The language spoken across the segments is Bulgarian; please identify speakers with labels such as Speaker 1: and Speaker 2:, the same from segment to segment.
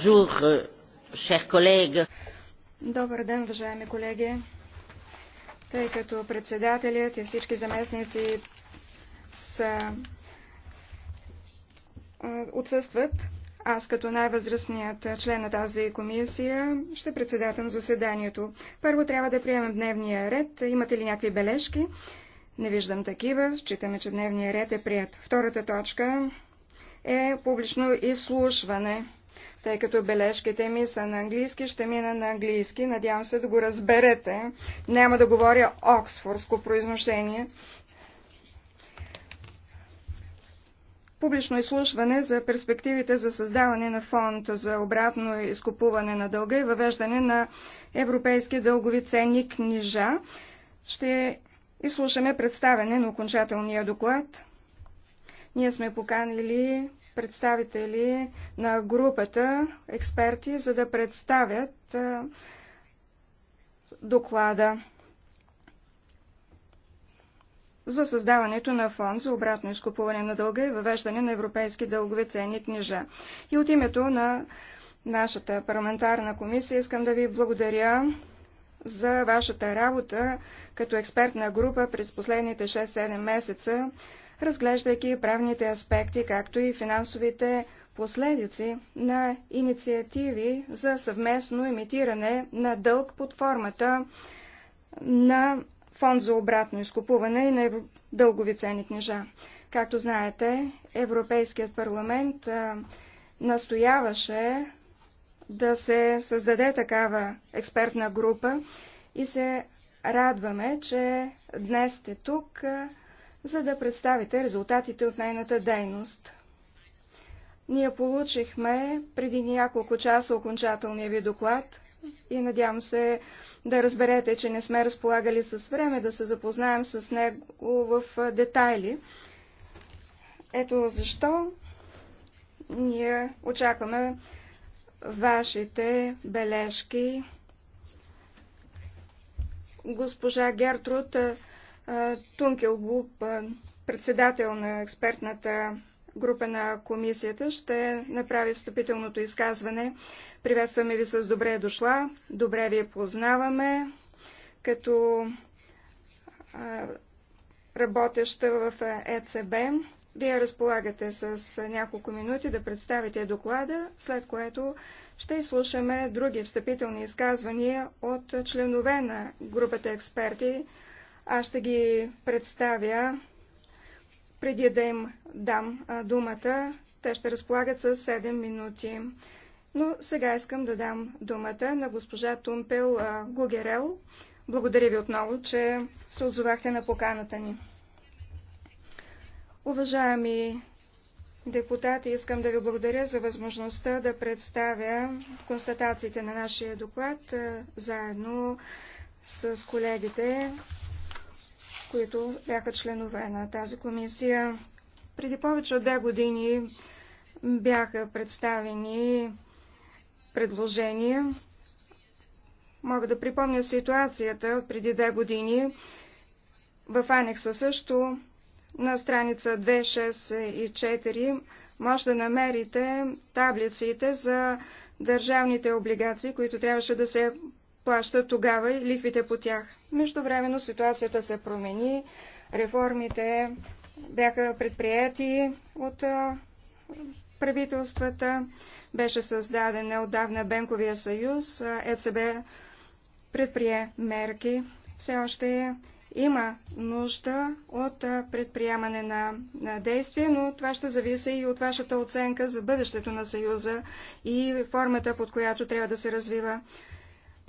Speaker 1: Bonjour, euh,
Speaker 2: Добър ден, уважаеми колеги. Тъй като председателят и всички заместници са е, отсъстват, аз като най-възрастният член на тази комисия ще председателям заседанието. Първо трябва да приемем дневния ред. Имате ли някакви бележки? Не виждам такива. Считаме, че дневния ред е прият. Втората точка е публично изслушване. Тъй като бележките ми са на английски, ще мина на английски. Надявам се да го разберете. Няма да говоря оксфордско произношение. Публично изслушване за перспективите за създаване на фонд за обратно изкупуване на дълга и въвеждане на европейски дългови ценни книжа. Ще изслушаме представене на окончателния доклад. Ние сме поканили представители на групата експерти, за да представят доклада за създаването на фонд за обратно изкупуване на дълга и въвеждане на европейски дългове ценни книжа. И от името на нашата парламентарна комисия искам да ви благодаря за вашата работа като експертна група през последните 6-7 месеца разглеждайки правните аспекти, както и финансовите последици на инициативи за съвместно имитиране на дълг под формата на фонд за обратно изкупуване и на дългови ценни книжа. Както знаете, Европейският парламент настояваше да се създаде такава експертна група и се радваме, че днес сте тук за да представите резултатите от нейната дейност. Ние получихме преди няколко часа окончателния ви доклад и надявам се да разберете, че не сме разполагали с време да се запознаем с него в детайли. Ето защо ние очакваме вашите бележки. Госпожа Гертруд Тункелгуп, председател на експертната група на комисията, ще направи встъпителното изказване. Приветстваме ви с добре дошла, добре ви познаваме като работеща в ЕЦБ. Вие разполагате с няколко минути да представите доклада, след което ще изслушаме други встъпителни изказвания от членове на групата експерти, аз ще ги представя преди да им дам думата. Те ще разполагат с 7 минути. Но сега искам да дам думата на госпожа Тумпел Гугерел. Благодаря ви отново, че се отзовахте на поканата ни. Уважаеми депутати, искам да ви благодаря за възможността да представя констатациите на нашия доклад заедно с колегите които бяха членове на тази комисия. Преди повече от две години бяха представени предложения. Мога да припомня ситуацията преди две години. В анекса също на страница 2, 6 и 4 може да намерите таблиците за държавните облигации, които трябваше да се плащат тогава и лихвите по тях. Междувременно ситуацията се промени, реформите бяха предприяти от правителствата, беше създаден отдавна Бенковия съюз, ЕЦБ предприе мерки. Все още има нужда от предприемане на, на действия, но това ще зависи и от вашата оценка за бъдещето на Съюза и формата, под която трябва да се развива.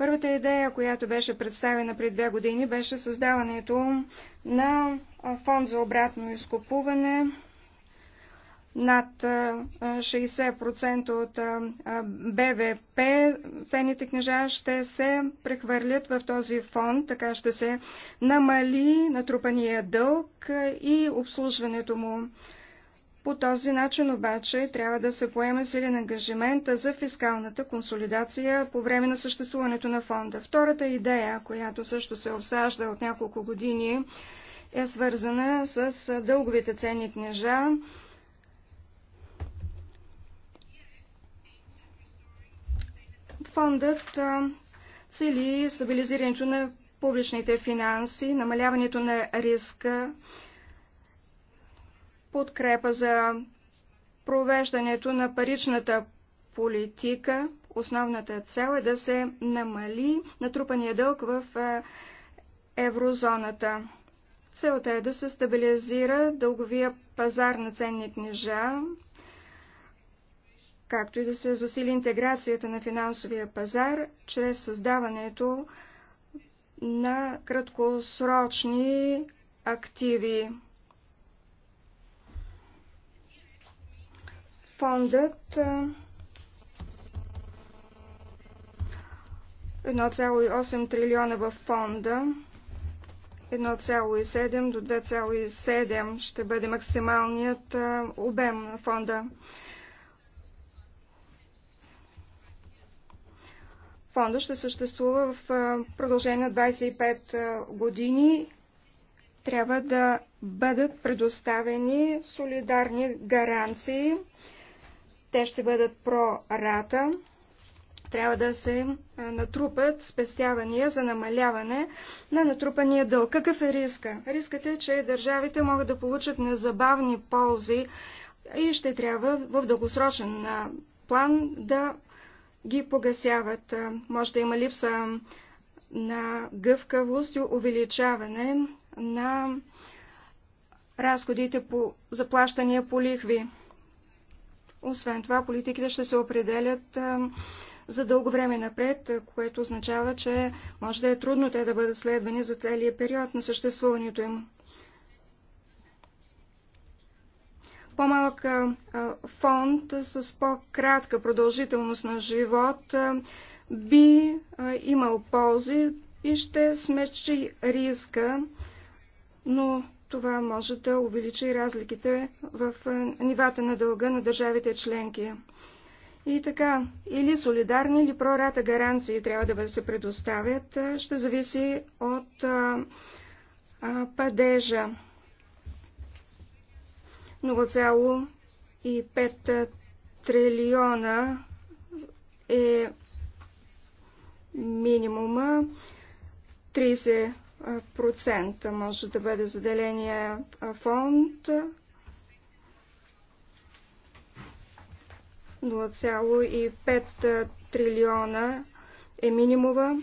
Speaker 2: Първата идея, която беше представена пред две години, беше създаването на фонд за обратно изкупуване над 60% от БВП. Ценните книжа ще се прехвърлят в този фонд, така ще се намали натрупания дълг и обслужването му. По този начин обаче трябва да се поеме силен ангажимент за фискалната консолидация по време на съществуването на фонда. Втората идея, която също се обсажда от няколко години, е свързана с дълговите ценни книжа. Фондът цели стабилизирането на публичните финанси, намаляването на риска, подкрепа за провеждането на паричната политика. Основната цел е да се намали натрупания дълг в еврозоната. Целта е да се стабилизира дълговия пазар на ценни книжа, както и да се засили интеграцията на финансовия пазар чрез създаването на краткосрочни активи. фондът 1,8 трилиона в фонда, 1,7 до 2,7 ще бъде максималният обем на фонда. Фонда ще съществува в продължение на 25 години. Трябва да бъдат предоставени солидарни гаранции те ще бъдат прората. Трябва да се натрупат спестявания за намаляване на натрупания дълг. Какъв е риска? Рискът е, че държавите могат да получат незабавни ползи и ще трябва в дългосрочен план да ги погасяват. Може да има липса на гъвкавост и увеличаване на разходите по заплащания по лихви. Освен това, политиките ще се определят за дълго време напред, което означава, че може да е трудно те да бъдат следвани за целия период на съществуването им. По-малък фонд с по-кратка продължителност на живот би имал ползи и ще смечи риска, но това може да увеличи разликите в нивата на дълга на държавите членки. И така, или солидарни, или прората гаранции трябва да се предоставят, ще зависи от а, а, падежа. 0,5 трилиона е минимума, 30 процента може да бъде заделения фонд 0,5 трилиона е минимума,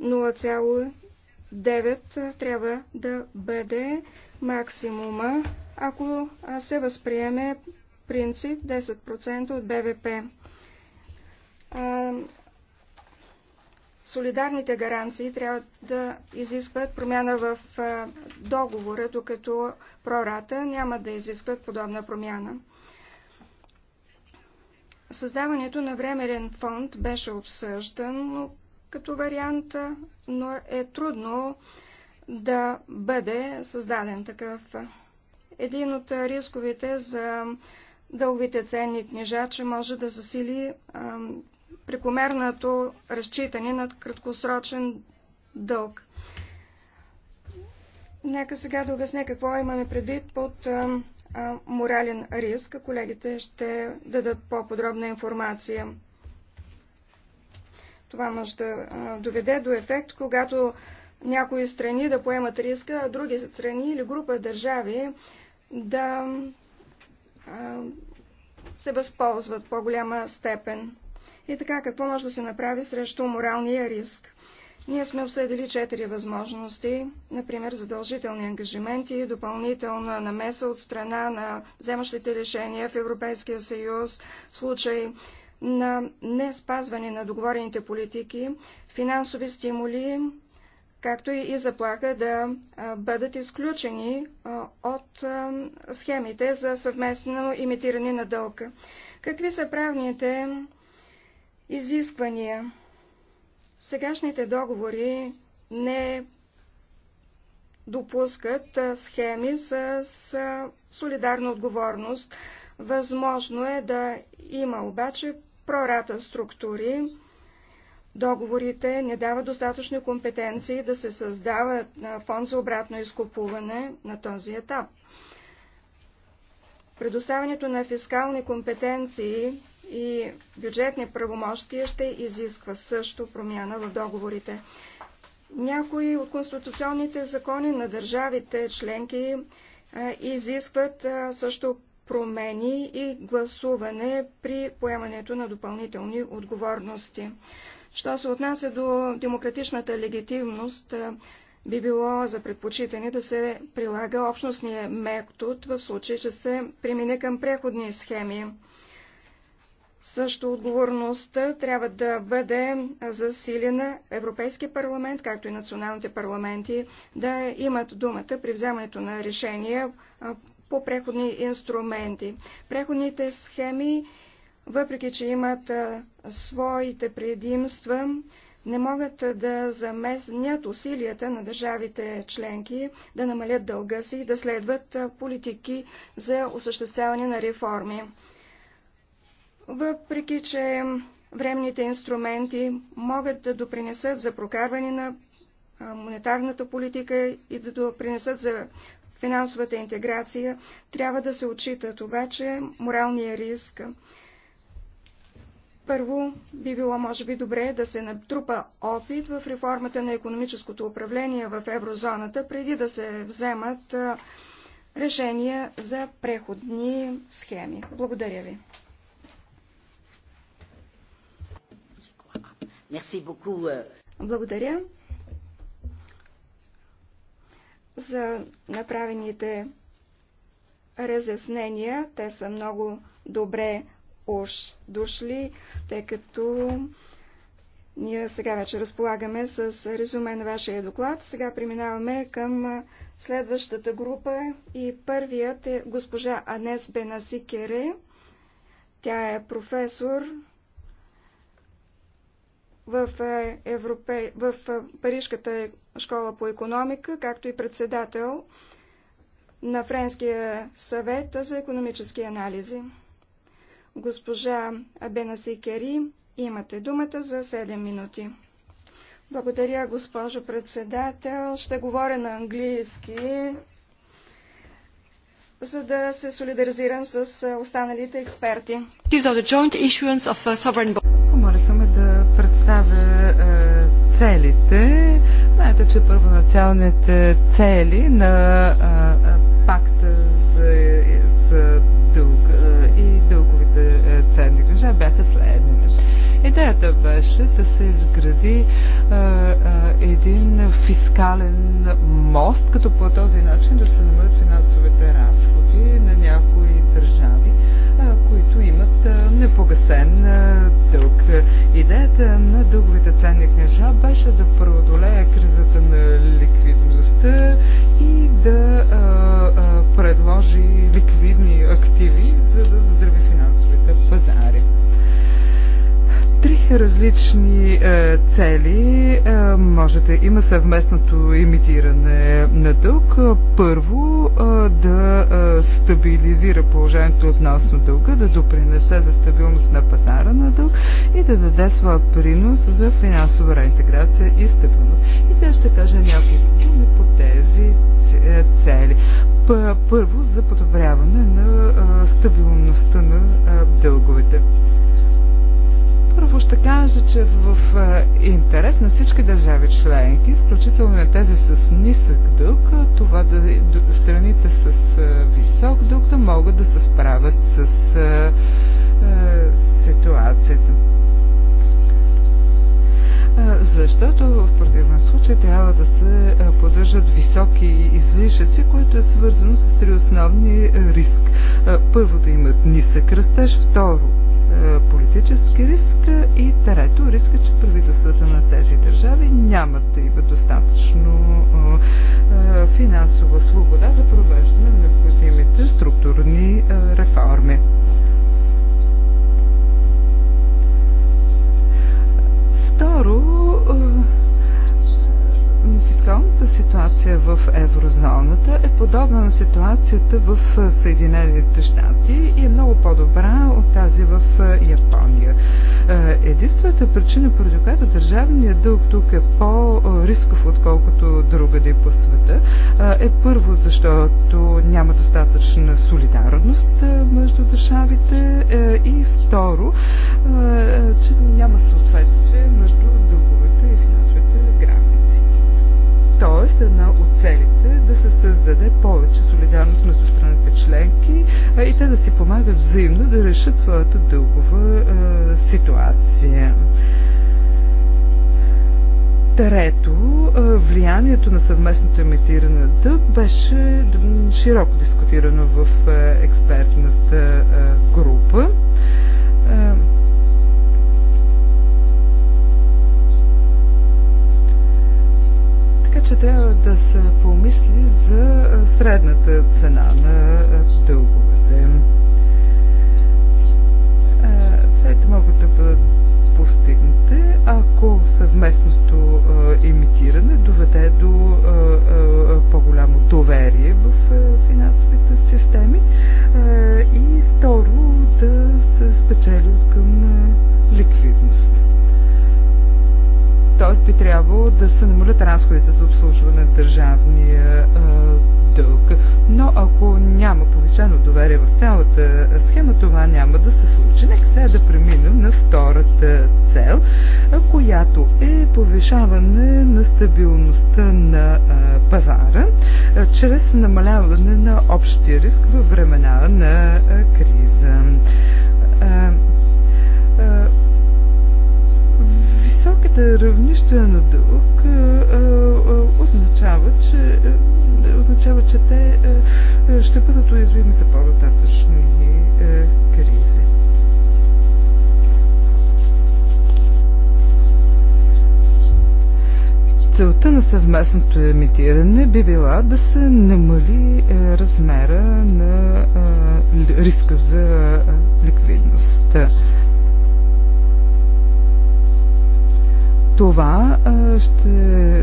Speaker 2: 0,9 трябва да бъде максимума, ако се възприеме принцип 10% от БВП солидарните гаранции трябва да изискват промяна в договора, докато прората няма да изискват подобна промяна. Създаването на времерен фонд беше обсъждан като вариант, но е трудно да бъде създаден такъв. Един от рисковете за дълговите ценни книжа, че може да засили прекомерното разчитане на краткосрочен дълг. Нека сега да обясня какво имаме предвид под морален риск. Колегите ще дадат по-подробна информация. Това може да доведе до ефект, когато някои страни да поемат риска, а други страни или група държави да се възползват по-голяма степен. И така, какво може да се направи срещу моралния риск? Ние сме обсъдили четири възможности, например задължителни ангажименти, допълнителна намеса от страна на вземащите решения в Европейския съюз в случай на не спазване на договорените политики, финансови стимули, както и заплаха да бъдат изключени от схемите за съвместно имитиране на дълга. Какви са правните изисквания. Сегашните договори не допускат схеми с солидарна отговорност. Възможно е да има обаче прората структури. Договорите не дават достатъчно компетенции да се създава фонд за обратно изкупуване на този етап. Предоставянето на фискални компетенции и бюджетни правомощия ще изисква също промяна в договорите. Някои от конституционните закони на държавите членки изискват също промени и гласуване при поемането на допълнителни отговорности. Що се отнася до демократичната легитимност, би било за предпочитане да се прилага общностния метод в случай, че се премине към преходни схеми. Също отговорността трябва да бъде засилена Европейския парламент, както и националните парламенти, да имат думата при вземането на решения по преходни инструменти. Преходните схеми, въпреки че имат своите предимства, не могат да замеснят усилията на държавите членки да намалят дълга си и да следват политики за осъществяване на реформи въпреки че временните инструменти могат да допринесат за прокарване на монетарната политика и да допринесат за финансовата интеграция, трябва да се отчита това, че моралния риск. Първо би било, може би, добре да се натрупа опит в реформата на економическото управление в еврозоната, преди да се вземат решения за преходни схеми. Благодаря ви.
Speaker 1: Euh.
Speaker 2: Благодаря за направените разяснения. Те са много добре уж дошли, тъй като ние сега вече разполагаме с резюме на вашия доклад. Сега преминаваме към следващата група и първият е госпожа Анес Бенасикере. Тя е професор в, е, Европе... в е, Парижката е школа по економика, както и председател на Френския съвет за економически анализи. Госпожа Абена Кери, имате думата за 7 минути. Благодаря, госпожо председател. Ще говоря на английски, за да се солидаризирам с останалите експерти
Speaker 3: представя е, целите. Знаете, че първоначалните цели на е, е, пакта за, за дълга и дълговите ценни книжа бяха следните. Идеята беше да се изгради е, е, един фискален мост, като по този начин да се намалят финансови непогасен дълг. Идеята на дълговите ценни книжа беше да преодолее кризата на ликвидността и да а, а, предложи ликвидни активи, за да заздрави различни е, цели. Е, може да има съвместното имитиране на дълг. Първо е, да е, стабилизира положението относно дълга, да допринесе за стабилност на пазара на дълг и да даде своя принос за финансова реинтеграция и стабилност. И сега ще кажа няколко думи по тези е, цели. Първо за подобряване на е, стабилността на е, дълговете. Първо ще кажа, че в е, интерес на всички държави членки, включително на тези с нисък дълг, е, това да, страните с е, висок дълг да могат да се справят с ситуацията. Защото в противен случай трябва да се поддържат високи излишъци, което е свързано с три основни риск. Първо да имат нисък растеж, второ е, политически риск и трето риска, че правителствата на тези държави нямат да имат достатъчно е, е, финансова свобода за провеждане на необходимите структурни реформи. Второ, фискалната ситуация в еврозоната е подобна на ситуацията в Съединените щати и е много по-добра от тази в Япония. Единствената причина, поради която държавният дълг тук е по-рисков, отколкото другаде по света, е първо, защото няма достатъчна солидарност между държавите е, и второ, че няма съответствие между Тоест, една от целите е да се създаде повече солидарност между страните членки а и те да си помагат взаимно да решат своята дългова а, е, ситуация. Трето, е, влиянието на съвместното емитиране на дълг беше широко дискутирано в е, експертната група. че трябва да се помисли за средната цена на дълговете. Целите могат да бъдат постигнати, ако съвместното имитиране доведе до по-голямо доверие в финансовите системи и второ да се спечели към ликвидност т.е. би трябвало да се намалят разходите за обслужване на държавния дълг. Но ако няма повечено доверие в цялата схема, това няма да се случи. Нека сега да преминем на втората цел, която е повишаване на стабилността на пазара чрез намаляване на общия риск във времена на криза високите равнища на дълг означава, че, означава, че те ще бъдат уязвими за по-нататъчни кризи. Целта на съвместното емитиране би била да се намали размера на риска за ликвидността. Това ще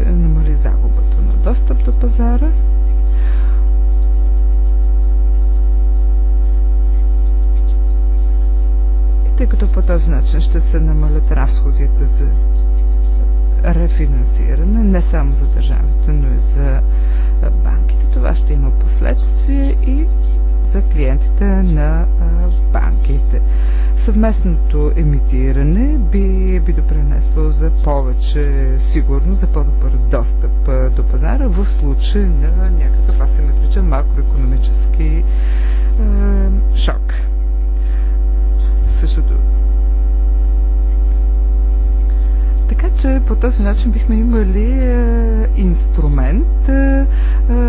Speaker 3: намали загубата на достъп до пазара. И тъй като по този начин ще се намалят разходите за рефинансиране, не само за държавите, но и за банките. Това ще има последствия и за клиентите на банките. Съвместното емитиране би, би допренесло за повече сигурност, за по-добър достъп до пазара в случай на някакъв асиметричен макроекономически е, шок. Същото. Така че по този начин бихме имали е, инструмент, е,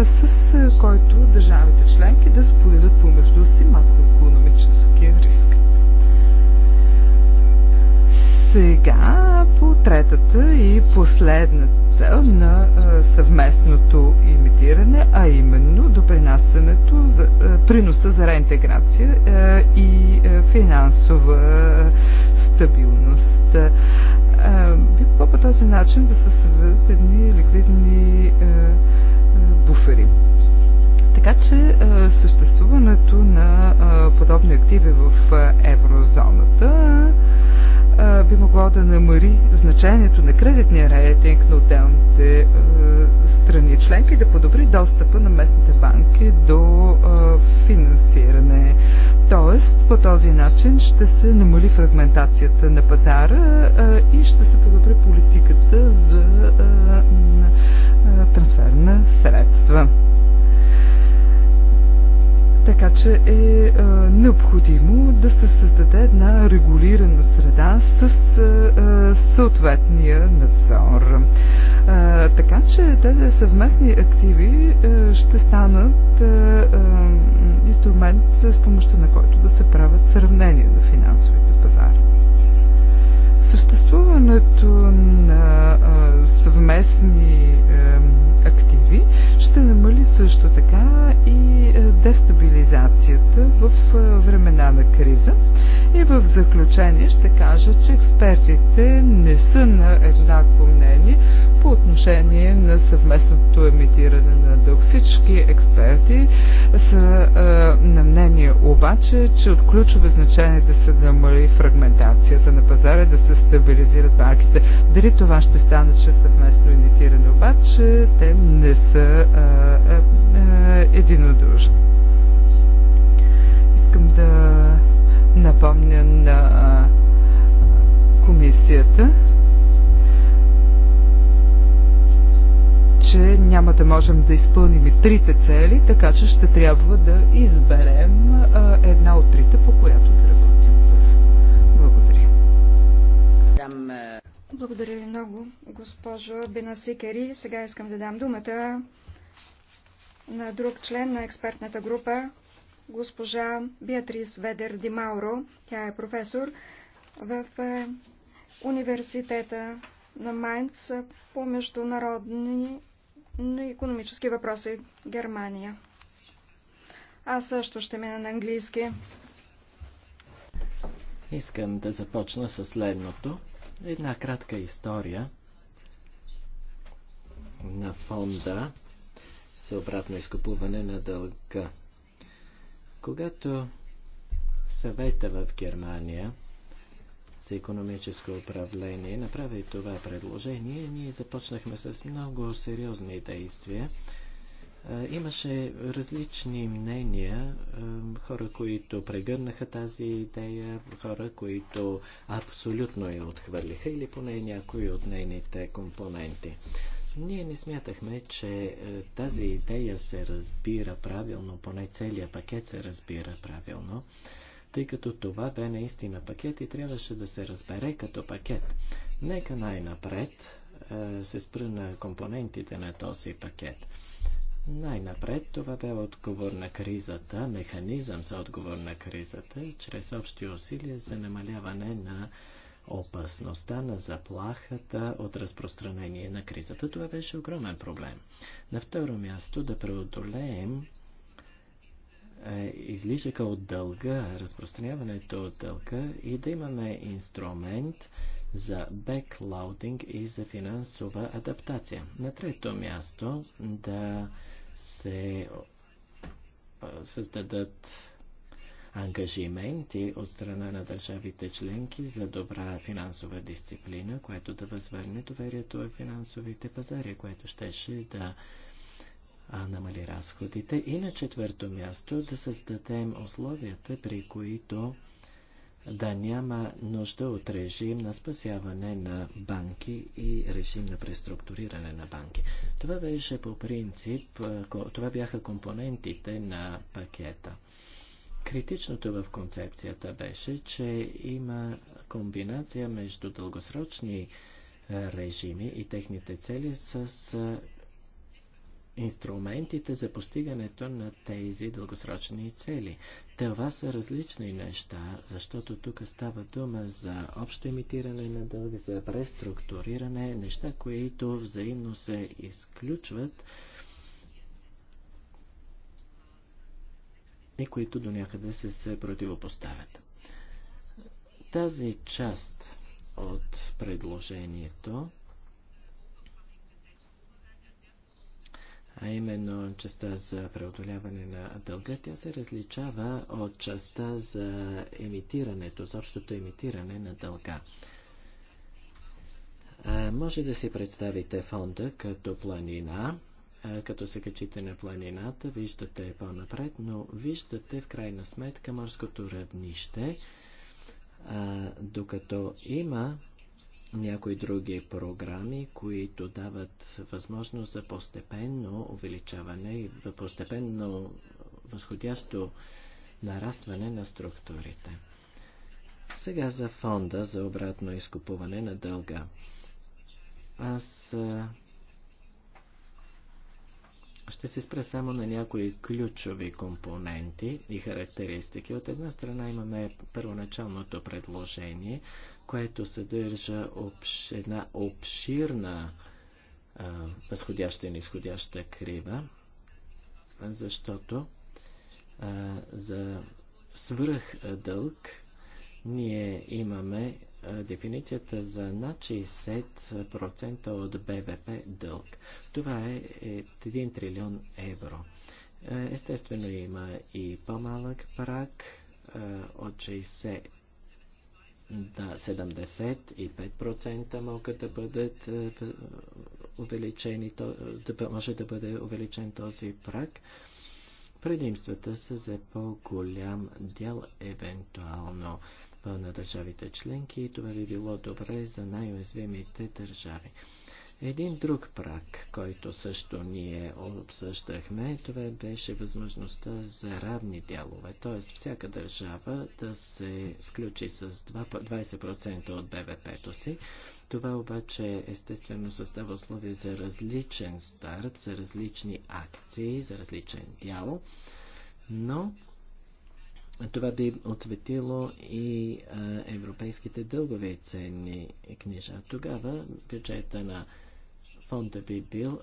Speaker 3: с който държавите членки да споделят помежду си макроекономически Сега по третата и последна цел на съвместното имитиране, а именно допринасянето за приноса за реинтеграция и финансова стабилност. Би по този начин да се създадат едни ликвидни буфери. Така че съществуването на подобни активи в еврозоната би могло да намари значението на кредитния рейтинг на отделните страни членки и да подобри достъпа на местните банки до финансиране. Тоест, по този начин ще се намали фрагментацията на пазара и ще се подобри политиката за трансфер на средства. Така че е а, е, необходимо да се създаде една регулирана среда с а, е, е, съответния надзор. А, така че тези съвместни активи а, ще станат а, инструмент с помощта на който да се правят сравнения на финансовите пазари. Съществуването на а, съвместни а, активи ще намали също така и е, дестабилизацията в е, времена на криза. И в заключение ще кажа, че експертите не са на еднакво мнение по отношение на съвместното емитиране на дълг. Всички експерти са е, на мнение обаче, че от ключове значение да се намали фрагментацията на пазара, да се стабилизират банките. Дали това ще стане чрез съвместно емитиране, обаче те не са а, е, е, е, единодушно. Искам да напомня на комисията, че няма да можем да изпълним и трите цели, така че ще трябва да изберем а, една от трите, по която да работим. Благодаря.
Speaker 2: Благодаря ви много, госпожо Бенасикери. Сега искам да дам думата на друг член на експертната група, госпожа Беатрис Ведер Димауро. Тя е професор в е, университета на Майнц по международни и економически въпроси Германия. Аз също ще мина на английски.
Speaker 4: Искам да започна с следното. Една кратка история на фонда за обратно изкупуване на дълга. Когато съвета в Германия за економическо управление направи това предложение, ние започнахме с много сериозни действия. Имаше различни мнения, хора, които прегърнаха тази идея, хора, които абсолютно я отхвърлиха или поне някои от нейните компоненти. Ние не смятахме, че е, тази идея се разбира правилно, поне целият пакет се разбира правилно, тъй като това бе наистина пакет и трябваше да се разбере като пакет. Нека най-напред е, се спра на компонентите на този пакет. Най-напред това бе отговор на кризата, механизъм за отговор на кризата, чрез общи усилия за намаляване на опасността на заплахата от разпространение на кризата. Това беше огромен проблем. На второ място да преодолеем е, излишъка от дълга, разпространяването от дълга и да имаме инструмент за беклаудинг и за финансова адаптация. На трето място да се създадат ангажименти от страна на държавите членки за добра финансова дисциплина, което да възвърне доверието в финансовите пазари, което щеше да а намали разходите и на четвърто място да създадем условията, при които да няма нужда от режим на спасяване на банки и режим на преструктуриране на банки. Това беше по принцип, това бяха компонентите на пакета. Критичното в концепцията беше, че има комбинация между дългосрочни е, режими и техните цели с е, инструментите за постигането на тези дългосрочни цели. Това са различни неща, защото тук става дума за общо имитиране на дълг, за преструктуриране, неща, които взаимно се изключват и които до някъде се, се противопоставят. Тази част от предложението, а именно частта за преодоляване на дълга, тя се различава от частта за емитирането, за общото емитиране на дълга. А, може да си представите фонда като планина, като се качите на планината, виждате по-напред, но виждате в крайна сметка морското равнище, а, докато има някои други програми, които дават възможност за постепенно увеличаване и постепенно възходящо нарастване на структурите. Сега за фонда за обратно изкупуване на дълга. Аз ще се спра само на някои ключови компоненти и характеристики. От една страна имаме първоначалното предложение, което съдържа общ, една обширна а, възходяща и нисходяща крива, защото а, за свръх дълг ние имаме дефиницията за над 60% от БВП дълг. Това е 1 е трилион евро. Естествено има и по-малък прак от 60 да, 75% могат да бъдат увеличени, да, може да бъде увеличен този прак. Предимствата са за по-голям дял евентуално на държавите членки и това би било добре за най-уязвимите държави. Един друг прак, който също ние обсъждахме, това беше възможността за равни дялове, т.е. всяка държава да се включи с 20% от БВП-то си. Това обаче естествено създава условия за различен старт, за различни акции, за различен дял, но това би отсветило и а, европейските дългове и ценни книжа. Тогава бюджета на фонда би бил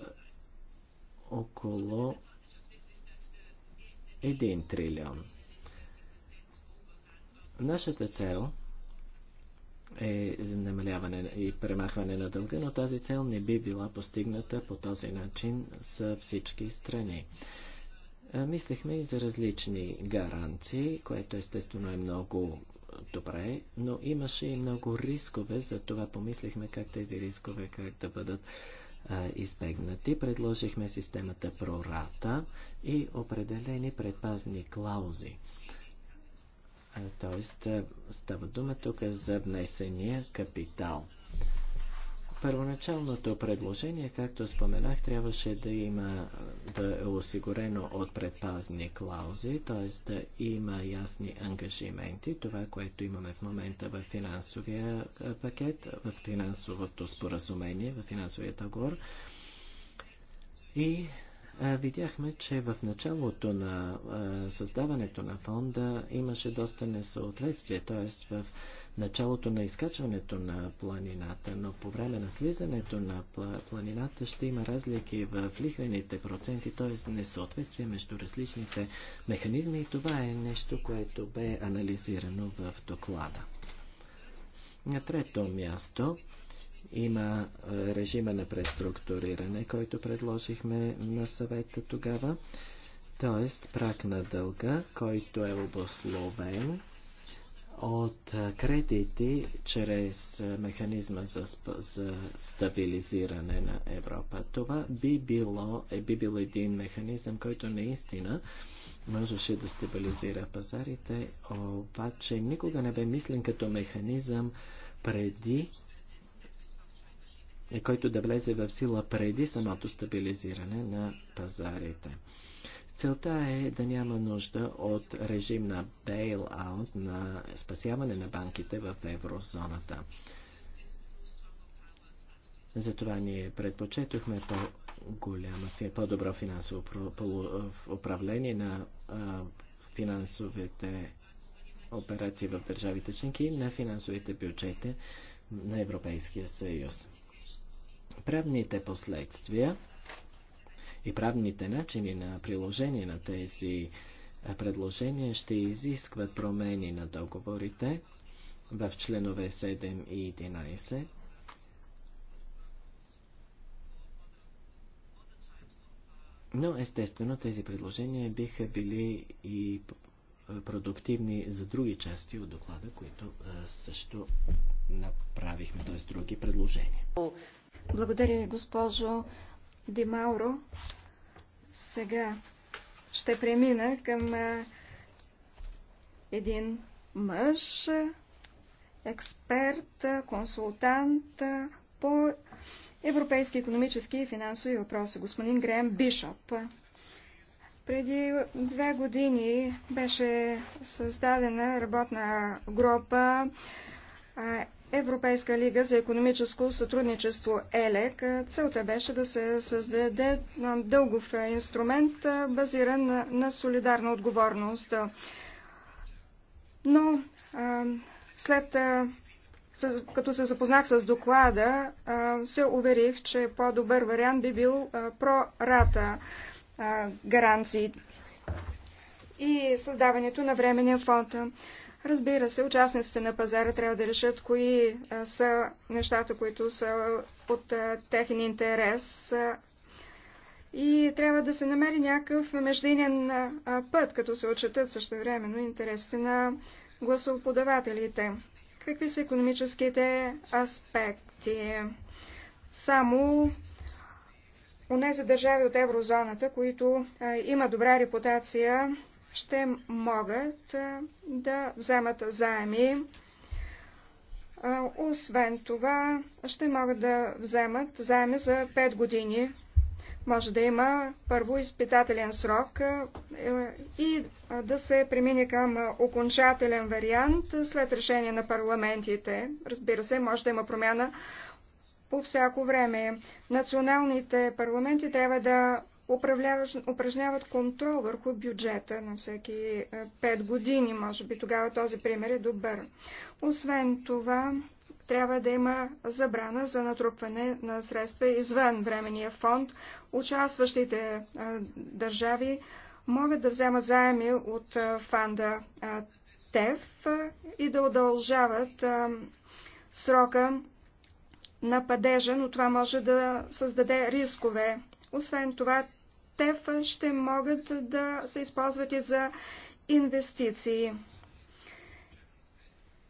Speaker 4: около 1 трилион. Нашата цел е намаляване и премахване на дълга, но тази цел не би била постигната по този начин за всички страни. Мислехме и за различни гаранции, което естествено е много добре, но имаше и много рискове, за това помислихме как тези рискове как да бъдат а, избегнати. Предложихме системата прората и определени предпазни клаузи. Тоест, става дума тук за внесения капитал. Първоначалното предложение, както споменах, трябваше да има да е осигурено от предпазни клаузи, т.е. да има ясни ангажименти, това, което имаме в момента в финансовия пакет, в финансовото споразумение, в финансовия договор. И а, видяхме, че в началото на а, създаването на фонда имаше доста несъответствие, т.е. в началото на изкачването на планината, но по време на слизането на планината ще има разлики в лихвените проценти, т.е. несъответствие между различните механизми и това е нещо, което бе анализирано в доклада. На трето място има режима на преструктуриране, който предложихме на съвета тогава, т.е. прак на дълга, който е обословен от кредити чрез механизма за, за стабилизиране на Европа. Това би, било, е, би бил един механизъм, който наистина можеше да стабилизира пазарите, обаче никога не бе мислен като механизъм преди е, който да влезе в сила преди самото стабилизиране на пазарите. Целта е да няма нужда от режим на бейл-аут, на спасяване на банките в еврозоната. Затова ние предпочетохме по-голяма, по-добро финансово управление на финансовите операции в държавите членки на финансовите бюджети на Европейския съюз. Правните последствия и правните начини на приложение на тези предложения ще изискват промени на договорите в членове 7 и 11. Но естествено тези предложения биха били и продуктивни за други части от доклада, които също направихме, т.е. други предложения.
Speaker 2: Благодаря ви, госпожо. Мауро. Сега ще премина към един мъж, експерт, консултант по европейски економически и финансови въпроси, господин Грем Бишоп. Преди две години беше създадена работна група Европейска лига за економическо сътрудничество ЕЛЕК. Целта беше да се създаде дългов инструмент, базиран на солидарна отговорност. Но след като се запознах с доклада, се уверих, че по-добър вариант би бил прората гаранции и създаването на временен фонд. Разбира се, участниците на пазара трябва да решат кои са нещата, които са от техен интерес и трябва да се намери някакъв междинен път, като се отчетат същевременно интересите на гласоподавателите. Какви са економическите аспекти? Само нези държави от еврозоната, които има добра репутация ще могат да вземат заеми. Освен това, ще могат да вземат заеми за 5 години. Може да има първо изпитателен срок е, и да се премине към окончателен вариант след решение на парламентите. Разбира се, може да има промяна по всяко време. Националните парламенти трябва да упражняват контрол върху бюджета на всеки 5 е, години. Може би тогава този пример е добър. Освен това, трябва да има забрана за натрупване на средства извън времения фонд. Участващите е, държави могат да вземат заеми от е, фанда ТЕФ и да удължават срока на падежа, но това може да създаде рискове освен това, ТЕФ ще могат да се използват и за инвестиции.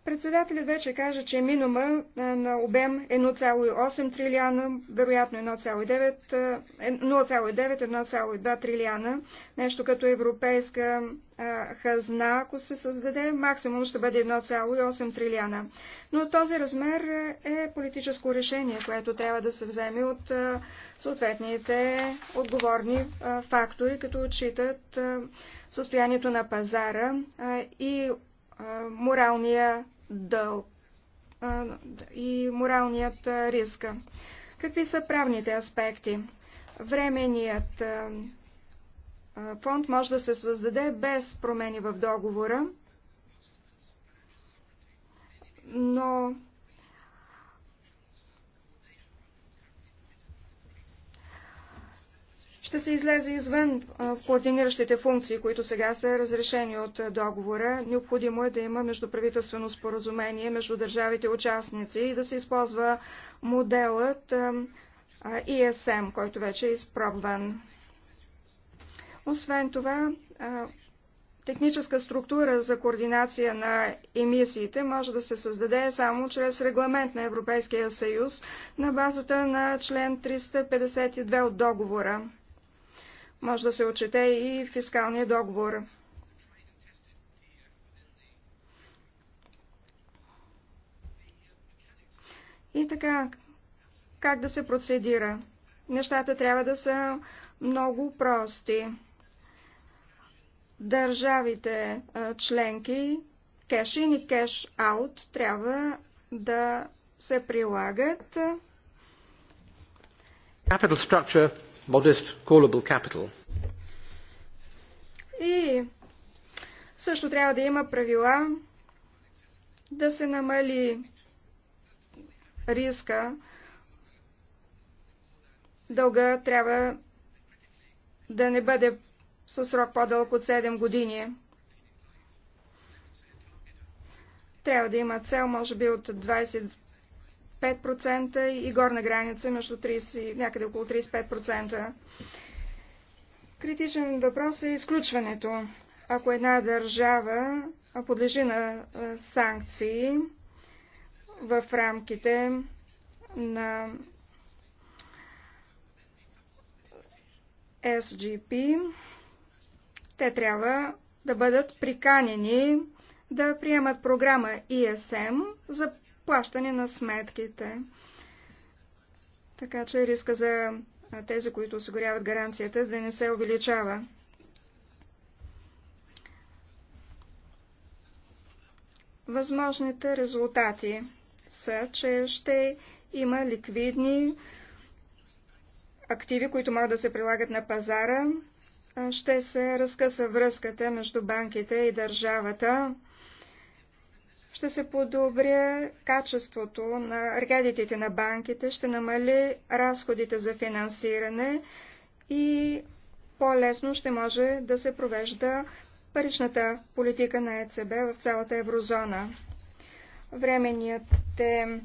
Speaker 2: Председателят вече каже, че минума на обем е 1,8 трилиона, вероятно 0,9-1,2 е е трилиона, нещо като европейска хазна, ако се създаде, максимум ще бъде 1,8 трилиона но този размер е политическо решение, което трябва да се вземе от съответните отговорни фактори, като отчитат състоянието на пазара и моралния дълг и моралният риск. Какви са правните аспекти? Временният фонд може да се създаде без промени в договора но ще се излезе извън координиращите функции, които сега са разрешени от договора. Необходимо е да има междуправителствено споразумение между държавите участници и да се използва моделът ESM, който вече е изпробван. Освен това, техническа структура за координация на емисиите може да се създаде само чрез регламент на Европейския съюз на базата на член 352 от договора. Може да се отчете и фискалния договор. И така, как да се процедира? Нещата трябва да са много прости държавите членки кеш-ин и кеш-аут трябва да се прилагат.
Speaker 4: Capital structure, modest callable capital.
Speaker 2: И също трябва да има правила да се намали риска. Дълга трябва да не бъде със срок по-дълъг от 7 години. Трябва да има цел, може би, от 25% и горна граница между 30, някъде около 35%. Критичен въпрос е изключването. Ако една държава подлежи на санкции в рамките на SGP, те трябва да бъдат приканени да приемат програма ESM за плащане на сметките. Така че риска за тези, които осигуряват гаранцията, да не се увеличава. Възможните резултати са, че ще има ликвидни активи, които могат да се прилагат на пазара, ще се разкъса връзката между банките и държавата. Ще се подобря качеството на кредитите на банките, ще намали разходите за финансиране и по-лесно ще може да се провежда паричната политика на ЕЦБ в цялата еврозона временните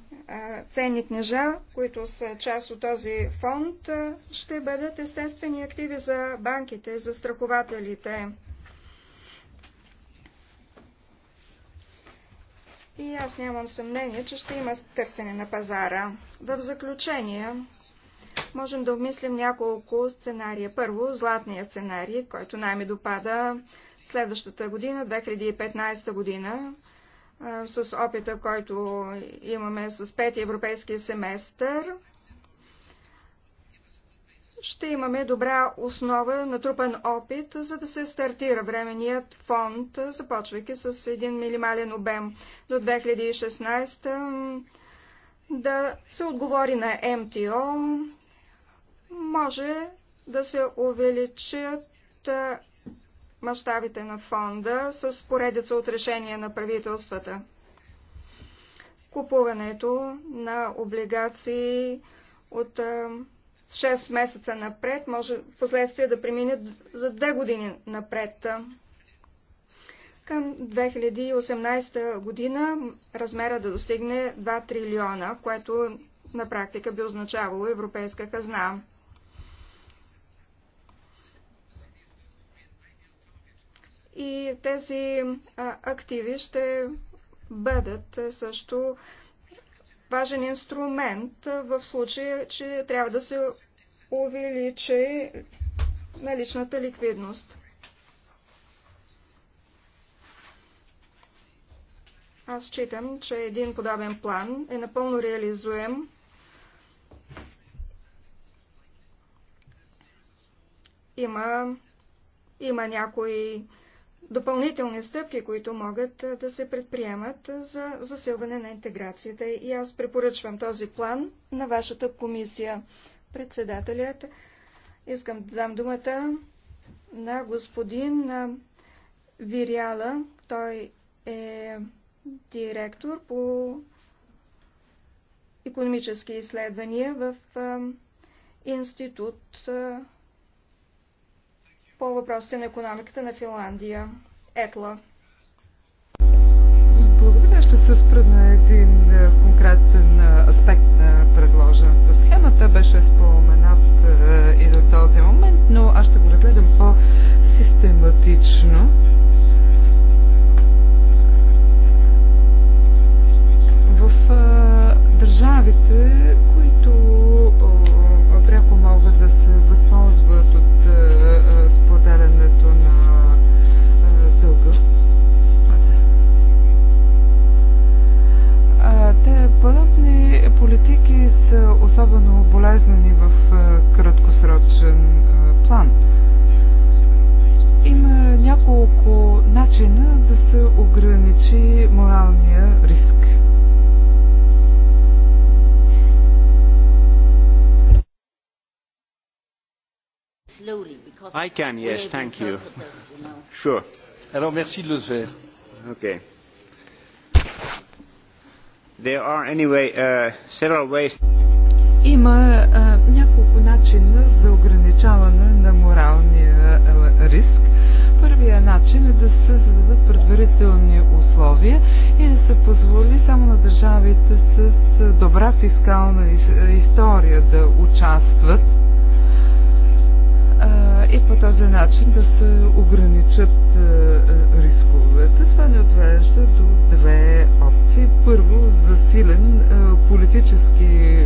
Speaker 2: ценни книжа, които са част от този фонд, ще бъдат естествени активи за банките, за страхователите. И аз нямам съмнение, че ще има търсене на пазара. В заключение, можем да обмислим няколко сценария. Първо, златния сценарий, който най-ми допада следващата година, 2015 година с опита, който имаме с пети европейски семестър, ще имаме добра основа, натрупан опит, за да се стартира временният фонд, започвайки с един минимален обем до 2016, да се отговори на МТО, може да се увеличат мащабите на фонда с поредица от решения на правителствата. Купуването на облигации от 6 месеца напред може в последствие да премине за 2 години напред. Към 2018 година размера да достигне 2 трилиона, което на практика би означавало европейска хазна. и тези активи ще бъдат също важен инструмент в случай, че трябва да се увеличи наличната ликвидност. Аз считам, че един подобен план е напълно реализуем. Има, има някои допълнителни стъпки, които могат да се предприемат за засилване на интеграцията. И аз препоръчвам този план на вашата комисия. Председателят, искам да дам думата на господин Виряла. Той е директор по економически изследвания в Институт по въпросите на економиката на Финландия. Етла.
Speaker 3: Благодаря. Ще се спра на един е, конкретен е, аспект на предложената схема. беше споменат е, и до този момент, но аз ще го разгледам по-систематично. В държавите, които значи моралния риск.
Speaker 1: I can, yes, thank you.
Speaker 4: Sure. Alors, merci de le faire. Okay. There are anyway uh, several ways.
Speaker 3: Има uh, няколко начина за ограничаване на моралния
Speaker 4: uh, риск
Speaker 3: най-добрия начин е да се зададат предварителни условия и да се позволи само на държавите с добра фискална история да участват и по този начин да се ограничат рисковете. Това не отвежда до две опции. Първо, засилен политически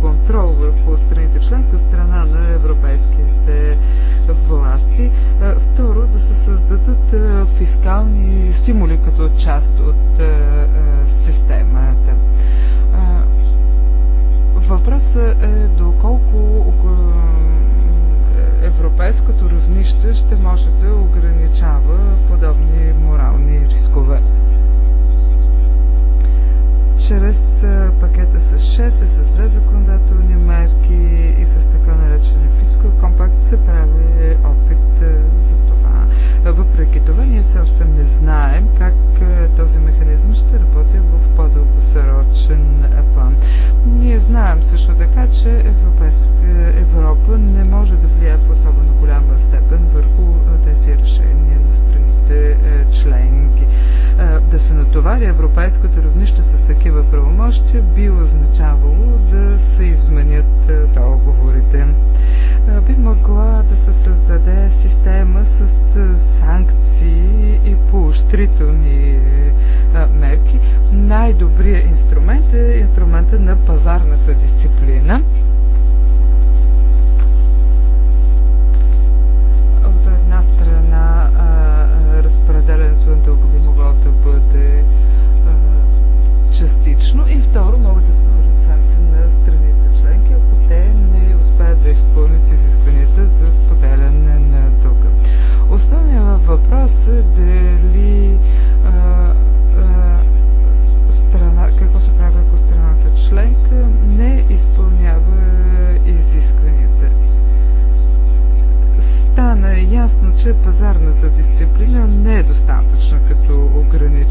Speaker 3: контрол върху страните членка страна на европейските е, власти. Е, второ, да се създадат е, фискални стимули като част от системата. Въпросът е доколко европейското равнище ще може да ограничава подобни морални рискове чрез пакета с 6 и с две законодателни мерки и с така наречени фискални компакт се прави е, опит е, за това. Въпреки това, ние все още не знаем как е, този механизъм ще работи в по-дългосрочен план. Ние знаем също така, че Европейска Европа не може да влияе в особено голяма степен върху тези решения на страните членки. Да се натовари европейското равнище с такива правомощия би означавало да се изменят договорите. с е, санкции и поощрителни е, мерки. Най-добрият инструмент е инструмента на пазарната дисциплина.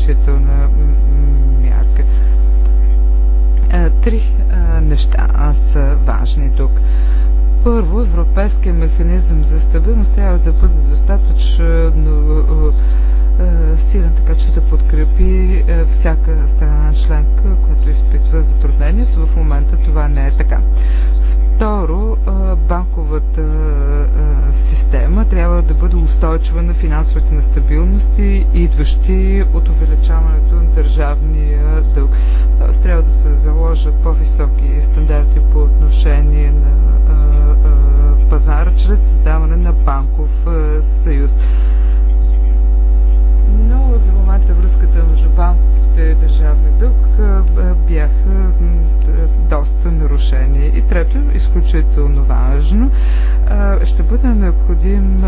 Speaker 3: насърчителна мярка. Е, три е, неща са е, важни тук. Първо, европейския механизъм за стабилност трябва да бъде достатъчно силен, така че да подкрепи всяка страна членка, която изпитва затруднението. В момента това не е така. Второ, банковата система трябва да бъде устойчива на финансовите нестабилности, идващи от увеличаването на държавния дълг. Тоест трябва да се заложат по-високи стандарти по отношение на пазара чрез създаване на банков съюз. Но за момента връзката между банките и държавния дълг бяха доста нарушения. И трето, изключително важно, ще бъде необходим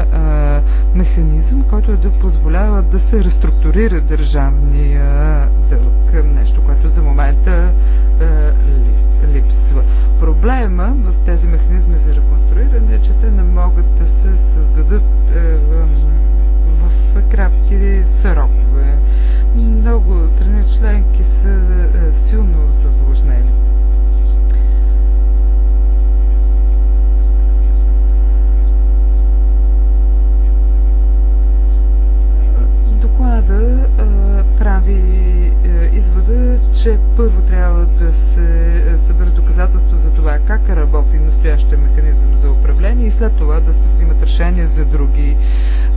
Speaker 3: механизъм, който да позволява да се реструктурира държавния дълг. Нещо, което за момента липсва. Проблема в тези механизми за реконструиране е, че те не могат да се създадат в кратки срокове. Много страни членки са силно за след това да се взимат решения за други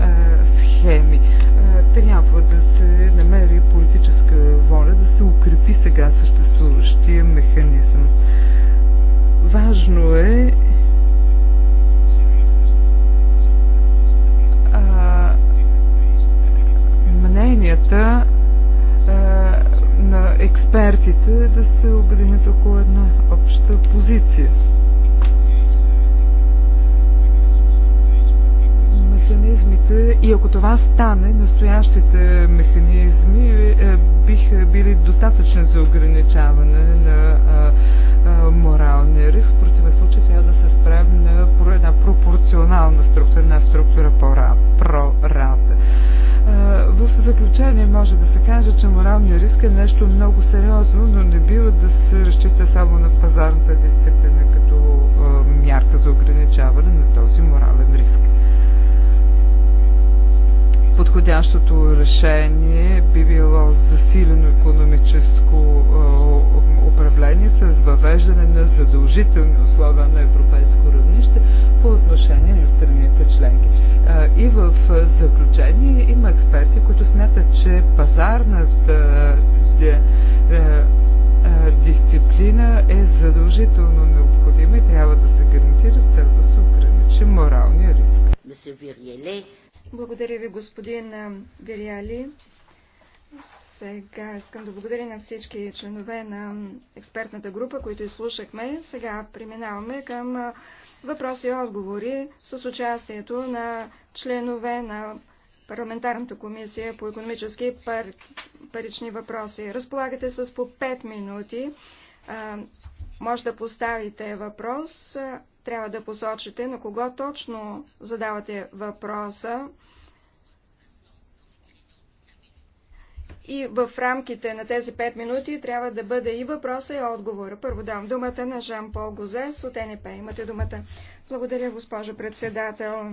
Speaker 3: а, е, схеми. А, е, трябва да се намери политическа воля да се укрепи сега съществуващия механизъм. Важно е а, е, мненията на експертите да се обединят около една обща позиция. това стане, настоящите механизми е, биха били достатъчни за ограничаване на моралния риск. В противен случай трябва да се спрем на една пропорционална структура, една структура по рада В заключение може да се каже, че моралният риск е нещо много сериозно, но не бива да се разчита само на пазарната дисциплина като мярка за ограничаване на този морален риск подходящото решение би било засилено економическо управление с въвеждане на задължителни условия на европейско равнище по отношение на страните членки. И в заключение има експерти, които смятат, че пазарната дисциплина е задължително необходима и трябва да се гарантира с цел да се ограничи моралния риск.
Speaker 2: Благодаря ви, господин Вириали. Сега искам да благодаря на всички членове на експертната група, които изслушахме. Сега преминаваме към въпроси и отговори с участието на членове на парламентарната комисия по економически и пар... парични въпроси. Разполагате с по 5 минути. Може да поставите въпрос, трябва да посочите на кого точно задавате въпроса. И в рамките на тези 5 минути трябва да бъде и въпроса и отговора. Първо дам думата на Жан-Пол Гозес от НП. Имате думата. Благодаря, госпожо председател.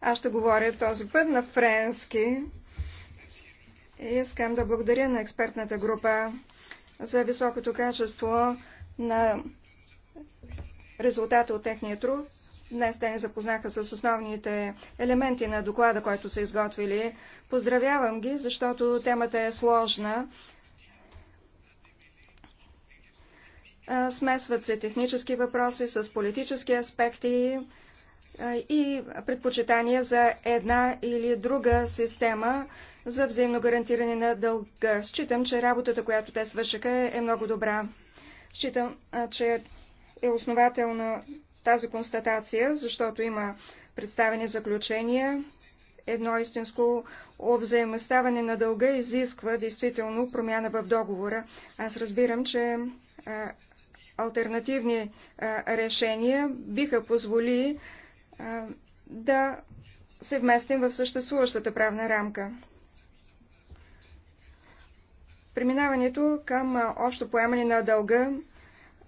Speaker 2: Аз ще говоря този път на френски. И искам да благодаря на експертната група за високото качество на резултата от техния труд. Днес те ни запознаха с основните елементи на доклада, който са изготвили. Поздравявам ги, защото темата е сложна. Смесват се технически въпроси с политически аспекти и предпочитания за една или друга система за взаимно гарантиране на дълга. Считам, че работата, която те свършиха, е много добра. Считам, че е основателна тази констатация, защото има представени заключения. Едно истинско обзаемоставане на дълга изисква действително промяна в договора. Аз разбирам, че а, альтернативни а, решения биха позволи а, да се вместим в съществуващата правна рамка. Преминаването към общо поемане на дълга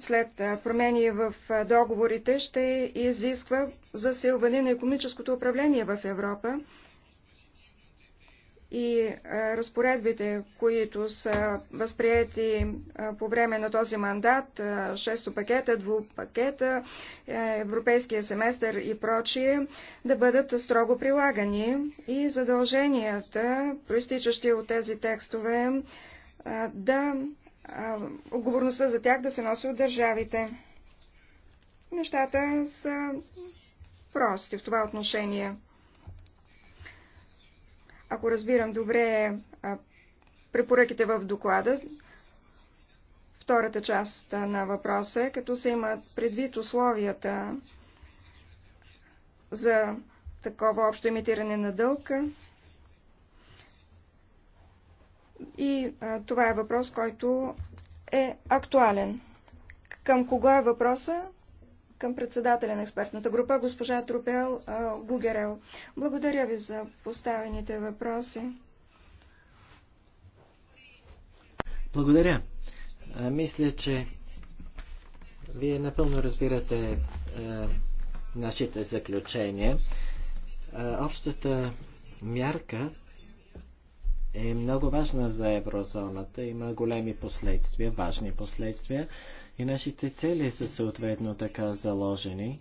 Speaker 2: след промени в договорите ще изисква засилване на економическото управление в Европа и разпоредбите, които са възприяти по време на този мандат, шесто пакета, двупакета, е, европейския семестър и прочие, да бъдат строго прилагани и задълженията, проистичащи от тези текстове, да отговорността за тях да се носи от държавите. Нещата са прости в това отношение. Ако разбирам добре препоръките в доклада, втората част на въпроса е, като се имат предвид условията за такова общо имитиране на дълга, и а, това е въпрос, който е актуален. Към кого е въпроса? Към председателя на експертната група, госпожа Трупел а, Гугерел. Благодаря ви за поставените въпроси.
Speaker 4: Благодаря. А, мисля, че вие напълно разбирате а, нашите заключения. А, общата мярка е много важна за еврозоната, има големи последствия, важни последствия и нашите цели са съответно така заложени.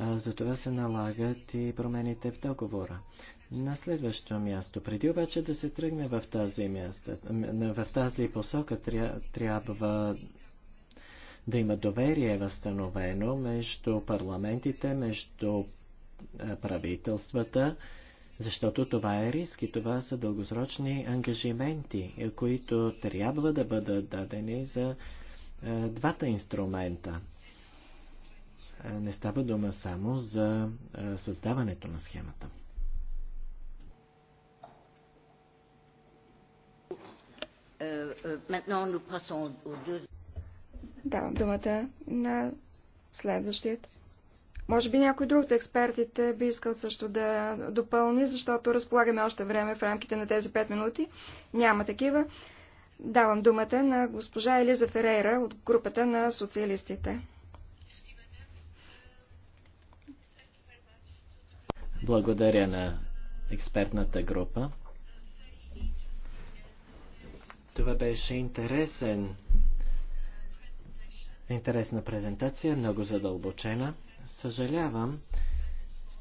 Speaker 4: Затова се налагат и промените в договора. На следващо място, преди обаче да се тръгне в тази, място, в тази посока, трябва да има доверие възстановено между парламентите, между правителствата. Защото това е риск и това са дългосрочни ангажименти, които трябва да бъдат дадени за е, двата инструмента. Не става дума само за е, създаването на схемата.
Speaker 1: Е, е,
Speaker 2: Давам думата на следващият може би някой друг от експертите би искал също да допълни, защото разполагаме още време в рамките на тези 5 минути. Няма такива. Давам думата на госпожа Елиза Ферейра от групата на социалистите.
Speaker 4: Благодаря на експертната група. Това беше интересен, интересна презентация, много задълбочена. Съжалявам,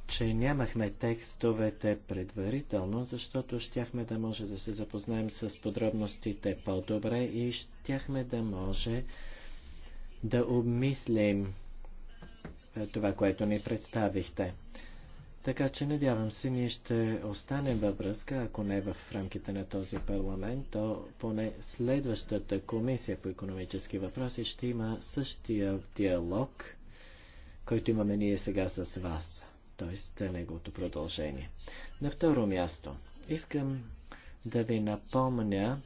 Speaker 4: че нямахме текстовете предварително, защото щяхме да може да се запознаем с подробностите по-добре и щяхме да може да обмислим е, това, което ни представихте. Така че надявам се, ние ще останем във връзка, ако не в рамките на този парламент, то поне следващата комисия по економически въпроси ще има същия диалог който имаме ние сега с вас, т.е. неговото продължение. На второ място, искам да ви напомня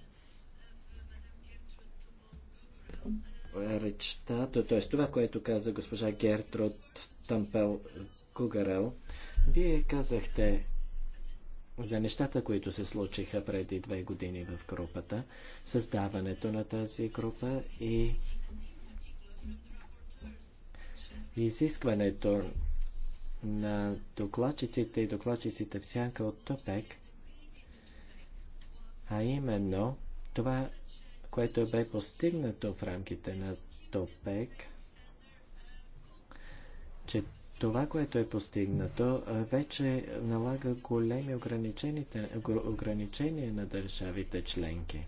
Speaker 4: речта, т.е. това, което каза госпожа Гертруд Тампел Кугарел. Вие казахте, за нещата, които се случиха преди две години в групата, създаването на тази група и изискването на докладчиците и докладчиците в сянка от ТОПЕК, а именно това, което бе постигнато в рамките на ТОПЕК, че това, което е постигнато, вече налага големи ограничения на държавите членки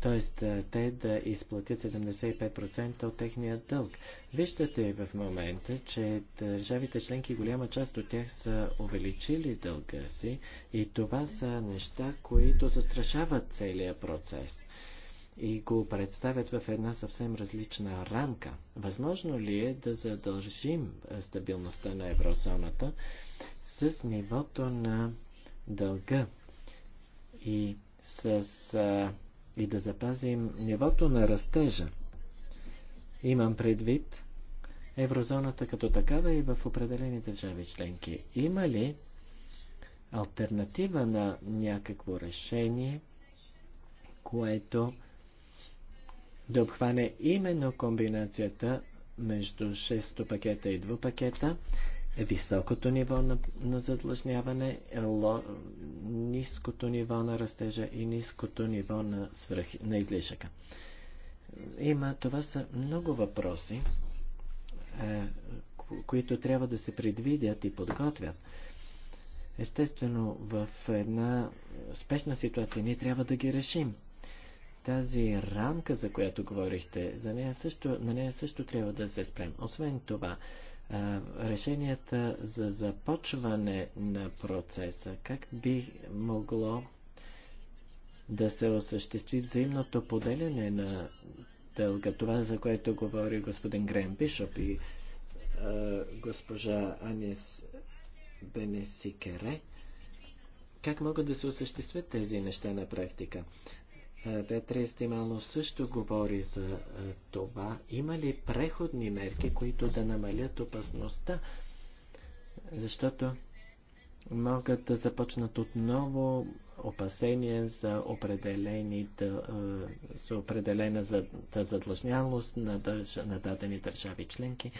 Speaker 4: т.е. те да изплатят 75% от техния дълг. Виждате в момента, че държавите членки, голяма част от тях са увеличили дълга си и това са неща, които застрашават целия процес и го представят в една съвсем различна рамка. Възможно ли е да задължим стабилността на еврозоната с нивото на дълга и с а, и да запазим нивото на растежа. Имам предвид еврозоната като такава и в определени държави членки. Има ли альтернатива на някакво решение, което да обхване именно комбинацията между 6 пакета и 2 пакета, високото ниво на, на задлъжняване, е ло, ниското ниво на растежа и ниското ниво на, свръх, на излишъка. Има, това са много въпроси, е, които трябва да се предвидят и подготвят. Естествено, в една спешна ситуация ние трябва да ги решим. Тази рамка, за която говорихте, за нея също, на нея също трябва да се спрем. Освен това, решенията за започване на процеса, как би могло да се осъществи взаимното поделяне на дълга, това за което говори господин Грен Бишоп и а, госпожа Анис Бенесикере, как могат да се осъществят тези неща на практика? Е, Петри Стиманов също говори за е, това. Има ли преходни мерки, които да намалят опасността? Защото могат да започнат отново опасения за, е, за определена задлъжнялост на, държ, на дадени държави членки.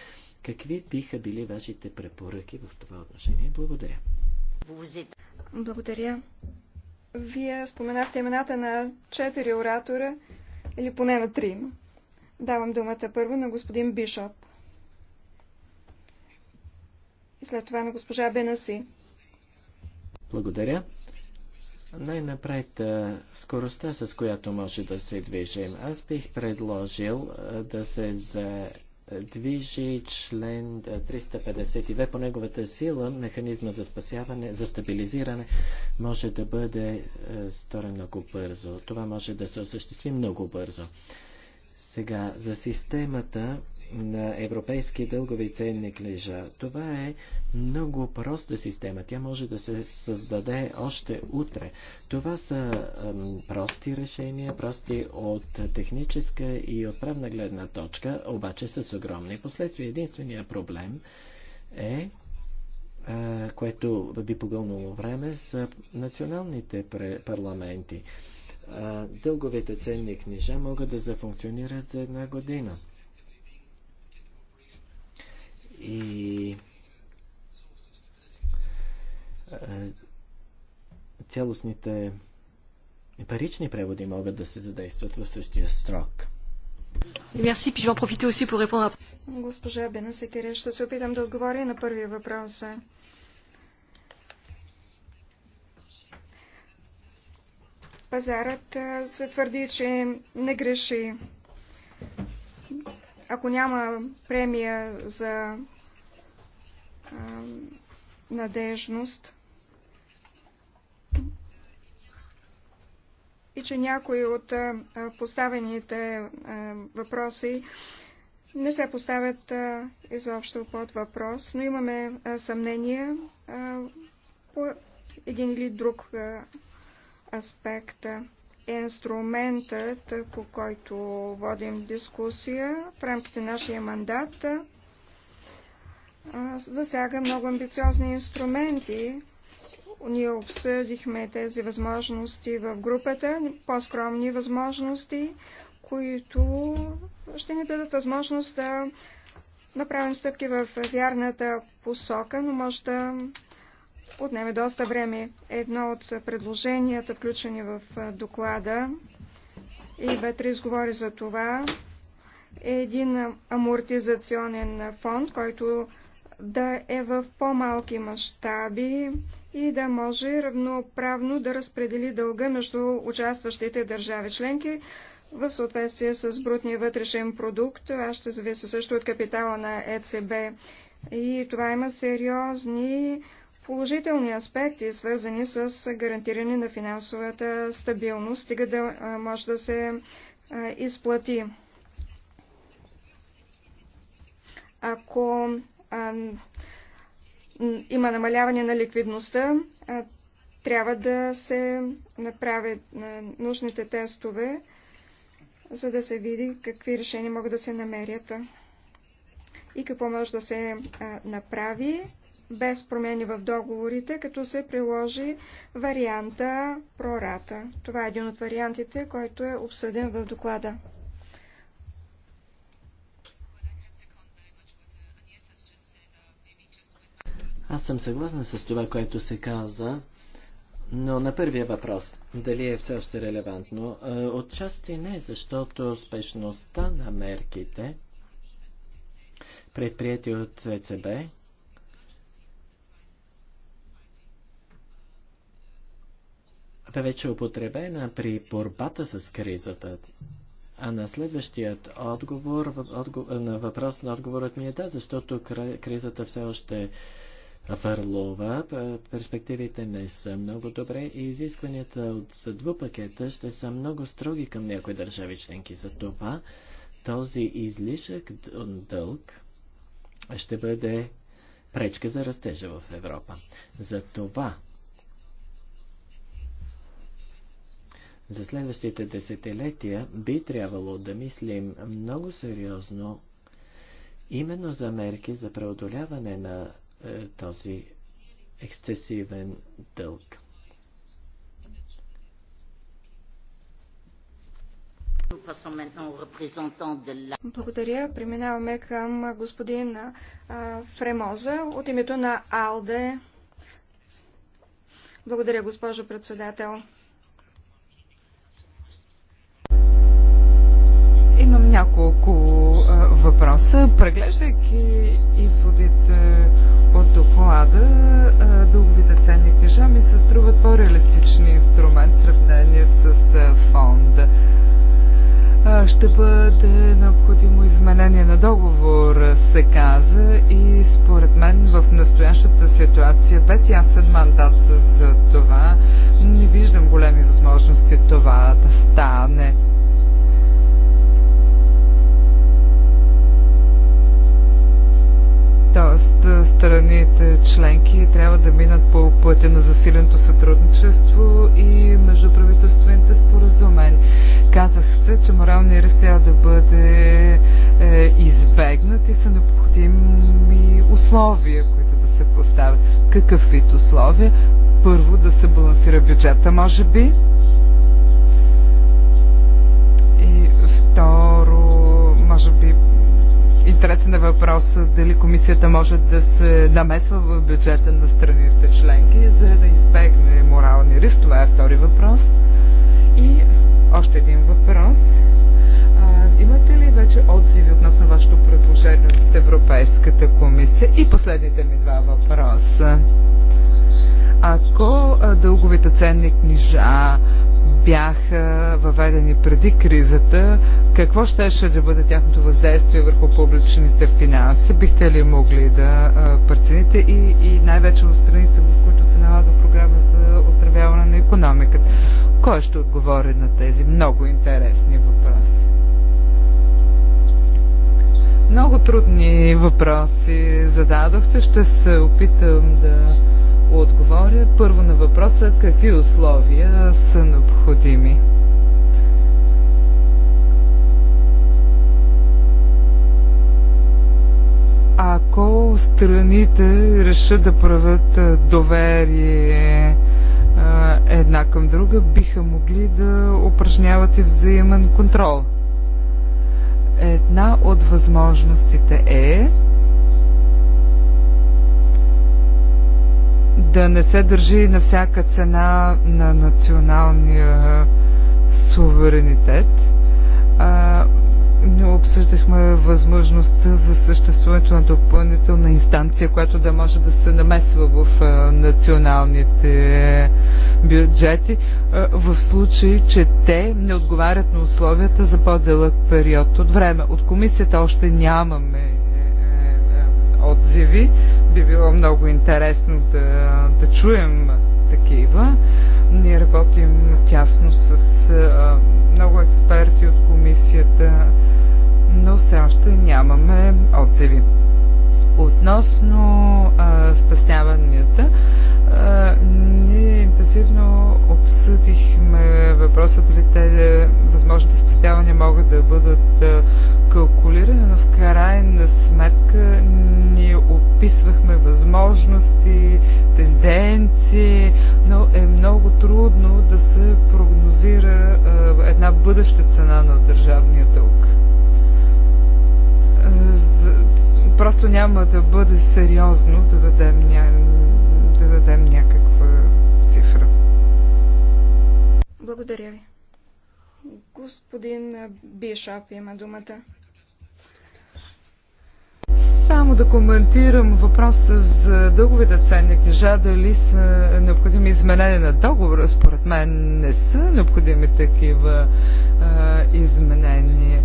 Speaker 4: Какви биха били вашите препоръки в това отношение? Благодаря.
Speaker 2: Благодаря. Вие споменахте имената на четири оратора, или поне на три. Давам думата първо на господин Бишоп. И след това на госпожа Бенаси.
Speaker 4: Благодаря. Най-напред скоростта, с която може да се движим. Аз бих предложил да се за движи член 352 е, по неговата сила, механизма за спасяване, за стабилизиране може да бъде е, сторен много бързо. Това може да се осъществи много бързо. Сега, за системата на европейски дългови ценни книжа. Това е много проста система. Тя може да се създаде още утре. Това са ем, прости решения, прости от техническа и от правна гледна точка, обаче с огромни последствия. Единствения проблем е което би погълнало време, с националните парламенти. Дълговите ценни книжа могат да зафункционират за една година и е, цялостните парични преводи могат да се задействат в същия строк.
Speaker 2: Мерси, пи je профите оси по aussi Госпожа Бена Секере, ще се опитам да отговоря на първия въпрос. Пазарът е, се твърди, че не греши. Ако няма премия за надежност и че някои от поставените въпроси не се поставят изобщо под въпрос, но имаме съмнение по един или друг аспект инструментът, по който водим дискусия в рамките на нашия мандат, засяга много амбициозни инструменти. Ние обсъдихме тези възможности в групата, по-скромни възможности, които ще ни дадат възможност да направим стъпки в вярната посока, но може да отнеме доста време. Едно от предложенията, включени в доклада, и вътре изговори за това, е един амортизационен фонд, който да е в по-малки мащаби и да може равноправно да разпредели дълга между участващите държави членки в съответствие с брутния вътрешен продукт. Аз ще зависи също от капитала на ЕЦБ. И това има сериозни положителни аспекти, свързани с гарантиране на финансовата стабилност, стига да може да се изплати. Ако има намаляване на ликвидността, трябва да се направят нужните тестове, за да се види какви решения могат да се намерят и какво може да се направи без промени в договорите, като се приложи варианта прората. Това е един от вариантите, който е обсъден в доклада.
Speaker 4: Аз съм съгласна с това, което се каза, но на първия въпрос, дали е все още релевантно, е, отчасти не, защото спешността на мерките, предприяти от ЕЦБ, бе вече употребена при борбата с кризата. А на следващият отговор, отговор на въпрос на отговорът ми е да, защото кризата все още е. Върлова. Перспективите не са много добре и изискванията от двупакета ще са много строги към някои държави членки. За това този излишък дълг ще бъде пречка за растежа в Европа. За това за следващите десетилетия би трябвало да мислим много сериозно именно за мерки за преодоляване на е, този ексцесивен дълг.
Speaker 2: Благодаря. Преминаваме към господин Фремоза от името на АЛДЕ. Благодаря, госпожо председател.
Speaker 3: Имам няколко въпроса. Преглеждайки изводите от доклада, дълговите ценни книжа ми се струват по-реалистични инструмент в сравнение с фонда. Ще бъде необходимо изменение на договор, се каза, и според мен в настоящата ситуация, без ясен мандат за това, не виждам големи възможности това да стане. Тоест, страните членки трябва да минат по пътя на засиленото сътрудничество и междуправителствените споразумени. Казах се, че моралния ръст трябва да бъде е, избегнат и са необходими условия, които да се поставят. Какъв вид условия? Първо да се балансира бюджета, може би. И второ, може би интересен е въпрос дали комисията може да се намесва в бюджета на страните членки, за да избегне морални риск. Това е втори въпрос. И още един въпрос. А, имате ли вече отзиви относно вашето предложение от Европейската комисия? И последните ми два въпроса. Ако дълговите ценни книжа бяха въведени преди кризата, какво щеше да бъде тяхното въздействие върху публичните финанси? Бихте ли могли да прецените и, и най-вече в страните, в които се налага програма за оздравяване на економиката? Кой ще отговори на тези много интересни въпроси? Много трудни въпроси зададохте. Ще се опитам да отговоря първо на въпроса какви условия са необходими. Ако страните решат да правят доверие една към друга, биха могли да упражняват и взаимен контрол. Една от възможностите е да не се държи на всяка цена на националния суверенитет. А, не обсъждахме възможността за съществуването на допълнителна инстанция, която да може да се намесва в националните бюджети, в случай, че те не отговарят на условията за по-дълъг период от време. От комисията още нямаме отзиви. Би било много интересно да, да чуем такива. Ние работим тясно с а, много експерти от комисията, но все още нямаме отзиви. Относно а, спестяванията, а, ние интензивно обсъдихме въпроса дали те възможните спестявания могат да бъдат а, калкулирани, но в крайна сметка описвахме възможности, тенденции, но е много трудно да се прогнозира една бъдеща цена на държавния дълг. Просто няма да бъде сериозно да дадем, ня... да дадем някаква цифра.
Speaker 2: Благодаря ви. Господин Бишап има думата.
Speaker 3: Само да коментирам въпроса за дълговите ценни книжа, дали са необходими изменения на договора. Според мен не са необходими такива а, изменения.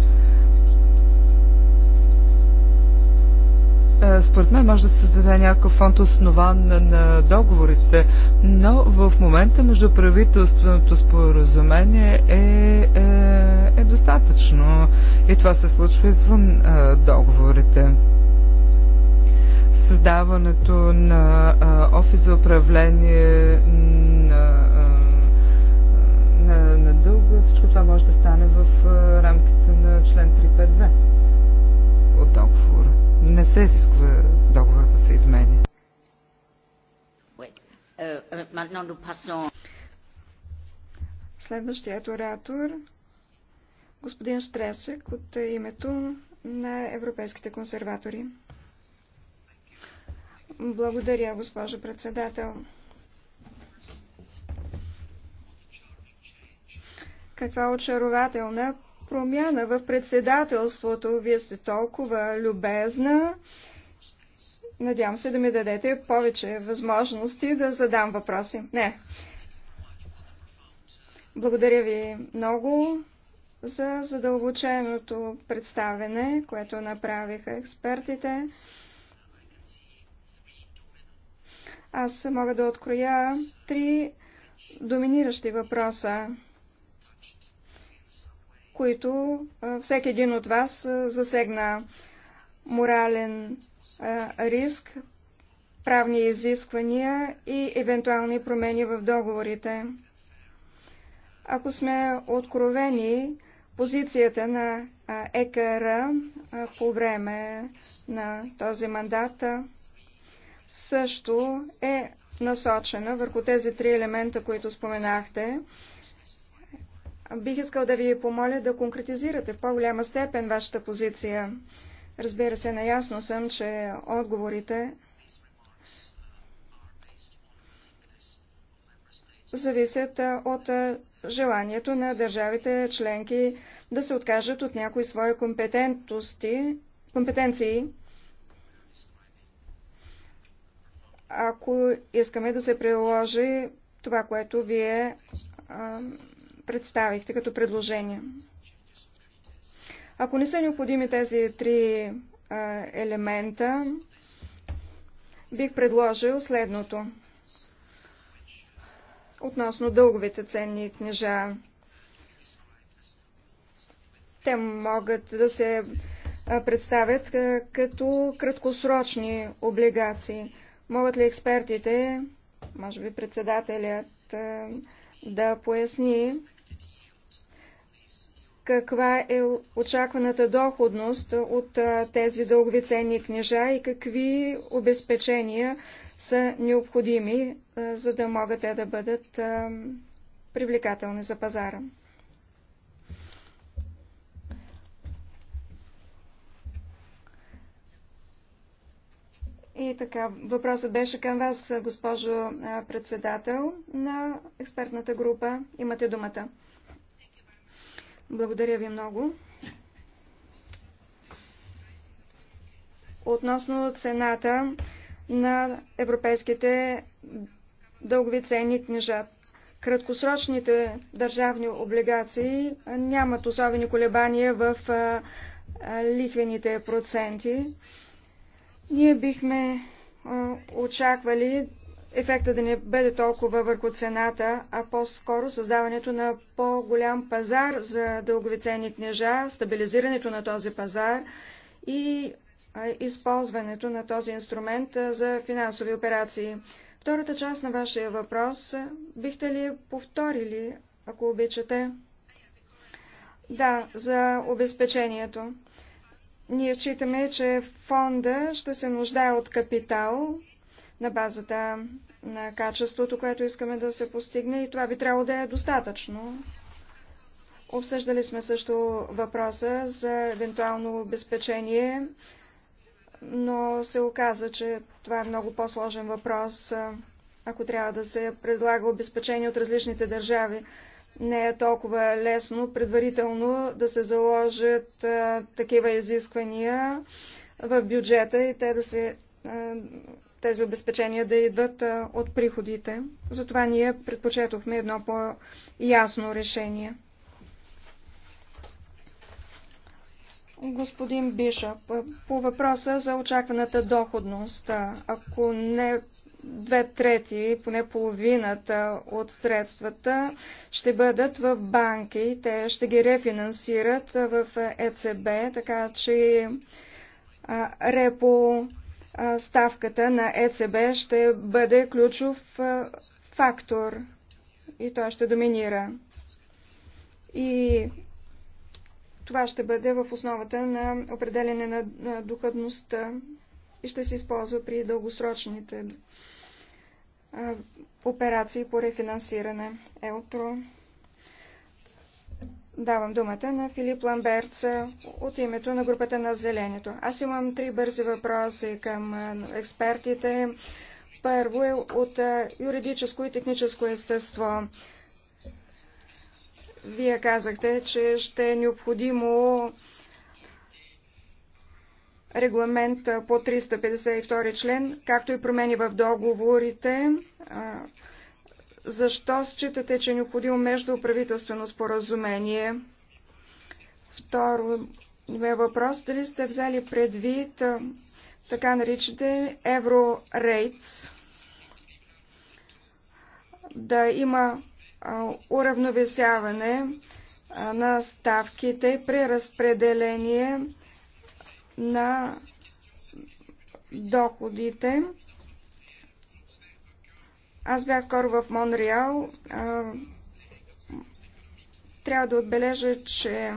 Speaker 3: според мен може да се създаде някакъв фонд основан на, на договорите, но в момента междуправителственото споразумение е, е, е достатъчно и това се случва извън е, договорите създаването на офис за управление на, на, на дълга, всичко това може да стане в рамките на член 352 от договора. Не се изисква договор да се изменя.
Speaker 2: Следващият оратор, господин Стресък от името на европейските консерватори. Благодаря, госпожо председател. Каква очарователна промяна в председателството. Вие сте толкова любезна. Надявам се да ми дадете повече възможности да задам въпроси. Не. Благодаря ви много за задълбоченото представене, което направиха експертите. аз мога да откроя три доминиращи въпроса, които всеки един от вас засегна. Морален риск, правни изисквания и евентуални промени в договорите. Ако сме откровени, позицията на ЕКР по време на този мандат също е насочена върху тези три елемента, които споменахте. Бих искал да ви помоля да конкретизирате в по-голяма степен вашата позиция. Разбира се, наясно съм, че отговорите зависят от желанието на държавите членки да се откажат от някои свои компетентности, компетенции ако искаме да се приложи това, което вие а, представихте като предложение. Ако не са необходими тези три а, елемента, бих предложил следното. Относно дълговите ценни книжа, те могат да се представят като краткосрочни облигации. Могат ли експертите, може би председателят, да поясни каква е очакваната доходност от тези дългови ценни книжа и какви обезпечения са необходими, за да могат те да бъдат привлекателни за пазара. И така, въпросът беше към вас, госпожо председател на експертната група. Имате думата. Благодаря ви много. Относно цената на европейските дългови ценни книжа. Краткосрочните държавни облигации нямат особени колебания в лихвените проценти. Ние бихме очаквали ефекта да не бъде толкова върху цената, а по-скоро създаването на по-голям пазар за дългови книжа, стабилизирането на този пазар и използването на този инструмент за финансови операции. Втората част на вашия въпрос бихте ли повторили, ако обичате? Да, за обезпечението. Ние считаме, че фонда ще се нуждае от капитал на базата на качеството, което искаме да се постигне и това би трябвало да е достатъчно. Обсъждали сме също въпроса за евентуално обезпечение, но се оказа, че това е много по-сложен въпрос, ако трябва да се предлага обезпечение от различните държави не е толкова лесно предварително да се заложат а, такива изисквания в бюджета и те да се, а, тези обезпечения да идват а, от приходите. Затова ние предпочетохме едно по-ясно решение. Господин Бишоп, по въпроса за очакваната доходност, ако не две трети, поне половината от средствата ще бъдат в банки. Те ще ги рефинансират в ЕЦБ, така че репо ставката на ЕЦБ ще бъде ключов фактор и той ще доминира. И това ще бъде в основата на определене на доходността и ще се използва при дългосрочните операции по рефинансиране. Елтро. Давам думата на Филип Ламберц от името на групата на Зеленето. Аз имам три бързи въпроси към експертите. Първо е от юридическо и техническо естество. Вие казахте, че ще е необходимо регламент по 352 член, както и промени в договорите. Защо считате, че е необходимо междуправителствено споразумение? Второ, е въпрос дали сте взели предвид така наричате еврорейтс, да има уравновесяване на ставките при разпределение на доходите. Аз бях скоро в Монреал. Трябва да отбележа, че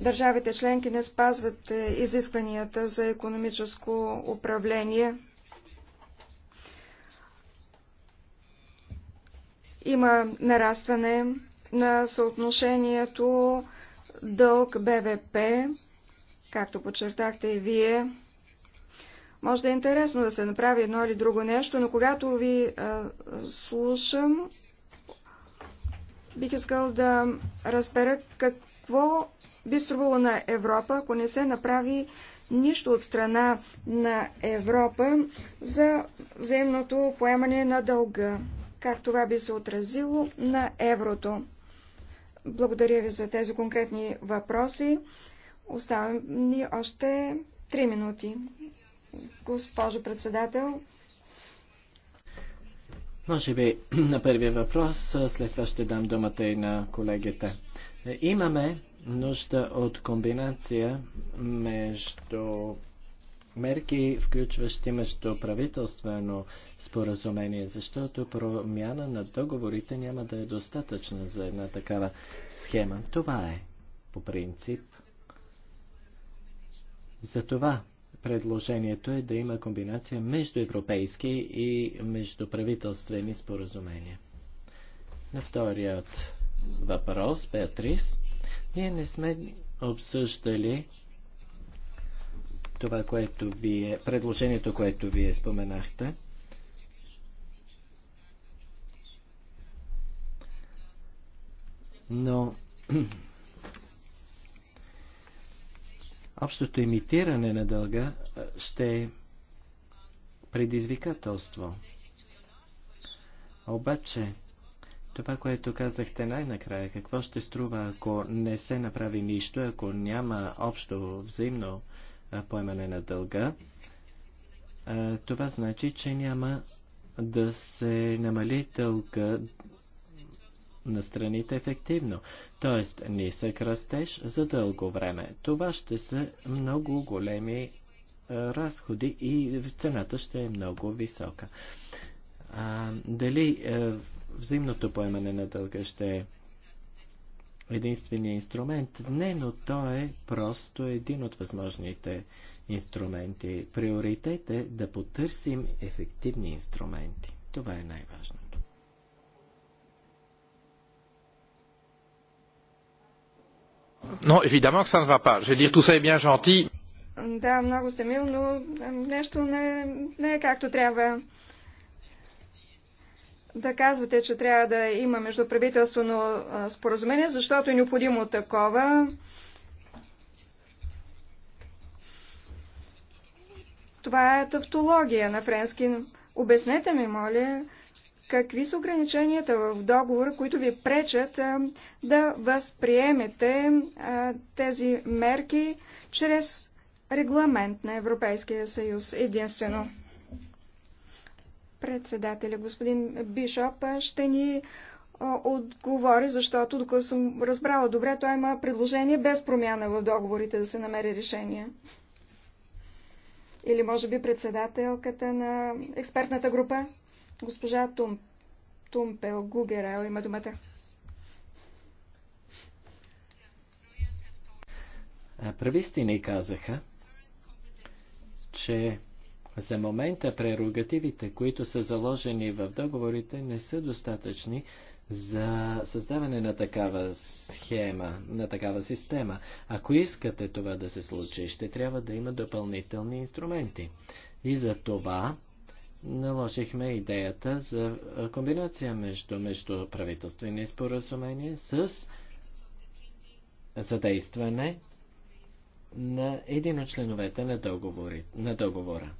Speaker 2: държавите членки не спазват е, изискванията за економическо управление. Има нарастване на съотношението дълг БВП, както подчертахте и вие, може да е интересно да се направи едно или друго нещо, но когато ви а, слушам, бих искал да разбера какво би струвало на Европа, ако не се направи нищо от страна на Европа за взаимното поемане на дълга. Как това би се отразило на еврото? Благодаря ви за тези конкретни въпроси. Оставам ни още 3 минути. Госпожо председател.
Speaker 4: Може би на първия въпрос, след това ще дам думата и на колегите. Имаме нужда от комбинация между мерки, включващи между правителствено споразумение, защото промяна на договорите няма да е достатъчна за една такава схема. Това е по принцип. Затова предложението е да има комбинация между европейски и между правителствени споразумения. На вторият въпрос, Беатрис, ние не сме обсъждали това, което вие, предложението, което вие споменахте. Но общото имитиране на дълга ще е предизвикателство. Обаче, това, което казахте най-накрая, какво ще струва, ако не се направи нищо, ако няма общо взаимно поемане на дълга. Това значи, че няма да се намали дълга на страните ефективно, т.е. нисък растеж за дълго време. Това ще са много големи разходи и цената ще е много висока. А, дали а, взаимното поемане на дълга ще е единствения инструмент. Не, но то е просто един от възможните инструменти. Приоритет е да потърсим ефективни инструменти. Това е най-важното. Non, évidemment que ça ne va pas. Je veux dire, tout ça est bien gentil.
Speaker 2: Да, много сте мил, но нещо не, не е както трябва да казвате, че трябва да има междуправителствено споразумение, защото е необходимо такова. Това е тавтология на френски. Обяснете ми, моля, какви са ограниченията в договора, които ви пречат да възприемете тези мерки чрез регламент на Европейския съюз единствено. Председателя господин Бишоп ще ни отговори, защото, докато съм разбрала добре, той има предложение без промяна в договорите да се намери решение. Или може би председателката на експертната група, госпожа Тум, Тумпел Гугерел, има думата.
Speaker 4: Е, Прависти ни казаха, че за момента прерогативите, които са заложени в договорите, не са достатъчни за създаване на такава схема, на такава система. Ако искате това да се случи, ще трябва да има допълнителни инструменти. И за това наложихме идеята за комбинация между, между правителствени споразумения с задействане на един от членовете на, договори, на договора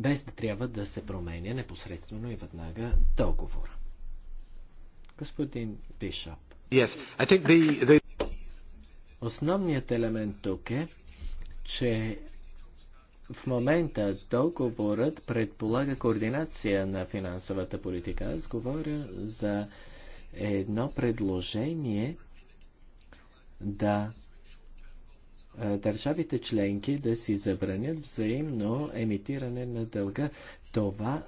Speaker 4: без да трябва да се променя непосредствено и веднага договора. Господин Бишоп. Yes, I think the, the... Основният елемент тук е, че в момента договорът предполага координация на финансовата политика. Аз говоря за едно предложение да е, държавите членки да си забранят взаимно емитиране на дълга. Това,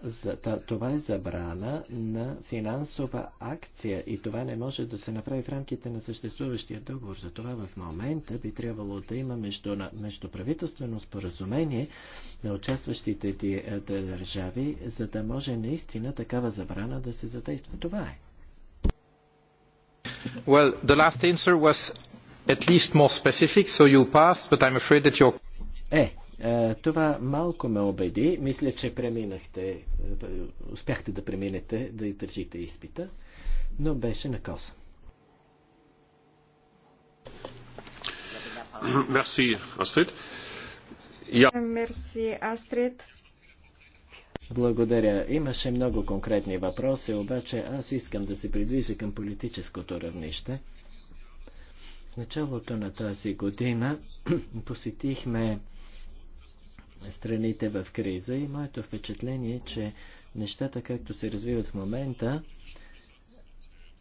Speaker 4: това е забрана на финансова акция и това не може да се направи в рамките на съществуващия договор. Затова в момента би трябвало да има между, междуправителствено споразумение на участващите е, държави, за да може наистина такава забрана да се задейства. Това е. Well, the last answer was at least more specific, so you passed, but I'm afraid that you're... Е, е, това малко ме убеди. Мисля, че преминахте, е, успяхте да преминете, да издържите изпита, но беше на коса.
Speaker 1: Мерси, Астрид.
Speaker 2: Мерси, Астрид.
Speaker 4: Благодаря. Имаше много конкретни въпроси, обаче аз искам да се придвижа към политическото равнище. В началото на тази година посетихме страните в криза и моето впечатление е, че нещата, както се развиват в момента,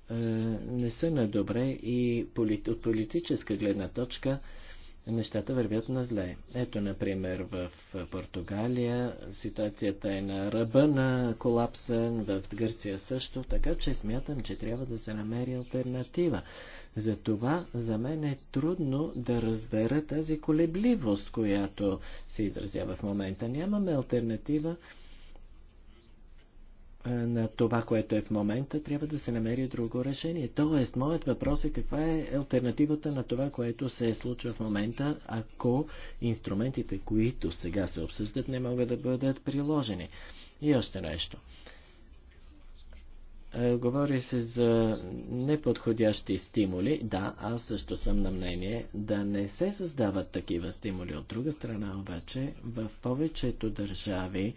Speaker 4: е, не са на добре и от политическа гледна точка нещата вървят на зле. Ето, например, в Португалия ситуацията е на ръба на колапса, в Гърция също, така че смятам, че трябва да се намери альтернатива. Затова за мен е трудно да разбера тази колебливост, която се изразява в момента. Нямаме альтернатива на това, което е в момента, трябва да се намери друго решение. Тоест, моят въпрос е каква е альтернативата на това, което се е случва в момента, ако инструментите, които сега се обсъждат, не могат да бъдат приложени. И още нещо. Е, говори се за неподходящи стимули. Да, аз също съм на мнение да не се създават такива стимули. От друга страна обаче, в повечето държави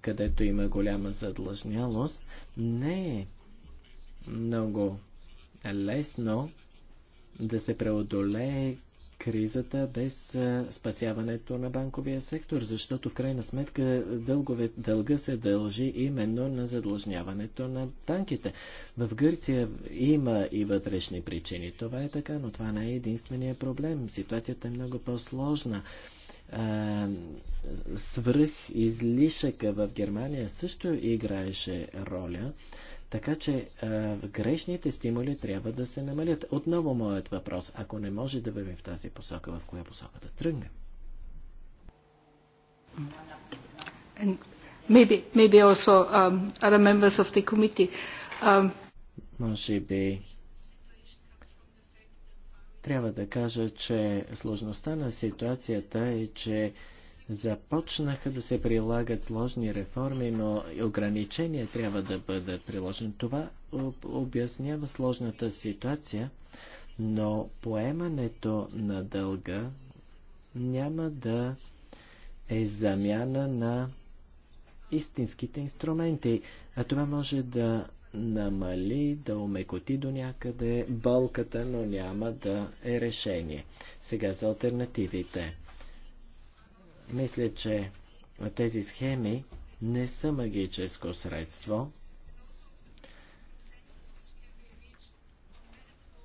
Speaker 4: където има голяма задлъжнялост, не е много лесно да се преодолее кризата без спасяването на банковия сектор, защото в крайна сметка дългове, дълга се дължи именно на задлъжняването на банките. В Гърция има и вътрешни причини. Това е така, но това не е единствения проблем. Ситуацията е много по-сложна. Е, свръх излишъка в Германия също играеше роля, така че а, е, грешните стимули трябва да се намалят. Отново моят въпрос, ако не може да вървим в тази посока, в коя посока да тръгнем?
Speaker 2: Maybe, maybe also um, other members of the committee. Um...
Speaker 4: Може би трябва да кажа, че сложността на ситуацията е, че започнаха да се прилагат сложни реформи, но ограничения трябва да бъдат приложени. Това обяснява сложната ситуация, но поемането на дълга няма да е замяна на истинските инструменти, а това може да намали, да омекоти до някъде болката, но няма да е решение. Сега за альтернативите. Мисля, че тези схеми не са магическо средство,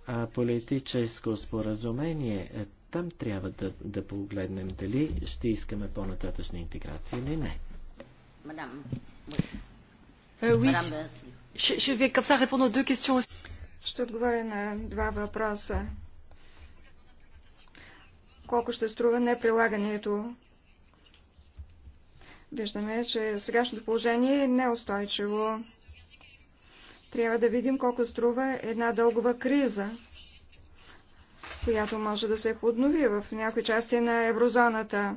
Speaker 4: а политическо споразумение. Там трябва да, да погледнем дали ще искаме по-нататъчна интеграция или не.
Speaker 1: Мадам. Euh,
Speaker 2: ще отговоря на два въпроса. Колко ще струва неприлагането? Виждаме, че сегашното положение е неустойчиво. Трябва да видим колко струва една дългова криза, която може да се поднови в някои части на еврозоната.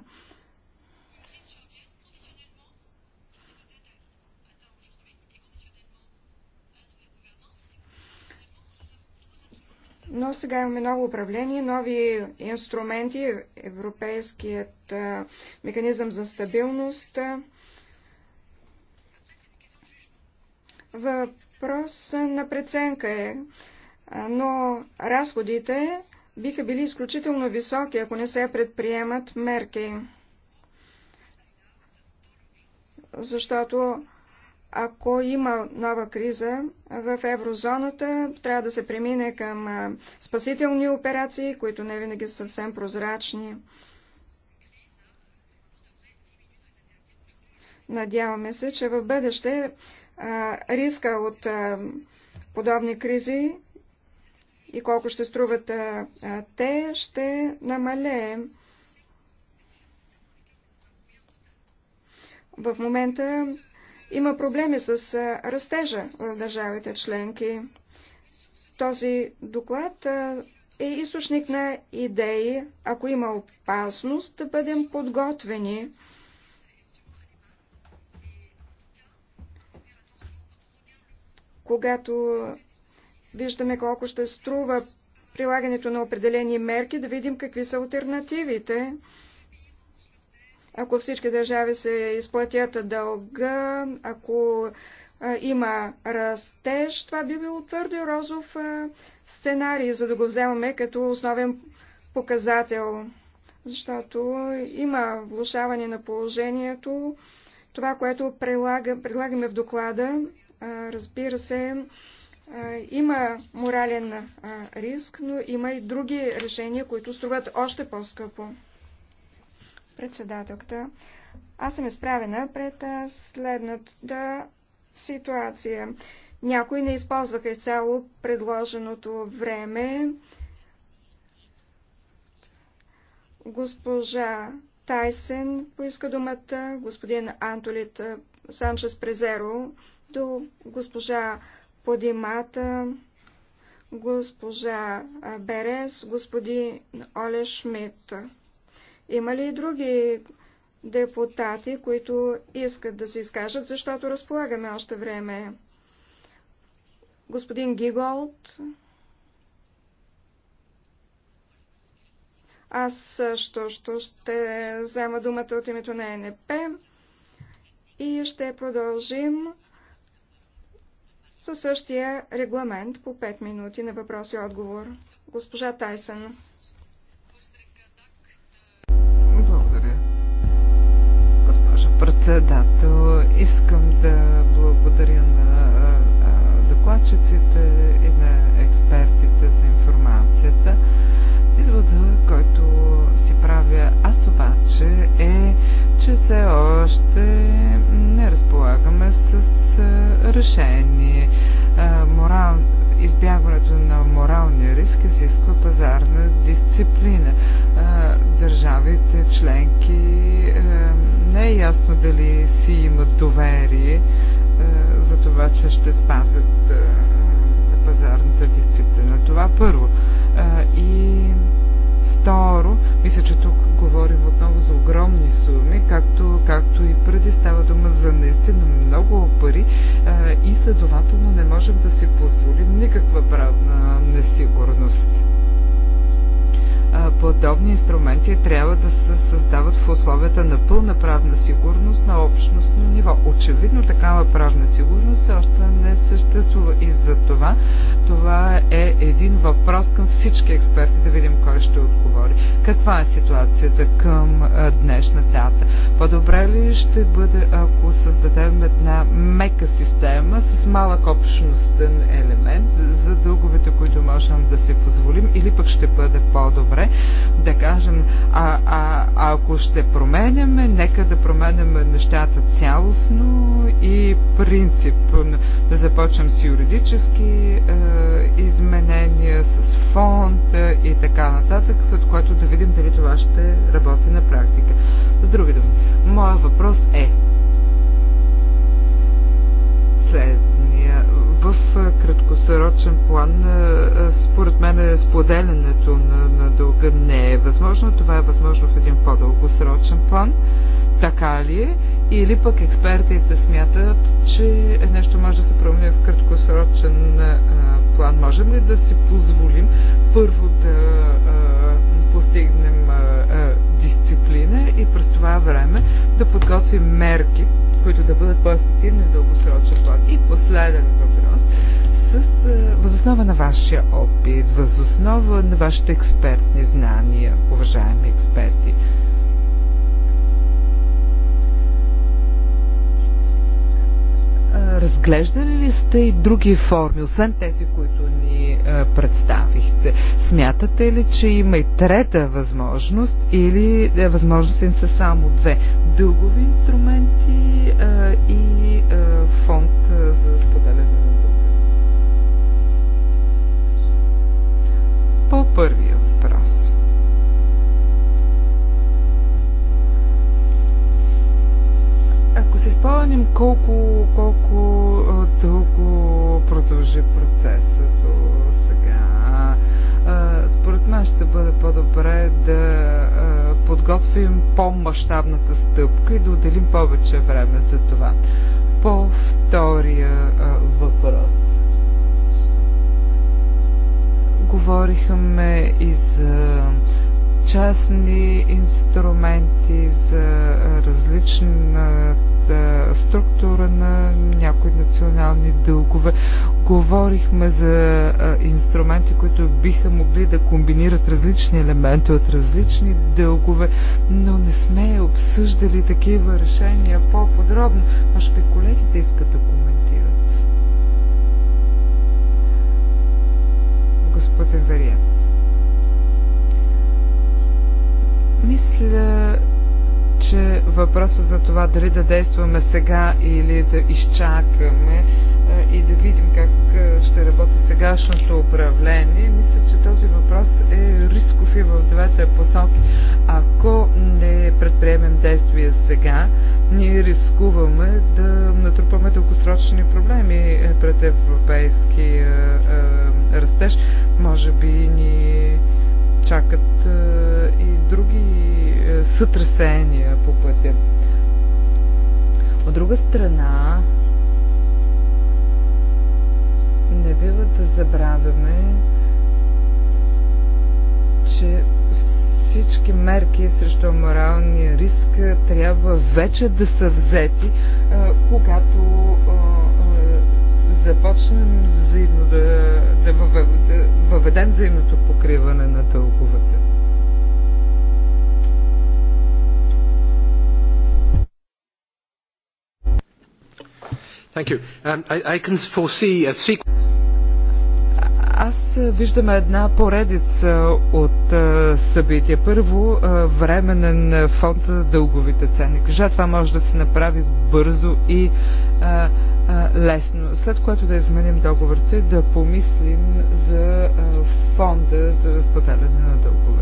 Speaker 2: Но сега имаме ново управление, нови инструменти, Европейският механизъм за стабилност. Въпрос на преценка е, но разходите биха били изключително високи, ако не се предприемат мерки. Защото ако има нова криза в еврозоната, трябва да се премине към спасителни операции, които не винаги са съвсем прозрачни. Надяваме се, че в бъдеще риска от подобни кризи и колко ще струват те, ще намалее. В момента има проблеми с растежа в държавите членки. Този доклад е източник на идеи, ако има опасност да бъдем подготвени. Когато виждаме колко ще струва прилагането на определени мерки, да видим какви са альтернативите ако всички държави се изплатят дълга, ако има растеж, това би било твърдо розов сценарий, за да го вземаме като основен показател. Защото има влушаване на положението. Това, което прилага, прилагаме в доклада, разбира се, има морален риск, но има и други решения, които струват още по-скъпо председателката. Аз съм изправена пред следната ситуация. Някои не използваха изцяло предложеното време. Госпожа Тайсен поиска думата, господин Антолит Санчес Презеро до госпожа Подимата, госпожа Берес, господин Оле Шмидт. Има ли и други депутати, които искат да се изкажат, защото разполагаме още време? Господин Гиголд. Аз също ще взема думата от името на НП и ще продължим със същия регламент по 5 минути на въпрос и отговор. Госпожа Тайсън.
Speaker 3: Е, то Искам да благодаря на докладчиците и на експертите за информацията. Извода, който си правя аз обаче е, че все още не разполагаме с решение. Морал, избягването на моралния риск изисква пазарна дисциплина. Държавите членки не е ясно дали си имат доверие е, за това, че ще спазят е, пазарната дисциплина. Това първо. Е, и второ, мисля, че тук говорим отново за огромни суми, както, както и преди става дума за наистина много пари и следователно не можем да си позволим никаква правна несигурност подобни инструменти трябва да се създават в условията на пълна правна сигурност на общностно ниво. Очевидно такава правна сигурност още не съществува и за това това е един въпрос към всички експерти, да видим кой ще отговори. Каква е ситуацията към днешна дата? По-добре ли ще бъде, ако създадем една мека система с малък общностен елемент за дълговете, които можем да си позволим, или пък ще бъде по-добре? добре да кажем, а, а, а ако ще променяме, нека да променяме нещата цялостно и принципно. Да започнем с юридически е, изменения, с фонд е, и така нататък, след което да видим дали това ще работи на практика. С други думи, моят въпрос е след в краткосрочен план, според мен, споделянето на, на дълга не е възможно. Това е възможно в един по-дългосрочен план. Така ли е? Или пък експертите смятат, че нещо може да се промени в краткосрочен план. Можем ли да си позволим първо да постигнем дисциплина и през това време да подготвим мерки, които да бъдат по-ефективни в дългосрочен план. И последен въпрос с е, възоснова на вашия опит, възоснова на вашите експертни знания, уважаеми експерти. Разглеждали ли сте и други форми, освен тези, които ни представихте? Смятате ли, че има и трета възможност или е, възможност им са само две? Дългови инструменти и фонд за споделяне на дълга. По първия си спомням колко, колко дълго продължи процесът сега. Според мен ще бъде по-добре да подготвим по-масштабната стъпка и да отделим повече време за това. По втория въпрос. Говорихме и за частни инструменти за различна е, структура на някои национални дългове. Говорихме за е, инструменти, които биха могли да комбинират различни елементи от различни дългове, но не сме обсъждали такива решения по-подробно. Може би колегите искат да коментират. Господин Вериен. Мисля, че въпросът за това дали да действаме сега или да изчакаме е, и да видим как е, ще работи сегашното управление, мисля, че този въпрос е рисков и в двете посоки. Ако не предприемем действия сега, ние рискуваме да натрупаме дългосрочни проблеми е, пред европейски растеж. Може би ни чакат и други сътресения по пътя. От друга страна, не бива да забравяме, че всички мерки срещу моралния риск трябва вече да са взети, когато започнем взаимно да, да въведем взаимното покриване на дългове. Um, аз е, виждам една поредица от е, събития. Първо, е, временен фонд за дълговите ценни Кажа, Това може да се направи бързо и лесно. След което да изменим договорите, да помислим за фонда за разпределяне на дългове.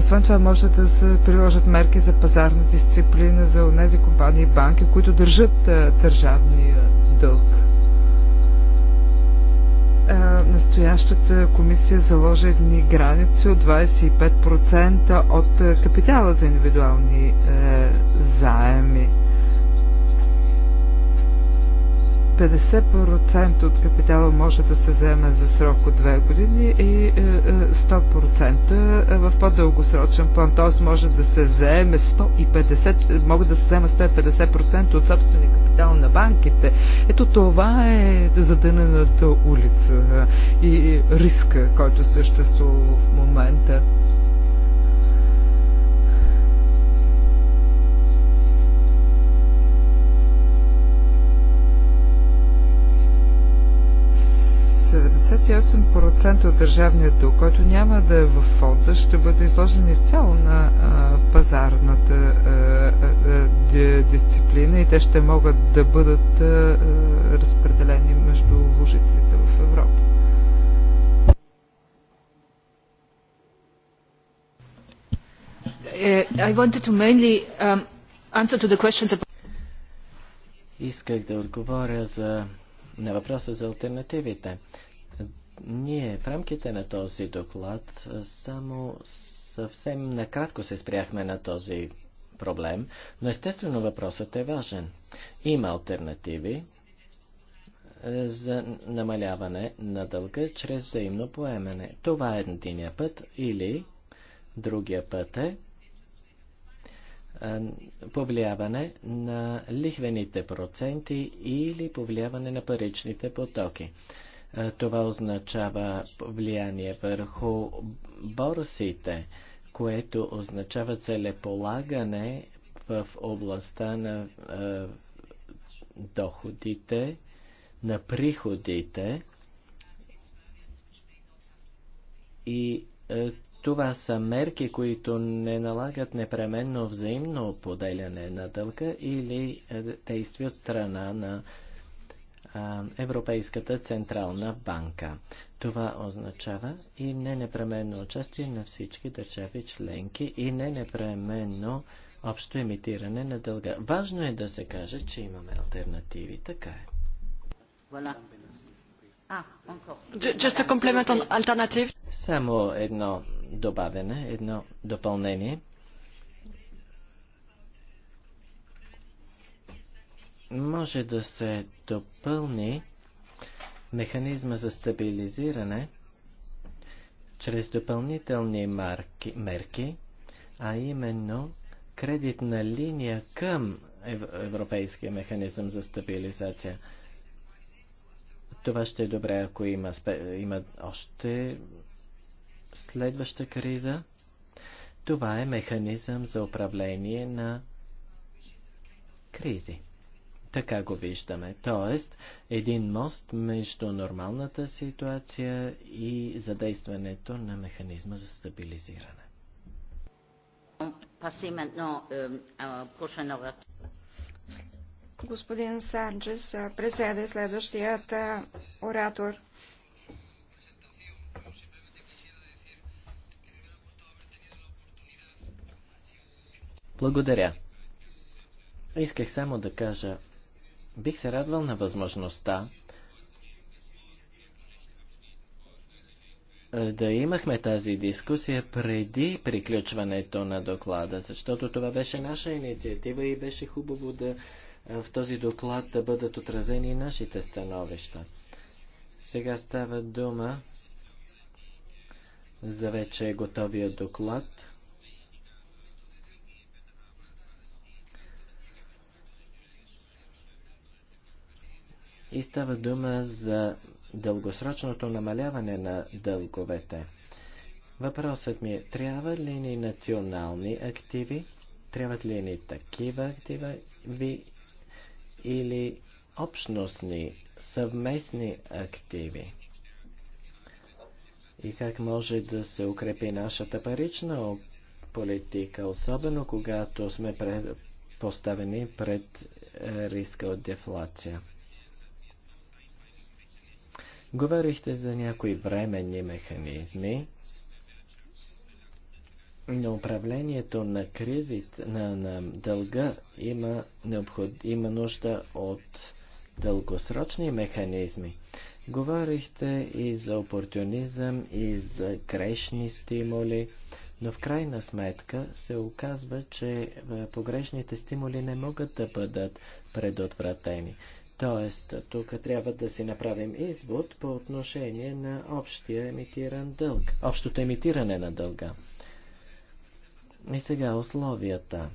Speaker 3: Освен това може да се приложат мерки за пазарна дисциплина за тези компании и банки, които държат държавния дълг. настоящата комисия заложи едни граници от 25% от капитала за индивидуални е, заеми. 50% от капитала може да се вземе за срок от 2 години и 100% е, е, е, в по-дългосрочен план. Т.е. може да се вземе 150, могат да се вземе 150% от собствения капитал на банките. Ето това е задънената улица и риска, който съществува в момента. 78% от държавния дълг, който няма да е в фонда, ще бъде изложен изцяло на а, пазарната а, а, дисциплина и те ще могат да бъдат а, разпределени между вложителите в Европа.
Speaker 2: Е, I wanted to mainly um, answer to the questions about...
Speaker 4: Исках да отговоря за на въпроса за альтернативите. Ние в рамките на този доклад само съвсем накратко се спряхме на този проблем, но естествено въпросът е важен. Има альтернативи за намаляване на дълга чрез взаимно поемане. Това е единия път или другия път е повлияване на лихвените проценти или повлияване на паричните потоки. Това означава влияние върху борсите, което означава целеполагане в областта на доходите, на приходите и това са мерки, които не налагат непременно взаимно поделяне на дълга или е, действие от страна на Европейската централна банка. Това означава и не непременно участие на всички държави членки и не непременно общо емитиране на дълга. Важно е да се каже, че имаме альтернативи. Така е. Ah, just a compliment on alternative. Само едно добавяне, едно допълнение. Може да се допълни механизма за стабилизиране чрез допълнителни марки, мерки, а именно кредитна линия към Европейския механизъм за стабилизация. Това ще е добре, ако има, има още следваща криза. Това е механизъм за управление на кризи. Така го виждаме. Тоест, един мост между нормалната ситуация и задействането на механизма за стабилизиране.
Speaker 2: Господин Санджес, преседе следващият оратор.
Speaker 4: Благодаря. Исках само да кажа, бих се радвал на възможността е, да имахме тази дискусия преди приключването на доклада, защото това беше наша инициатива и беше хубаво да е, в този доклад да бъдат отразени нашите становища. Сега става дума за вече готовия доклад. и става дума за дългосрочното намаляване на дълговете. Въпросът ми е, трябва ли ни национални активи, трябват ли ни такива активи ви или общностни, съвместни активи? И как може да се укрепи нашата парична политика, особено когато сме поставени пред е, риска от дефлация? Говорихте за някои временни механизми, но управлението на кризит, на, на дълга има, необход, има нужда от дългосрочни механизми. Говорихте и за опортунизъм, и за грешни стимули, но в крайна сметка се оказва, че погрешните стимули не могат да бъдат предотвратени. Тоест, тук трябва да си направим извод по отношение на общия емитиран дълг, общото емитиране на дълга. И сега условията.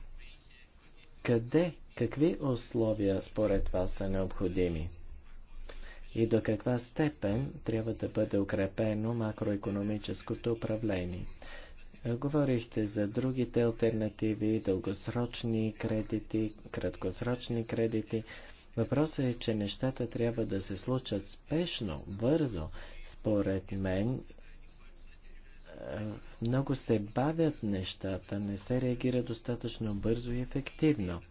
Speaker 4: Къде, какви условия според вас са необходими? И до каква степен трябва да бъде укрепено макроекономическото управление? Говорихте за другите альтернативи, дългосрочни кредити, краткосрочни кредити. Въпросът е, че нещата трябва да се случат спешно, бързо. Според мен, е, много се бавят нещата, не се реагира достатъчно бързо и ефективно.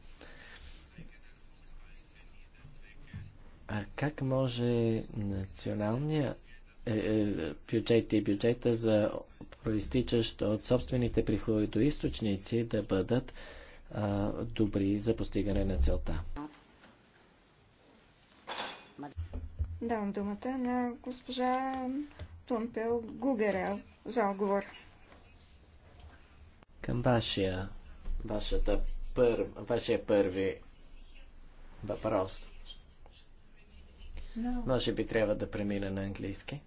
Speaker 4: А как може националния е, е, бюджет и бюджета за проистичащ от собствените приходоисточници да бъдат добри за постигане на целта?
Speaker 2: Давам думата на госпожа Тумпел Гугерел за отговор.
Speaker 4: Към вашия, вашата пър, вашия първи въпрос. No. Може би трябва да премина на английски.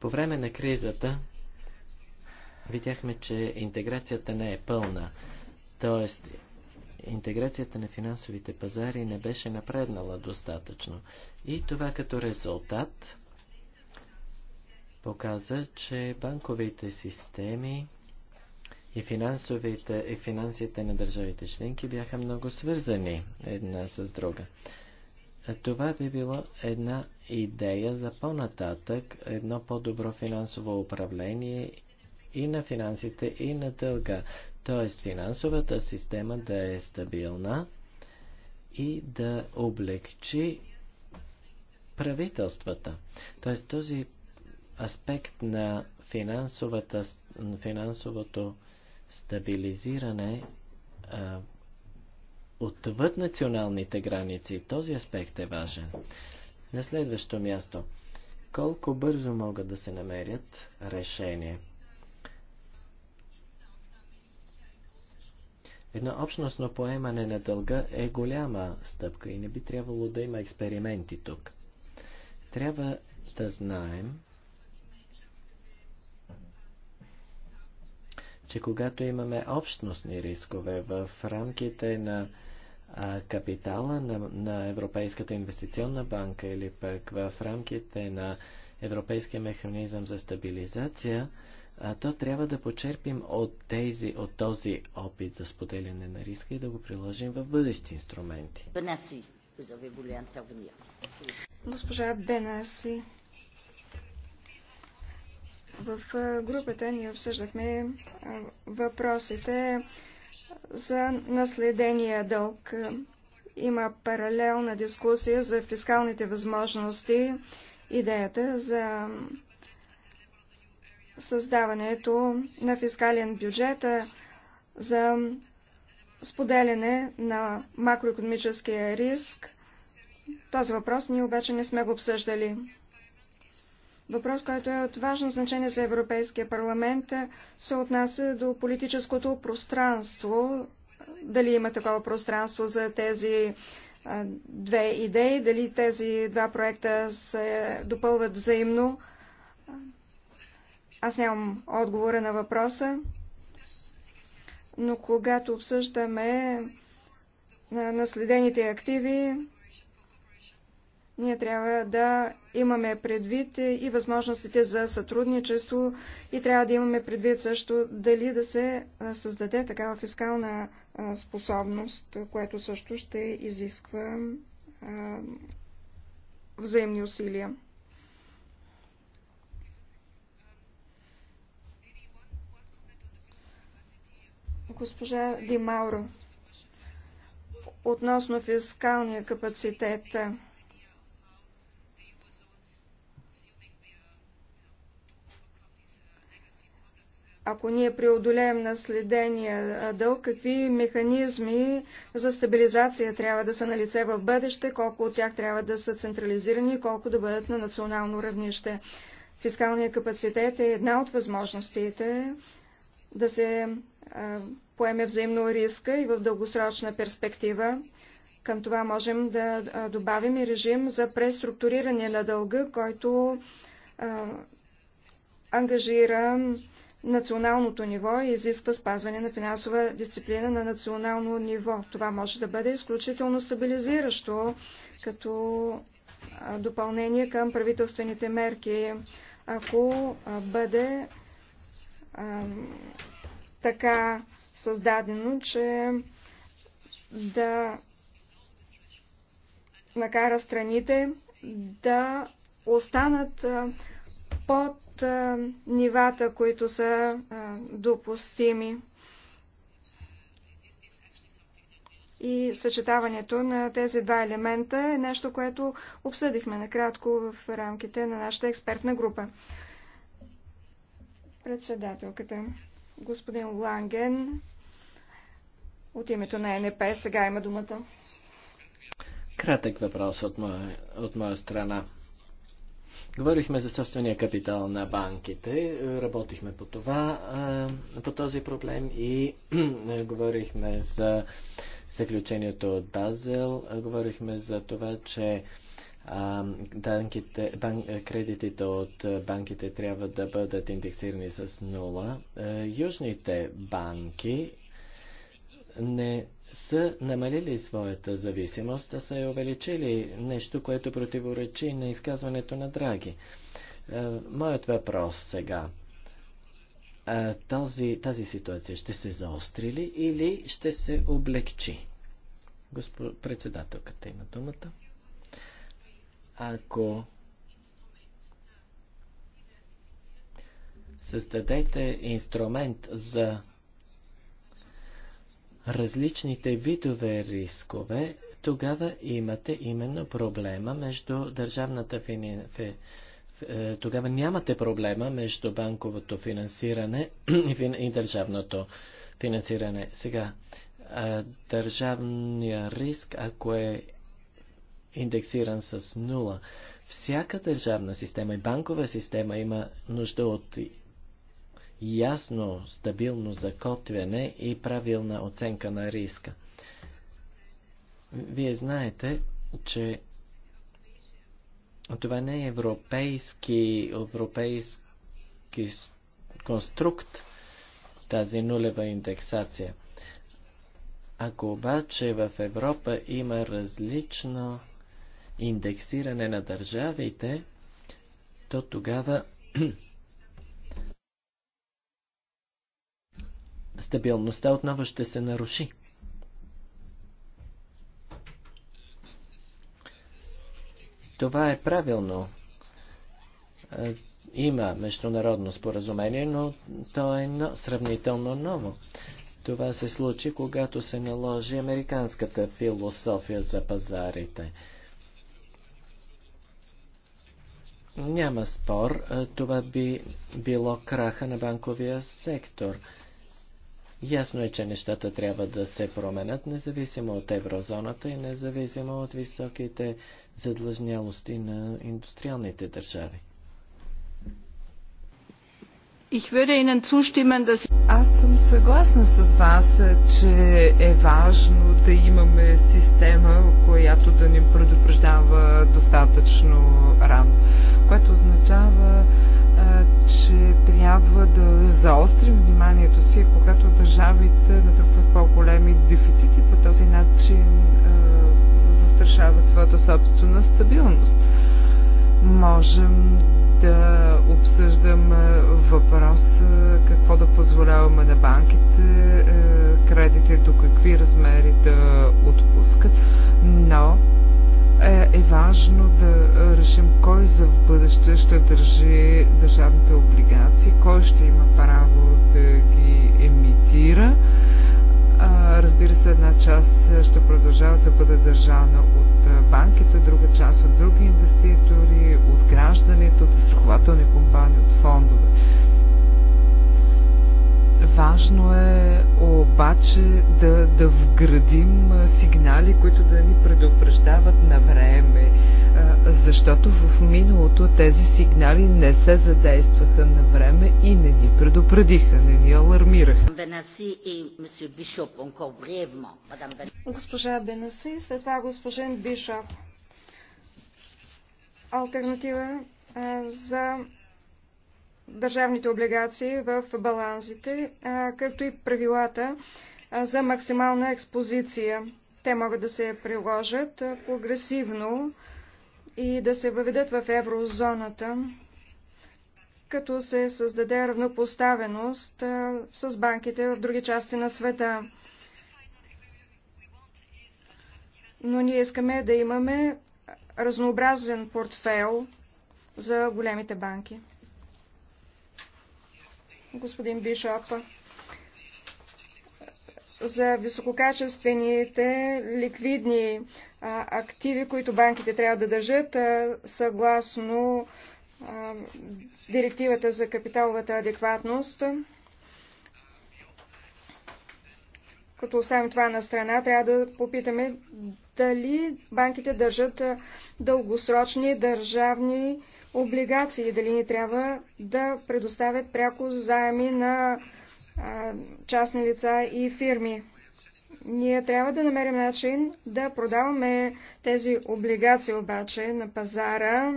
Speaker 4: По време на кризата видяхме, че интеграцията не е пълна. Тоест, интеграцията на финансовите пазари не беше напреднала достатъчно. И това като резултат показа, че банковите системи и, финансовите, и финансите на държавите членки бяха много свързани една с друга. Това би било една идея за по-нататък, едно по-добро финансово управление и на финансите, и на дълга. Тоест финансовата система да е стабилна и да облегчи правителствата. Тоест този аспект на финансовата, финансовото стабилизиране а, отвъд националните граници. Този аспект е важен. На следващо място. Колко бързо могат да се намерят решения? Една общностно поемане на дълга е голяма стъпка и не би трябвало да има експерименти тук. Трябва да знаем, че когато имаме общностни рискове в рамките на а, капитала на, на Европейската инвестиционна банка или пък в рамките на Европейския механизъм за стабилизация, то трябва да почерпим от, тези, от този опит за споделяне на риска и да го приложим в бъдещи инструменти.
Speaker 2: Госпожа Бенаси, в групата ни обсъждахме въпросите за наследения дълг. Има паралелна дискусия за фискалните възможности, идеята за създаването на фискален бюджет за споделяне на макроекономическия риск. Този въпрос ние обаче не сме го обсъждали. Въпрос, който е от важно значение за Европейския парламент, се отнася до политическото пространство. Дали има такова пространство за тези две идеи, дали тези два проекта се допълват взаимно. Аз нямам отговора на въпроса, но когато обсъждаме наследените активи, ние трябва да имаме предвид и възможностите за сътрудничество и трябва да имаме предвид също дали да се създаде такава фискална способност, което също ще изисква взаимни усилия. госпожа Ди Мауро относно фискалния капацитет. Ако ние преодолеем наследения дълг, какви механизми за стабилизация трябва да са на лице в бъдеще, колко от тях трябва да са централизирани и колко да бъдат на национално равнище. Фискалният капацитет е една от възможностите да се поеме взаимно риска и в дългосрочна перспектива. Към това можем да добавим и режим за преструктуриране на дълга, който а, ангажира националното ниво и изисква спазване на финансова дисциплина на национално ниво. Това може да бъде изключително стабилизиращо като допълнение към правителствените мерки, ако бъде а, така създадено, че да накара страните да останат под нивата, които са допустими. И съчетаването на тези два елемента е нещо, което обсъдихме накратко в рамките на нашата експертна група. Председателката господин Ланген от името на НП. Сега има думата.
Speaker 4: Кратък въпрос от моя, от моя страна. Говорихме за собствения капитал на банките, работихме по това, по този проблем и говорихме за заключението от Базел, говорихме за това, че банките, бан, е, кредитите от е, банките трябва да бъдат индексирани с нула. Е, южните банки не са намалили своята зависимост, а са я увеличили нещо, което противоречи на изказването на Драги. Моят въпрос сега. Този, тази ситуация ще се заостри ли или ще се облегчи? Госпо... Председателката има думата ако създадете инструмент за различните видове рискове, тогава имате именно проблема между държавната финансиране тогава нямате проблема между банковото финансиране и държавното финансиране. Сега, държавния риск, ако е индексиран с 0. Всяка държавна система и банкова система има нужда от ясно, стабилно закотвяне и правилна оценка на риска. Вие знаете, че това не е европейски, европейски конструкт, тази нулева индексация. Ако обаче в Европа има различно индексиране на държавите, то тогава стабилността отново ще се наруши. Това е правилно. Има международно споразумение, но то е сравнително ново. Това се случи, когато се наложи американската философия за пазарите – Няма спор, е, това би било краха на банковия сектор. Ясно е, че нещата трябва да се променят, независимо от еврозоната и независимо от високите задлъжнялости на индустриалните държави. Аз съм съгласна с вас, е, че е
Speaker 3: важно да имаме система, която да ни предупреждава достатъчно рано което означава, че трябва да заострим вниманието си, когато държавите натрупват по-големи дефицити, по този начин застрашават своята собствена стабилност. Можем да обсъждаме въпрос какво да позволяваме на банките, кредити до какви размери да отпускат, но е, е важно да е, решим кой за в бъдеще ще държи държавните облигации, кой ще има право да ги емитира. А, разбира се, една част е, ще продължава да бъде държана от е, банките, друга част от други инвеститори, от гражданите, от застрахователни компании, от фондове. Важно е обаче да, да вградим сигнали, които да ни предупреждават на време, защото в миналото тези сигнали не се задействаха на време и не ни предупредиха, не ни алармираха.
Speaker 2: Госпожа Бенаси, след това госпожен Бишоп. Альтернатива за държавните облигации в балансите, както и правилата за максимална експозиция. Те могат да се приложат прогресивно и да се въведат в еврозоната, като се създаде равнопоставеност с банките в други части на света. Но ние искаме да имаме разнообразен портфел за големите банки господин Бишоп, за висококачествените ликвидни а, активи, които банките трябва да държат, а, съгласно а, директивата за капиталовата адекватност. Като оставим това на страна, трябва да попитаме дали банките държат дългосрочни държавни облигации, дали ни трябва да предоставят пряко заеми на а, частни лица и фирми. Ние трябва да намерим начин да продаваме тези облигации обаче на пазара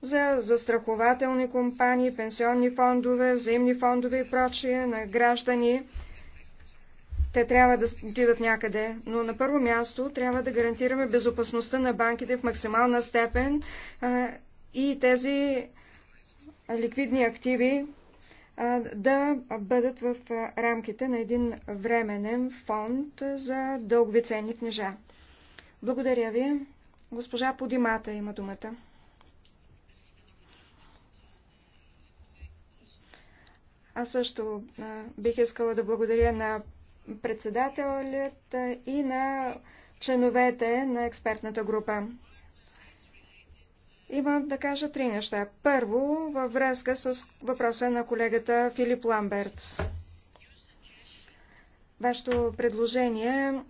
Speaker 2: за застрахователни компании, пенсионни фондове, взаимни фондове и прочие на граждани. Те трябва да отидат някъде, но на първо място трябва да гарантираме безопасността на банките в максимална степен и тези ликвидни активи да бъдат в рамките на един временен фонд за дългови ценни книжа. Благодаря ви. Госпожа Подимата има думата. Аз също бих искала да благодаря на председателят и на членовете на експертната група. Имам да кажа три неща. Първо, във връзка с въпроса на колегата Филип Ламбертс. Вашето предложение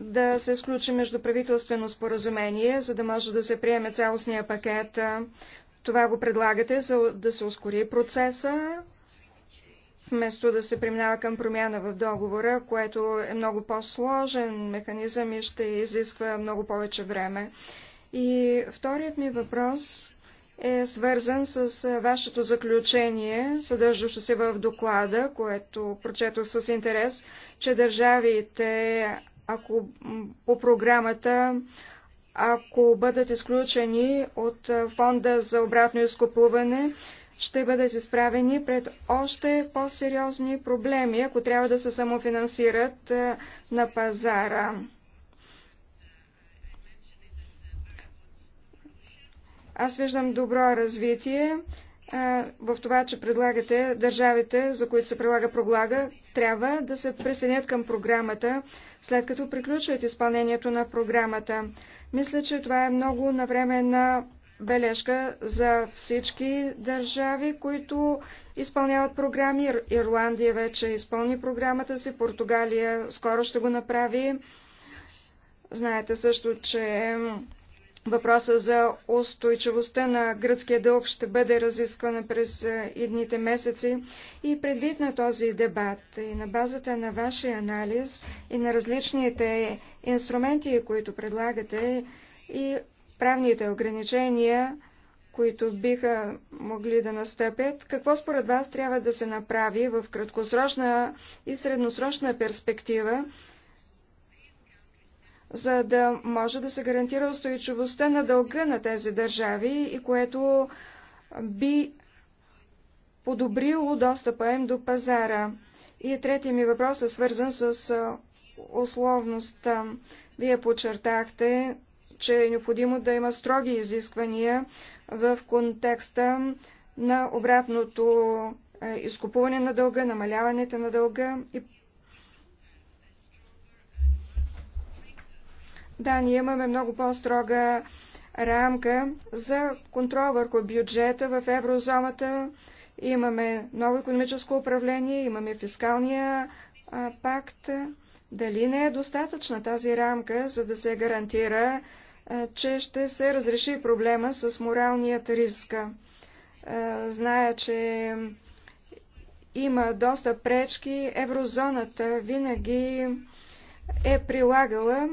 Speaker 2: да се сключи междуправителствено споразумение, за да може да се приеме цялостния пакет. Това го предлагате, за да се ускори процеса вместо да се преминава към промяна в договора, което е много по-сложен механизъм и ще изисква много повече време. И вторият ми въпрос е свързан с вашето заключение, съдържащо се в доклада, което прочетох с интерес, че държавите, ако по програмата, ако бъдат изключени от фонда за обратно изкупуване, ще бъдат изправени пред още по-сериозни проблеми, ако трябва да се самофинансират е, на пазара. Аз виждам добро развитие е, в това, че предлагате държавите, за които се прилага проглага, трябва да се присъединят към програмата, след като приключват изпълнението на програмата. Мисля, че това е много навременна бележка за всички държави, които изпълняват програми. Ирландия вече изпълни програмата си, Португалия скоро ще го направи. Знаете също, че въпроса за устойчивостта на гръцкия дълг ще бъде разисквана през е, едните месеци. И предвид на този дебат и на базата на вашия анализ и на различните инструменти, които предлагате, и правните ограничения, които биха могли да настъпят, какво според вас трябва да се направи в краткосрочна и средносрочна перспектива, за да може да се гарантира устойчивостта на дълга на тези държави и което би подобрило достъпа им до пазара. И третия ми въпрос е свързан с условността. Вие подчертахте че е необходимо да има строги изисквания в контекста на обратното е, изкупуване на дълга, намаляването на дълга и Да, ние имаме много по-строга рамка за контрол върху бюджета в еврозоната. Имаме ново економическо управление, имаме фискалния а, пакт. Дали не е достатъчна тази рамка, за да се гарантира, е, че ще се разреши проблема с моралният риск. Е, зная, че има доста пречки. Еврозоната винаги е прилагала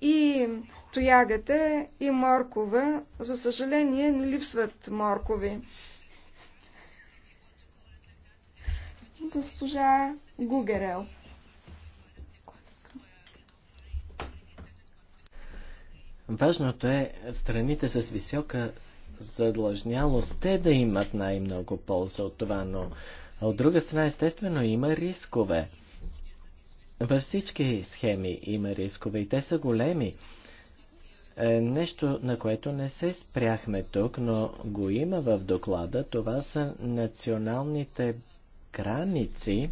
Speaker 2: и тоягата, и моркова. За съжаление, не липсват моркови. Госпожа Гугерел.
Speaker 4: Важното е страните с висока задлъжнялост те да имат най-много полза от това, но а от друга страна естествено има рискове. Във всички схеми има рискове и те са големи. Е, нещо, на което не се спряхме тук, но го има в доклада, това са националните граници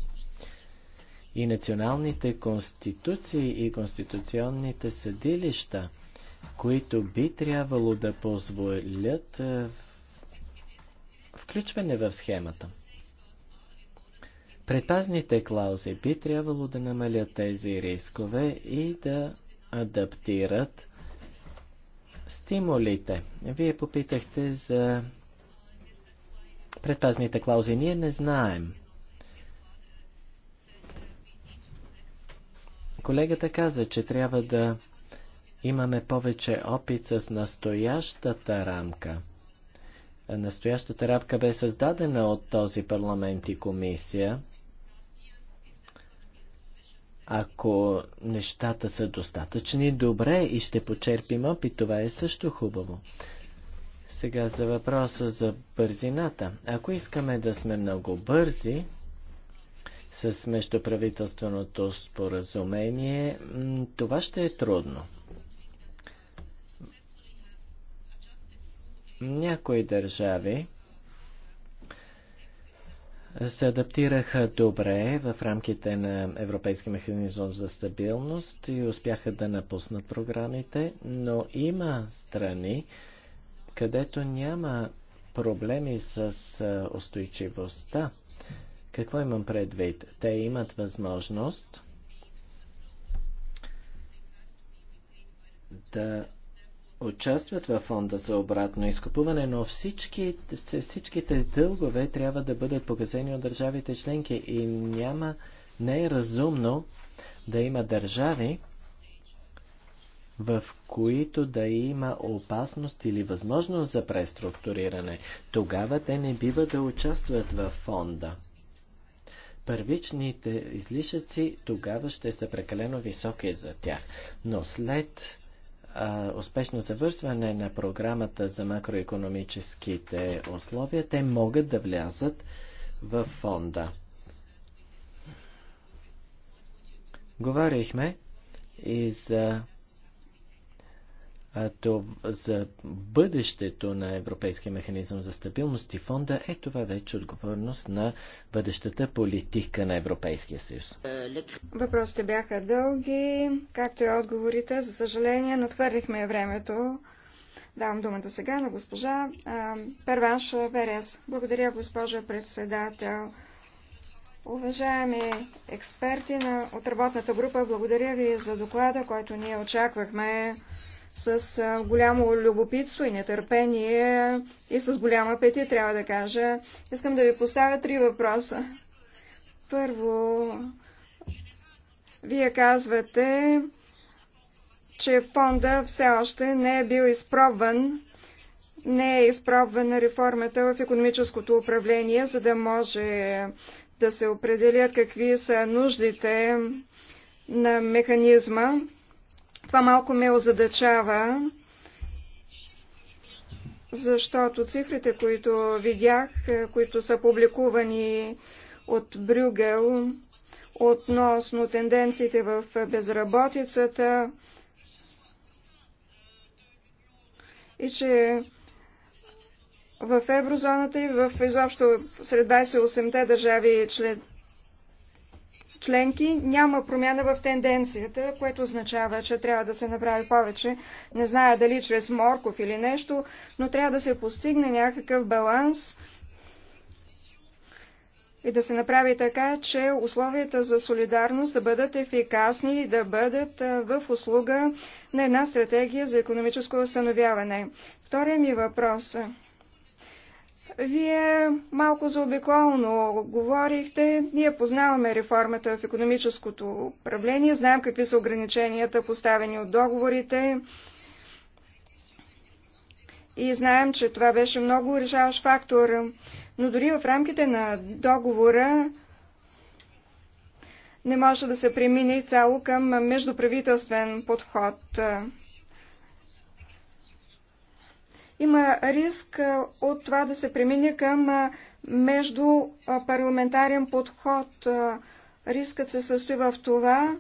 Speaker 4: и националните конституции и конституционните съдилища – които би трябвало да позволят е, включване в схемата. Предпазните клаузи би трябвало да намалят тези рискове и да адаптират стимулите. Вие попитахте за предпазните клаузи. Ние не знаем. Колегата каза, че трябва да имаме повече опит с настоящата рамка. Настоящата рамка бе създадена от този парламент и комисия. Ако нещата са достатъчни, добре и ще почерпим опит, това е също хубаво. Сега за въпроса за бързината. Ако искаме да сме много бързи с междуправителственото споразумение, това ще е трудно. Някои държави се адаптираха добре в рамките на Европейски механизъм за стабилност и успяха да напуснат програмите, но има страни, където няма проблеми с устойчивостта. Какво имам предвид? Те имат възможност да участват във фонда за обратно изкупуване, но всички, всичките дългове трябва да бъдат погасени от държавите членки и няма, не е разумно да има държави, в които да има опасност или възможност за преструктуриране. Тогава те не бива да участват във фонда. Първичните излишъци тогава ще са прекалено високи за тях, но след успешно завършване на програмата за макроекономическите условия, те могат да влязат в фонда. Говорихме и за за бъдещето на Европейския механизъм за стабилност и фонда е това вече отговорност на бъдещата политика на Европейския съюз.
Speaker 2: Въпросите бяха дълги, както и отговорите. За съжаление, надхвърлихме времето. Давам думата сега на госпожа Перванш Верес. Благодаря, госпожа председател. Уважаеми експерти на, от работната група, благодаря ви за доклада, който ние очаквахме с голямо любопитство и нетърпение и с голяма апетит, трябва да кажа. Искам да ви поставя три въпроса. Първо, вие казвате, че фонда все още не е бил изпробван, не е изпробвана реформата в економическото управление, за да може да се определят какви са нуждите на механизма това малко ме озадачава, защото цифрите, които видях, е, които са публикувани от Брюгел относно тенденциите в безработицата и че в еврозоната и в изобщо сред 28-те държави член, членки няма промяна в тенденцията, което означава, че трябва да се направи повече. Не зная дали чрез морков или нещо, но трябва да се постигне някакъв баланс и да се направи така, че условията за солидарност да бъдат ефикасни и да бъдат в услуга на една стратегия за економическо възстановяване. Втория ми въпрос е вие малко заобиколно говорихте. Ние познаваме реформата в економическото управление, знаем какви са ограниченията поставени от договорите и знаем, че това беше много решаващ фактор. Но дори в рамките на договора не може да се премине цяло към междуправителствен подход има риск от това да се премине към междупарламентарен подход. Рискът се състои в това,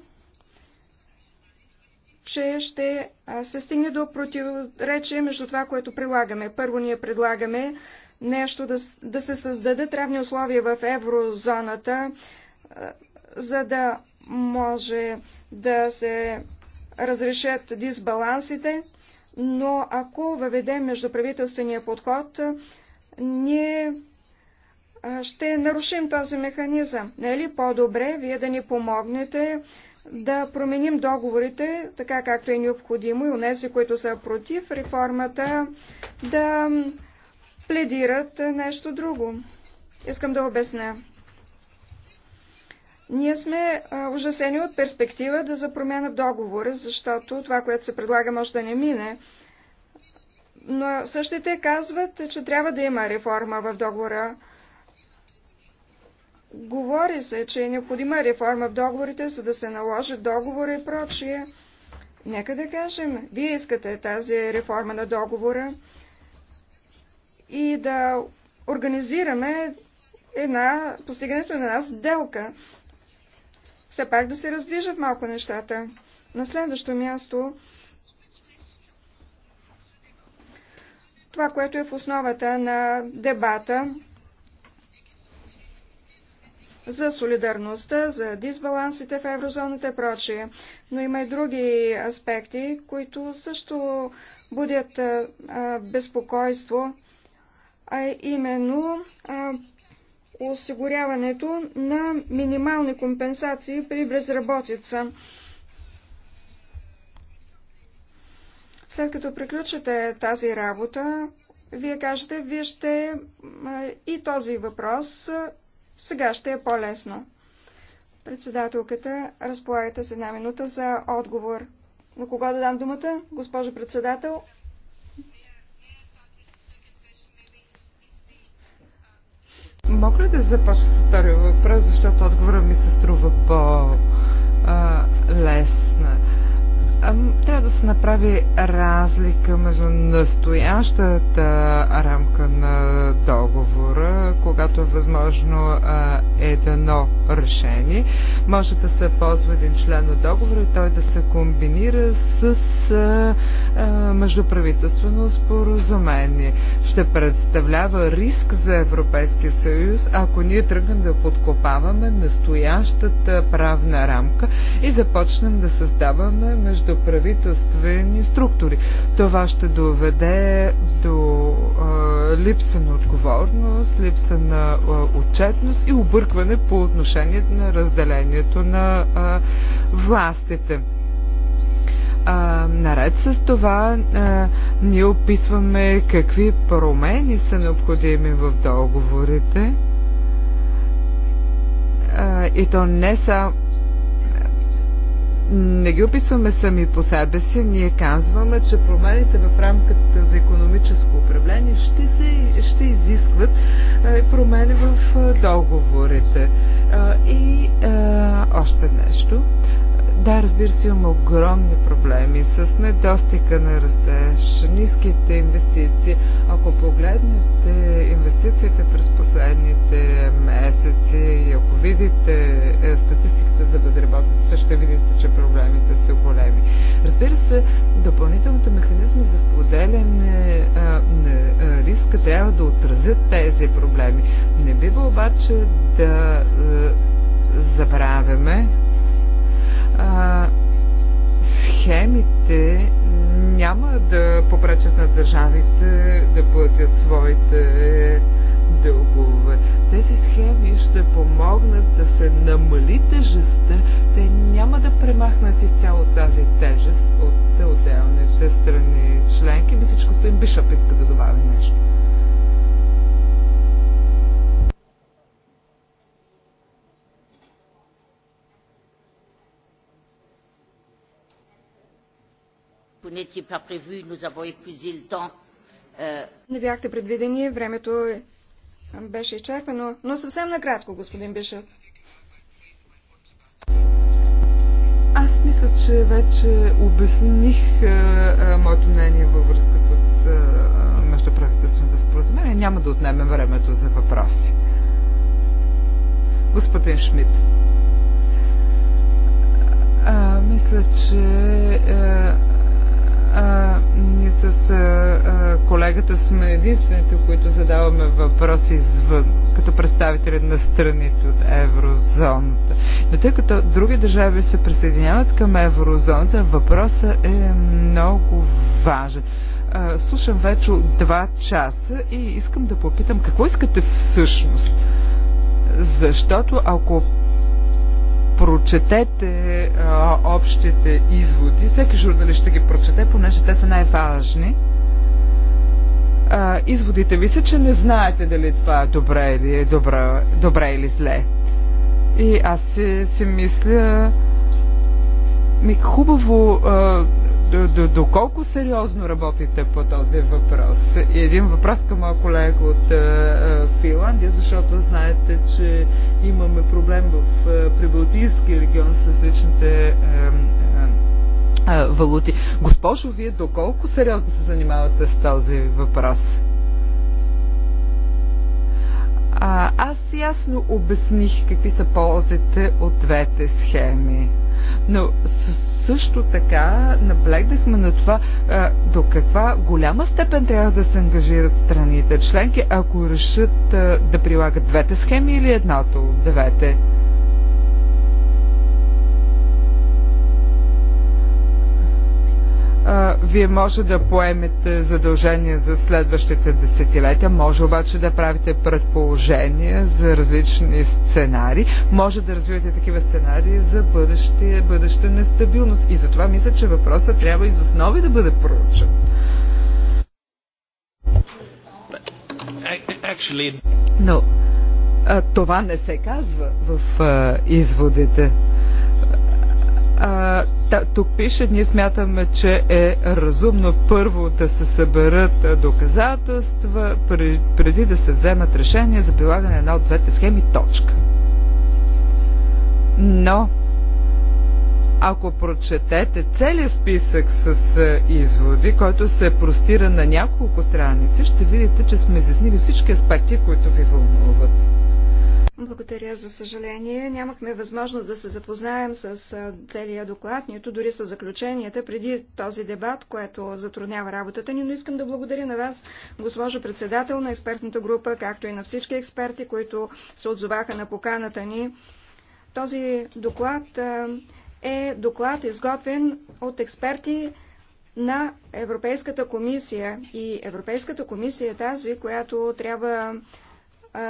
Speaker 2: че ще се стигне до противоречие между това, което прилагаме. Първо ние предлагаме нещо да, да се създадат равни условия в еврозоната, за да може да се разрешат дисбалансите но ако въведем междуправителствения подход, ние ще нарушим този механизъм. Не е ли по-добре вие да ни помогнете да променим договорите, така както е необходимо и унези, които са против реформата, да пледират нещо друго. Искам да обясня. Ние сме ужасени от перспектива да за промяна в договора, защото това, което се предлага, може да не мине. Но същите казват, че трябва да има реформа в договора. Говори се, че е необходима реформа в договорите, за да се наложи договора и прочие. Нека да кажем, вие искате тази реформа на договора и да организираме една, постигането на една сделка все пак да се раздвижат малко нещата. На следващо място, това, което е в основата на дебата за солидарността, за дисбалансите в еврозоната и прочие. Но има и други аспекти, които също будят безпокойство, а именно осигуряването на минимални компенсации при безработица. След като приключите тази работа, вие кажете, Вие ще и този въпрос, сега ще е по-лесно. Председателката, разполагате с една минута за отговор. На кого да дам думата? Госпожо председател,
Speaker 3: Мога ли да започна с втория въпрос, защото отговора ми се струва по-лесна? трябва да се направи разлика между настоящата рамка на договора, когато е възможно едно решение. Може да се ползва един член от договора и той да се комбинира с междуправителствено споразумение. Ще представлява риск за Европейския съюз, ако ние тръгнем да подкопаваме настоящата правна рамка и започнем да създаваме между правителствени структури. Това ще доведе до а, липса на отговорност, липса на а, отчетност и объркване по отношение на разделението на а, властите. А, наред с това а, ние описваме какви промени са необходими в договорите. А, и то не само не ги описваме сами по себе си, ние казваме, че промените в рамката за економическо управление ще, се, ще изискват промени в договорите. И още нещо. Да, разбира се, имаме огромни проблеми с недостига на растеж, ниските инвестиции. Ако погледнете инвестициите през последните месеци и ако видите е, статистиката за безработица, ще видите, че проблемите са големи. Разбира се, допълнителните механизми за споделяне на риска трябва да отразят тези проблеми. Не бива обаче да е, забравяме, а, схемите няма да попречат на държавите да платят своите дългове. Тези схеми ще помогнат да се намали тежестта. Те няма да премахнат изцяло тази тежест от отделните страни членки. Мисля, че господин Бишап иска да
Speaker 1: добави нещо. vous n'étiez pas prévu, nous avons épuisé le temps. Euh,
Speaker 2: Не бяхте предвидени, времето е, беше изчерпено, но съвсем накратко, господин Бишев.
Speaker 3: Аз мисля, че вече обясних е, е, моето мнение във връзка с а, междуправителственото споразумение. Няма да отнемем времето за въпроси. Господин Шмидт. мисля, че а, а, ние с а, а, колегата сме единствените, които задаваме въпроси извън, като представители на страните от еврозоната. Но тъй като други държави се присъединяват към еврозоната, въпросът е много важен. А, слушам вече от два часа и искам да попитам какво искате всъщност. Защото ако прочетете а, общите изводи. Всеки журналист ще ги прочете, понеже те са най-важни. изводите ви са, че не знаете дали това е добре или, е добра, добре или зле. И аз си, си мисля, ми хубаво а, доколко сериозно работите по този въпрос? един въпрос към моя колега от е, е, Финландия, защото знаете, че имаме проблем в е, прибалтийски регион с различните валути. Госпожо, вие доколко сериозно се занимавате с този въпрос? А, аз ясно обясних какви са ползите от двете схеми. Но с също така наблегнахме на това а, до каква голяма степен трябва да се ангажират страните членки, ако решат а, да прилагат двете схеми или едната от двете. вие може да поемете задължения за следващите десетилетия, може обаче да правите предположения за различни сценари, може да развивате такива сценарии за бъдеще, бъдеща нестабилност. И затова мисля, че въпросът трябва из основи да бъде проучен. Но а, това не се казва в а, изводите. А, тук пише, ние смятаме, че е разумно първо да се съберат доказателства, преди да се вземат решения за прилагане на една от двете схеми. Точка. Но, ако прочетете целият списък с изводи, който се простира на няколко страници, ще видите, че сме изяснили всички аспекти, които ви вълнуват.
Speaker 2: Благодаря. За съжаление, нямахме възможност да се запознаем с целия доклад, нито дори с заключенията преди този дебат, което затруднява работата ни, но искам да благодаря на вас, госпожо председател на експертната група, както и на всички експерти, които се отзоваха на поканата ни. Този доклад е доклад изготвен от експерти на Европейската комисия и Европейската комисия е тази, която трябва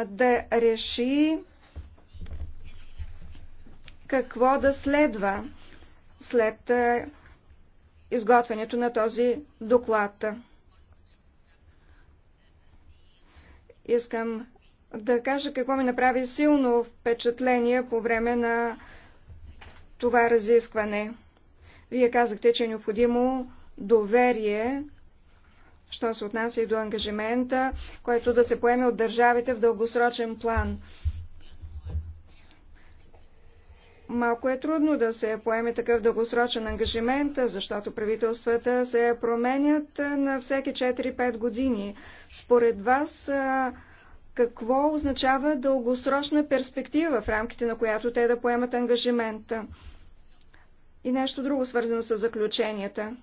Speaker 2: да реши какво да следва след изготвянето на този доклад. Искам да кажа какво ми направи силно впечатление по време на това разискване. Вие казахте, че е необходимо доверие що се отнася и до ангажимента, който да се поеме от държавите в дългосрочен план. Малко е трудно да се поеме такъв дългосрочен ангажимент, защото правителствата се променят на всеки 4-5 години. Според вас, какво означава дългосрочна перспектива, в рамките на която те да поемат ангажимента? И нещо друго свързано с заключенията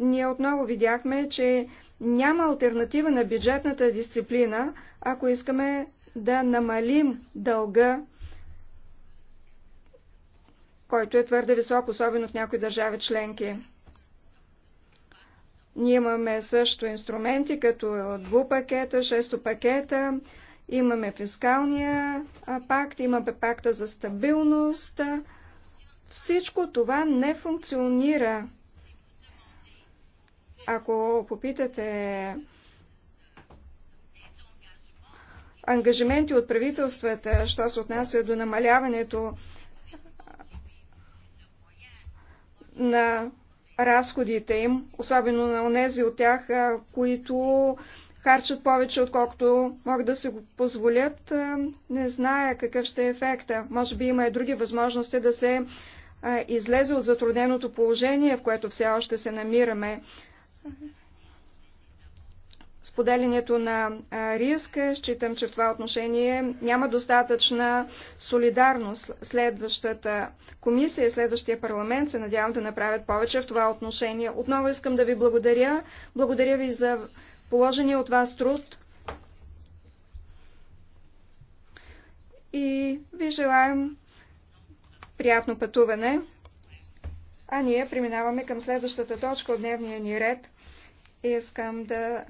Speaker 2: ние отново видяхме, че няма альтернатива на бюджетната дисциплина, ако искаме да намалим дълга, който е твърде висок, особено в някои държави членки. Ние имаме също инструменти, като двупакета, шесто пакета, имаме фискалния пакт, имаме пакта за стабилност. Всичко това не функционира. Ако попитате ангажименти от правителствата, що се отнася до намаляването на разходите им, особено на тези от тях, които харчат повече, отколкото могат да си го позволят. Не зная какъв ще е ефекта. Може би има и други възможности да се излезе от затрудненото положение, в което все още се намираме споделянето на риска. Считам, че в това отношение няма достатъчна солидарност. Следващата комисия и следващия парламент се надявам да направят повече в това отношение. Отново искам да ви благодаря. Благодаря ви за положения от вас труд. И ви желаем приятно пътуване. А ние преминаваме към следващата точка от дневния ни ред. Искам да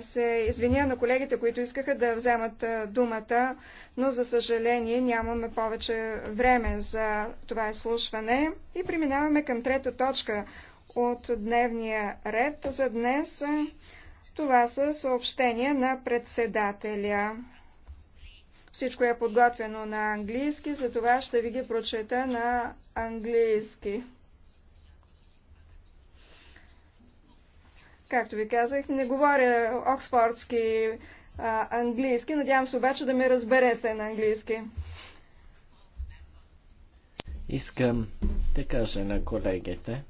Speaker 2: се извиня на колегите, които искаха да вземат думата, но за съжаление нямаме повече време за това изслушване. И преминаваме към трета точка от дневния ред за днес. Това са съобщения на председателя. Всичко е подготвено на английски, затова ще ви ги прочета на английски. Както ви казах, не говоря оксфордски а, английски, надявам се обаче да ме разберете на английски.
Speaker 4: Искам да кажа на колегите,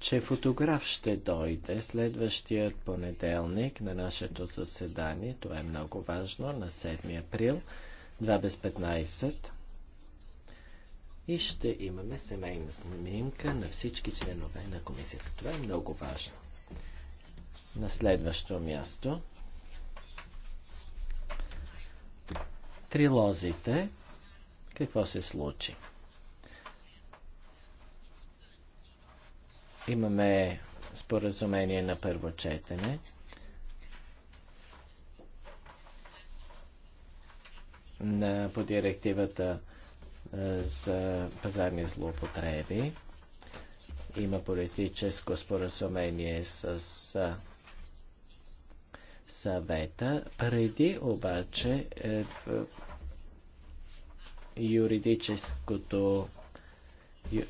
Speaker 4: че фотограф ще дойде следващият понеделник на нашето заседание. Това е много важно, на 7 април, 2 без 15. И ще имаме семейна снимка на всички членове на комисията. Това е много важно. На следващо място трилозите какво се случи. Имаме споразумение на първо четене. На, по директивата е, за пазарни злоупотреби. Има политическо споразумение с е, съвета. Преди обаче е, е юридическото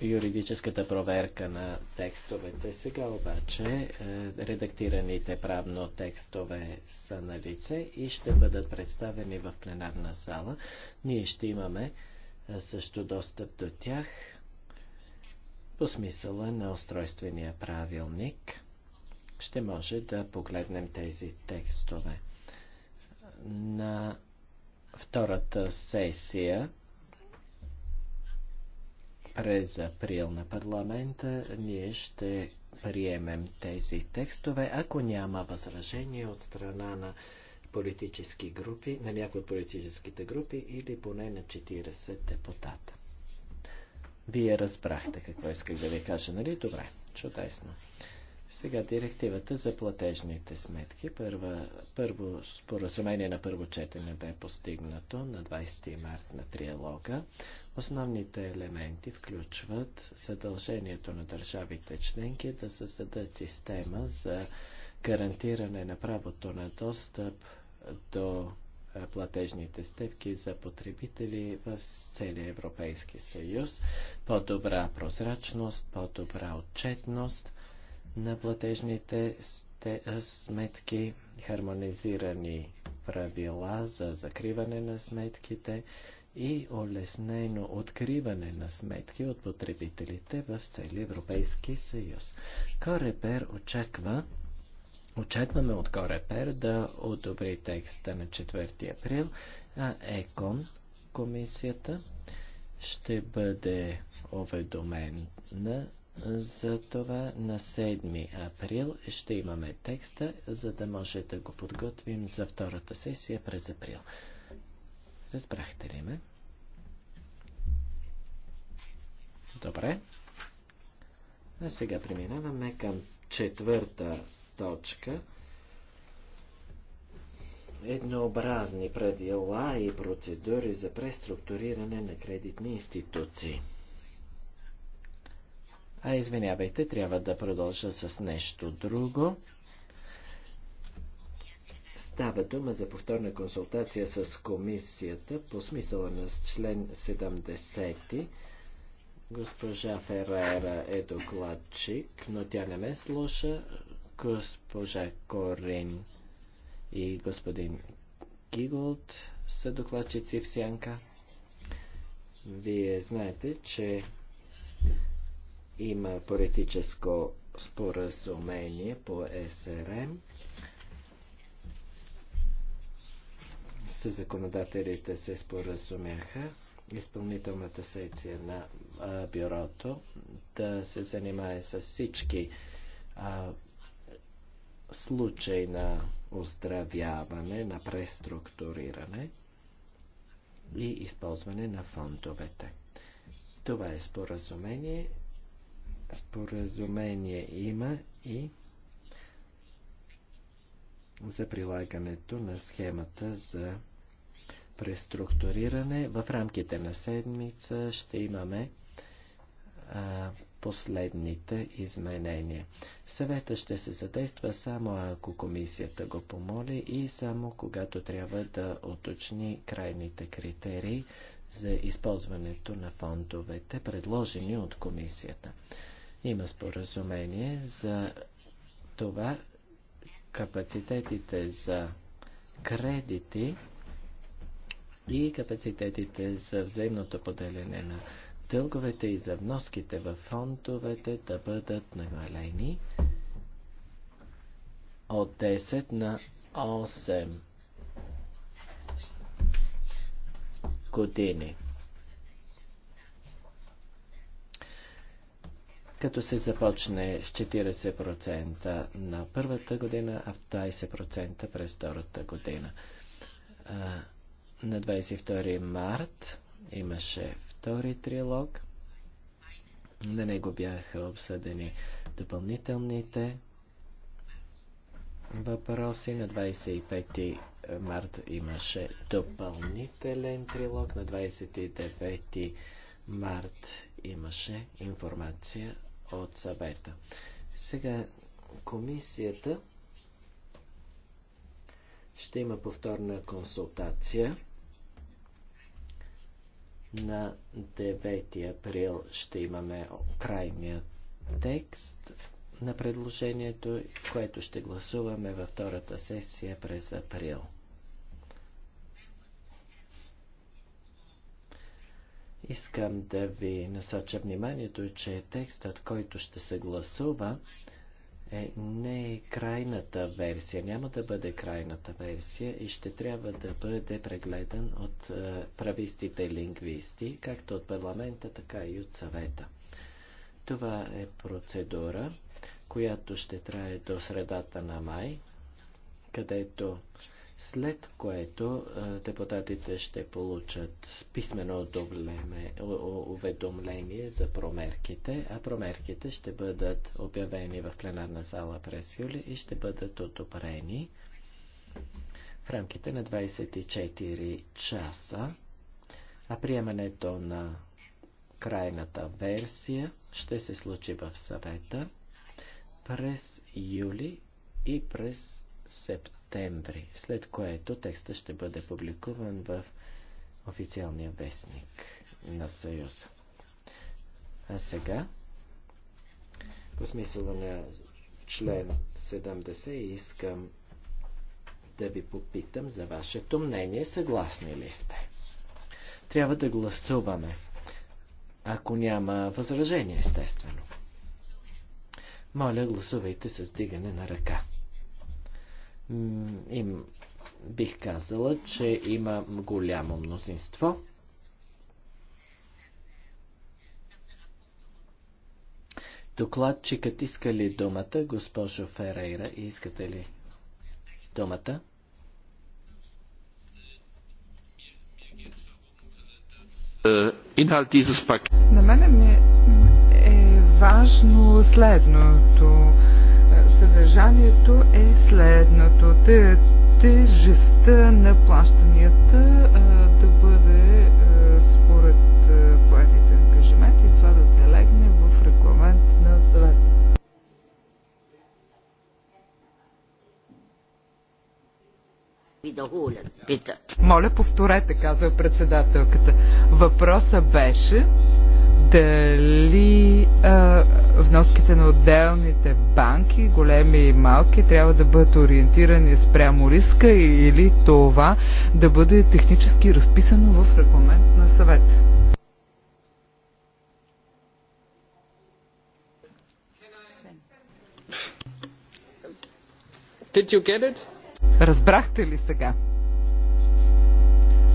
Speaker 4: юридическата проверка на текстовете. Сега обаче е, редактираните правно текстове са на лице и ще бъдат представени в пленарна зала. Ние ще имаме е, също достъп до тях по смисъла на устройствения правилник ще може да погледнем тези текстове. На втората сесия през април на парламента ние ще приемем тези текстове, ако няма възражение от страна на политически групи, на някои от политическите групи или поне на 40 депутата. Вие разбрахте какво исках да ви кажа, нали? Добре, чудесно. Сега директивата за платежните сметки. Първа, първо споразумение на първо четене бе постигнато на 20 март на триалога. Основните елементи включват задължението на държавите членки да създадат система за гарантиране на правото на достъп до платежните стъпки за потребители в целия Европейски съюз, по-добра прозрачност, по-добра отчетност – на платежните сметки, хармонизирани правила за закриване на сметките и улеснено откриване на сметки от потребителите в целия Европейски съюз. Корепер очаква Очакваме от Корепер да одобри текста на 4 април, а ЕКОН, комисията, ще бъде уведомена затова на 7 април ще имаме текста, за да може да го подготвим за втората сесия през април. Разбрахте ли ме? Добре. А сега преминаваме към четвърта точка. Еднообразни правила и процедури за преструктуриране на кредитни институции. А, извинявайте, трябва да продължа с нещо друго. Става дума за повторна консултация с комисията по смисъла на член 70. Госпожа Ферера е докладчик, но тя не ме слуша. Госпожа Корин и господин Гиголд са докладчици в Сянка. Вие знаете, че има политическо споразумение по СРМ с законодателите се споразумяха изпълнителната секция на а, бюрото да се занимае с всички а, случаи на оздравяване, на преструктуриране и използване на фондовете. Това е споразумение Споразумение има и за прилагането на схемата за преструктуриране. В рамките на седмица ще имаме а, последните изменения. Съвета ще се задейства само ако комисията го помоли и само когато трябва да оточни крайните критерии за използването на фондовете, предложени от комисията. Има споразумение за това капацитетите за кредити и капацитетите за взаимното поделяне на дълговете и за вноските в фондовете да бъдат намалени от 10 на 8 години. като се започне с 40% на първата година, а в 20% през втората година. На 22 март имаше втори трилог. На него бяха обсъдени допълнителните въпроси. На 25 март имаше допълнителен трилог. На 29 март имаше информация от съвета. Сега комисията ще има повторна консултация. На 9 април ще имаме крайния текст на предложението, което ще гласуваме във втората сесия през април. Искам да ви насоча вниманието, че текстът, който ще се гласува, е, не е крайната версия, няма да бъде крайната версия и ще трябва да бъде прегледан от е, правистите лингвисти, както от парламента, така и от съвета. Това е процедура, която ще трае до средата на май, където след което е, депутатите ще получат писмено уведомление за промерките, а промерките ще бъдат обявени в пленарна зала през юли и ще бъдат одобрени в рамките на 24 часа, а приемането на крайната версия ще се случи в съвета през юли и през септември септември, след което текста ще бъде публикуван в официалния вестник на Съюза. А сега, по смисъла на член 70, искам да ви попитам за вашето мнение. Съгласни ли сте? Трябва да гласуваме, ако няма възражение, естествено. Моля, гласувайте с дигане на ръка им бих казала, че има голямо мнозинство. Докладчикът иска ли думата, госпожо Ферейра, искате ли думата? Е, На мене ми
Speaker 3: е важно следното съдържанието е следното. Тежестта на плащанията а, да бъде а, според поетите ангажименти и това да се легне в регламент на съвета. Моля, повторете, казва председателката. Въпросът беше дали а, вноските на отделните банки, големи и малки, трябва да бъдат ориентирани спрямо риска или това да бъде технически разписано в регламент на съвет. Did you get it? Разбрахте ли сега?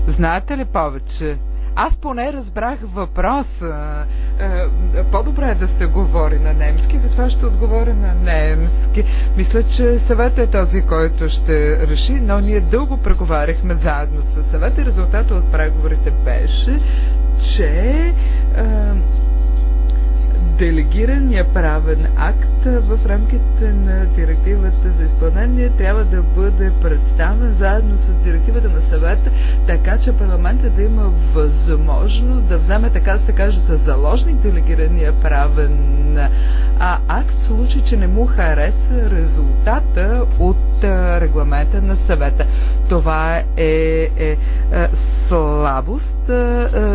Speaker 3: Знаете ли повече? Аз поне разбрах въпроса. Е, е, по-добре е да се говори на немски, затова ще отговоря на немски. Мисля, че съветът е този, който ще реши, но ние дълго преговаряхме заедно с съвета и резултата от преговорите беше, че е, делегирания правен акт в рамките на директивата за изпълнение трябва да бъде представен заедно с директивата на съвета, така че парламента да има възможност да вземе, така да се каже, за заложник делегирания правен а акт, в случай, че не му хареса резултата от регламента на съвета. Това е, е, е слабост,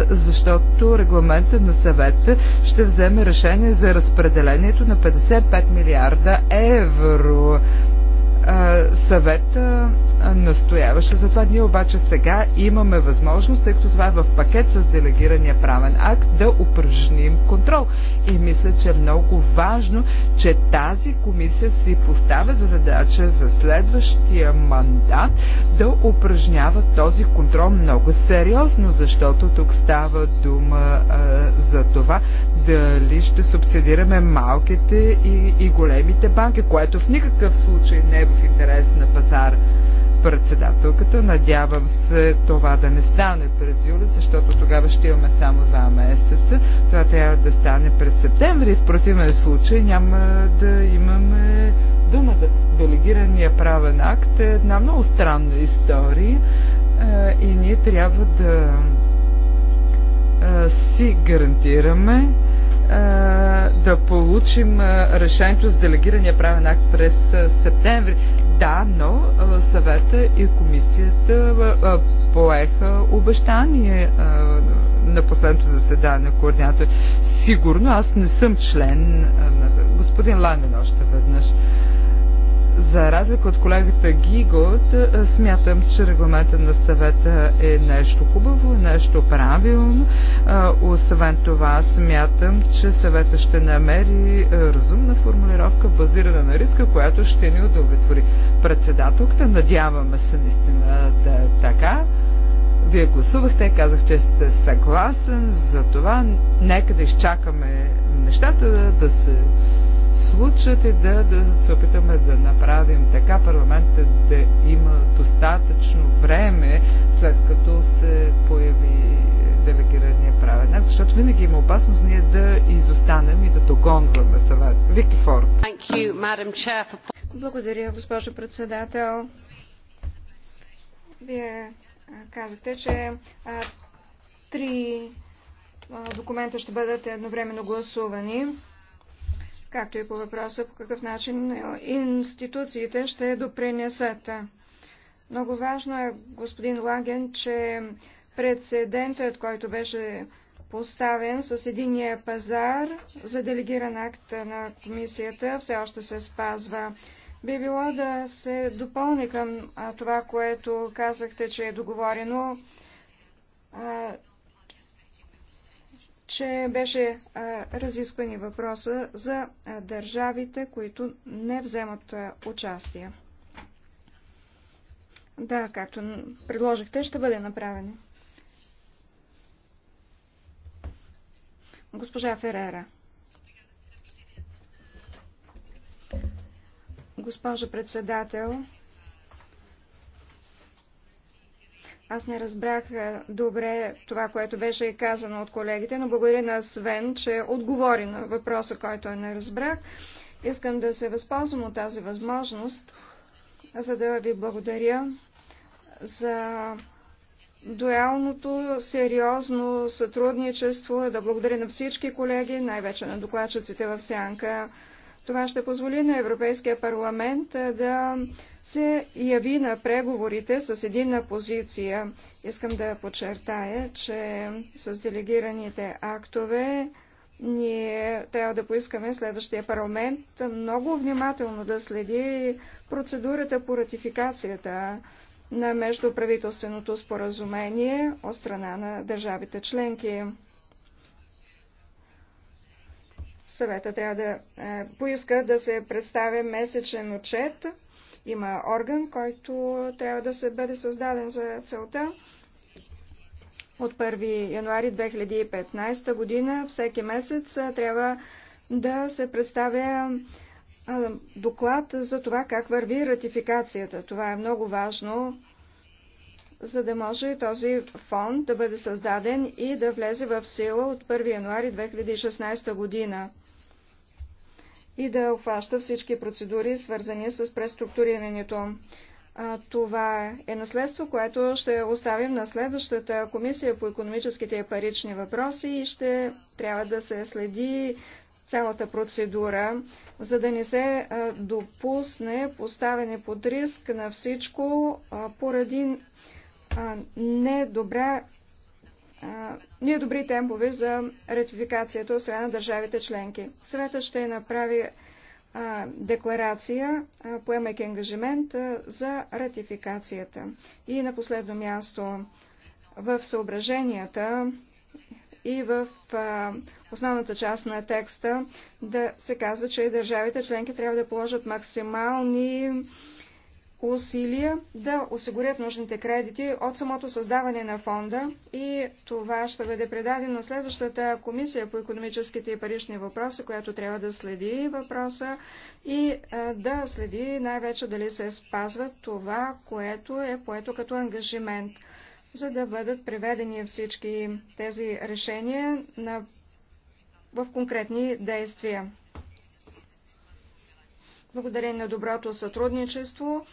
Speaker 3: защото регламента на съвета ще вземе решение решение за разпределението на 55 милиарда евро. Съвет настояваше за това. Ние обаче сега имаме възможност, тъй като това е в пакет с делегирания правен акт, да упражним контрол. И мисля, че е много важно, че тази комисия си поставя за задача за следващия мандат да упражнява този контрол много сериозно, защото тук става дума а, за това дали ще субсидираме малките и, и големите банки, което в никакъв случай не е в интерес на пазар председателката. Надявам се това да не стане през юли, защото тогава ще имаме само два месеца. Това трябва да стане през септември. В противен случай няма да имаме думата. Делегирания правен акт е една много странна история е, и ние трябва да е, си гарантираме, да получим решението с делегирания правен акт през септември. Да, но съвета и комисията поеха обещание на последното заседание на координатори. Сигурно аз не съм член на господин Ланен още веднъж. За разлика от колегата Гигот, е, смятам, че регламента на съвета е нещо хубаво, е нещо правилно. Е, освен това, смятам, че съвета ще намери разумна формулировка, базирана на риска, която ще ни удовлетвори. Председателката, надяваме се наистина да е така. Вие гласувахте, казах, че сте съгласен, за това нека да изчакаме нещата да, да се случат и да, да се опитаме да направим така парламентът да има достатъчно време, след като се появи делегирания правен акт, защото винаги има опасност ние да изостанем и да догонваме съвет. Вики Форд.
Speaker 2: Благодаря, госпожо председател. Вие казахте, че а, три а, документа ще бъдат едновременно гласувани както и по въпроса по какъв начин институциите ще допринесат. Много важно е, господин Лаген, че прецедентът, който беше поставен с единия пазар за делегиран акт на комисията, все още се спазва. Би било да се допълни към това, което казахте, че е договорено че беше разисквани въпроса за държавите, които не вземат участие. Да, както предложихте, ще бъде направено. Госпожа Ферера. Госпожа председател, Аз не разбрах е, добре това, което беше казано от колегите, но благодаря на Свен, че отговори на въпроса, който не разбрах. Искам да се възползвам от тази възможност, за да ви благодаря за дуалното, сериозно сътрудничество, да благодаря на всички колеги, най-вече на докладчиците в Сянка, това ще позволи на Европейския парламент да се яви на преговорите с единна позиция. Искам да подчертая, че с делегираните актове ние трябва да поискаме следващия парламент много внимателно да следи процедурата по ратификацията на междуправителственото споразумение от страна на държавите членки. Съвета трябва да е, поиска да се представи месечен отчет. Има орган, който трябва да се бъде създаден за целта. От 1 януари 2015 година всеки месец е, трябва да се представя е, доклад за това как върви ратификацията. Това е много важно, за да може този фонд да бъде създаден и да влезе в сила от 1 януари 2016 година и да обхваща всички процедури, свързани с преструктурирането. Това е наследство, което ще оставим на следващата комисия по економическите и парични въпроси и ще трябва да се следи цялата процедура, за да не се допусне поставяне под риск на всичко поради недобра ние добри темпове за ратификацията от страна на държавите членки. Съветът ще направи декларация, поемайки ангажимент за ратификацията. И на последно място в съображенията и в основната част на текста да се казва, че държавите членки трябва да положат максимални усилия да осигурят нужните кредити от самото създаване на фонда и това ще бъде предадено на следващата комисия по економическите и парични въпроси, която трябва да следи въпроса и е, да следи най-вече дали се спазва това, което е поето като ангажимент, за да бъдат преведени всички тези решения на... в конкретни действия благодарение на доброто сътрудничество,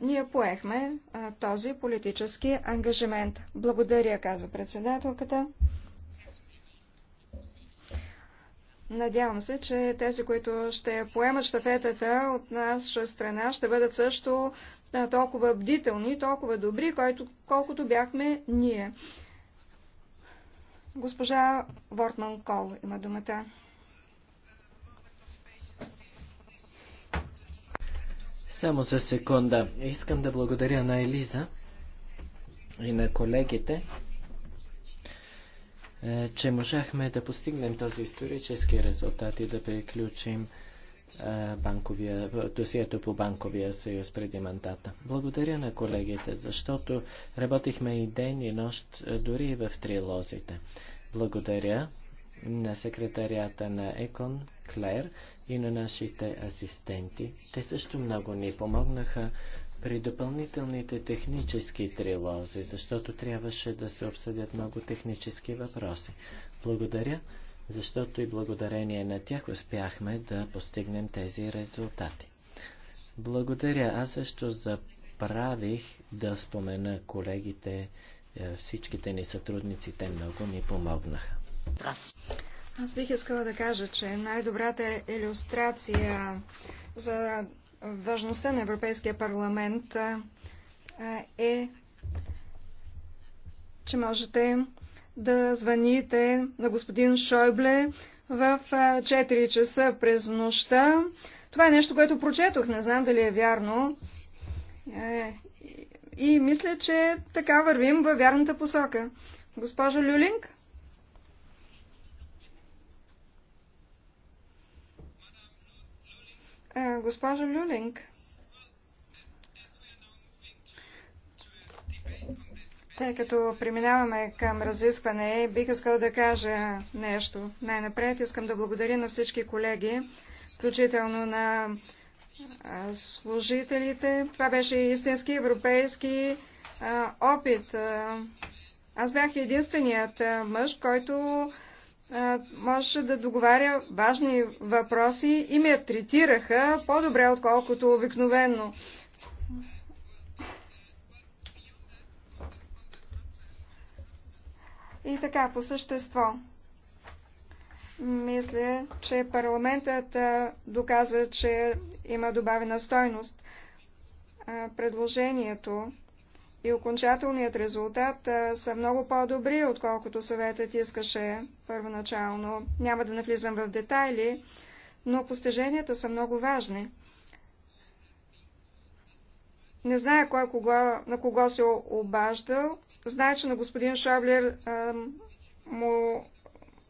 Speaker 2: ние поехме този политически ангажимент. Благодаря, казва председателката. Надявам се, че тези, които ще поемат штафетата от наша страна, ще бъдат също толкова бдителни, толкова добри, който, колкото бяхме ние. Госпожа Вортман Кол има думата.
Speaker 4: Само за секунда. Искам да благодаря на Елиза и на колегите, е, че можахме да постигнем този исторически резултат и да приключим е, банковия, досието по банковия съюз преди мандата. Благодаря на колегите, защото работихме и ден и нощ, е, дори и в лозите. Благодаря на секретарията на ЕКОН, Клер, и на нашите асистенти. Те също много ни помогнаха при допълнителните технически трилози, защото трябваше да се обсъдят много технически въпроси. Благодаря, защото и благодарение на тях успяхме да постигнем тези резултати. Благодаря. Аз също заправих да спомена колегите, е, всичките ни сътрудници, те много ни помогнаха.
Speaker 2: Аз бих искала да кажа, че най-добрата иллюстрация за важността на Европейския парламент е, че можете да звъните на господин Шойбле в 4 часа през нощта. Това е нещо, което прочетох, не знам дали е вярно. Е, и мисля, че така вървим във вярната посока. Госпожа Люлинг? Госпожо Люлинг, тъй като преминаваме към разискване, бих искал да кажа нещо. Най-напред искам да благодаря на всички колеги, включително на служителите. Това беше истински европейски опит. Аз бях единственият мъж, който можеше да договаря важни въпроси и ме третираха по-добре, отколкото обикновено. И така, по същество. Мисля, че парламентът доказа, че има добавена стойност. Предложението и окончателният резултат а, са много по-добри, отколкото съветът искаше първоначално. Няма да навлизам в детайли, но постиженията са много важни. Не зная кой кого, на кого се обаждал. Знае, че на господин Шоблер а, му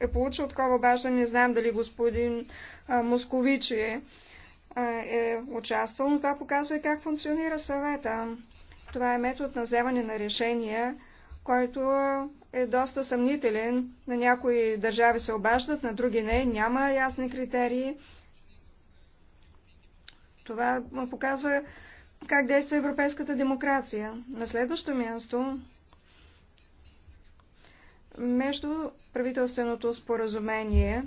Speaker 2: е получил такова обаждане. Не знам дали господин а, Московичи е, е участвал, но това показва и как функционира съвета. Това е метод на вземане на решения, който е доста съмнителен. На някои държави се обаждат, на други не. Няма ясни критерии. Това показва как действа европейската демокрация. На следващо място, между правителственото споразумение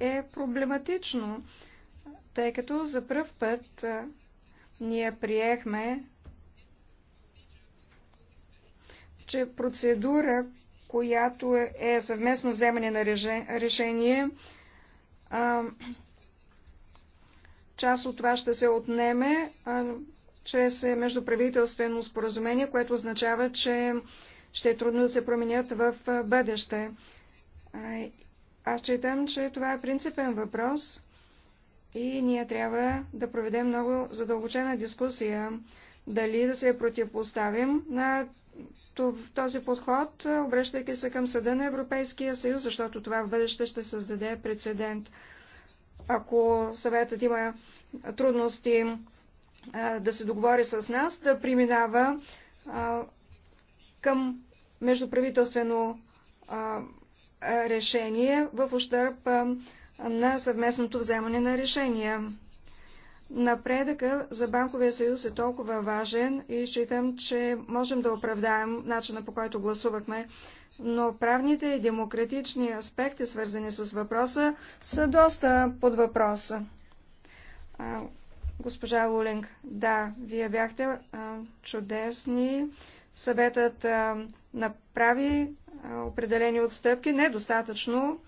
Speaker 2: е проблематично тъй като за пръв път ние приехме, че процедура, която е, е съвместно вземане на решение, част от това ще се отнеме чрез междуправителствено споразумение, което означава, че ще е трудно да се променят в бъдеще. Аз считам, че това е принципен въпрос. И ние трябва да проведем много задълбочена дискусия дали да се противопоставим на този подход, обръщайки се към съда на Европейския съюз, защото това в бъдеще ще създаде прецедент. Ако съветът има трудности да се договори с нас, да преминава към междуправителствено решение в ущърп на съвместното вземане на решения. Напредъка за Банковия съюз е толкова важен и считам, че можем да оправдаем начина по който гласувахме, но правните и демократични аспекти, свързани с въпроса, са доста под въпроса. А, госпожа Лулинг, да, вие бяхте а, чудесни. Съветът а, направи определени отстъпки, недостатъчно,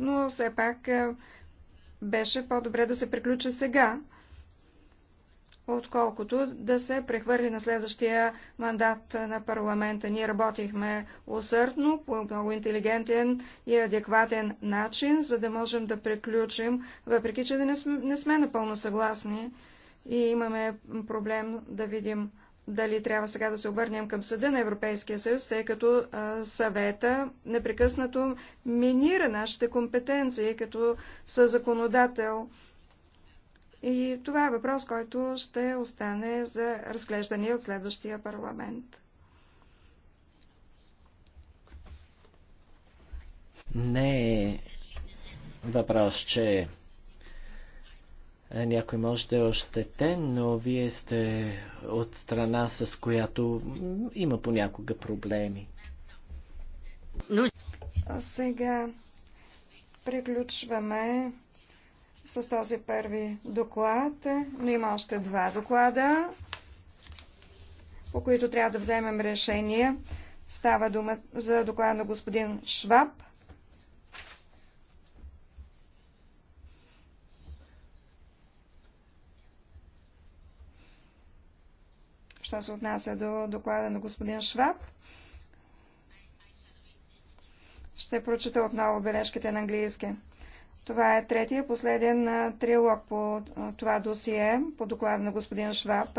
Speaker 2: но все пак е, беше по-добре да се приключи сега, отколкото да се прехвърли на следващия мандат на парламента. Ние работихме усърдно, по много интелигентен и адекватен начин, за да можем да приключим, въпреки че да не сме, не сме напълно съгласни и имаме проблем да видим дали трябва сега да се обърнем към съда на Европейския съюз, тъй като а, съвета непрекъснато минира нашите компетенции като съзаконодател. И това е въпрос, който ще остане за разглеждане от следващия парламент.
Speaker 4: Не е въпрос, че е, някой може да е ощетен, но вие сте от страна, с която има понякога проблеми.
Speaker 2: А сега приключваме с този първи доклад, но има още два доклада, по които трябва да вземем решение. Става дума за доклада на господин Шваб – що се отнася до доклада на господин Шваб. Ще прочета отново бележките на английски. Това е третия последен трилог по това досие, по доклада на господин Шваб.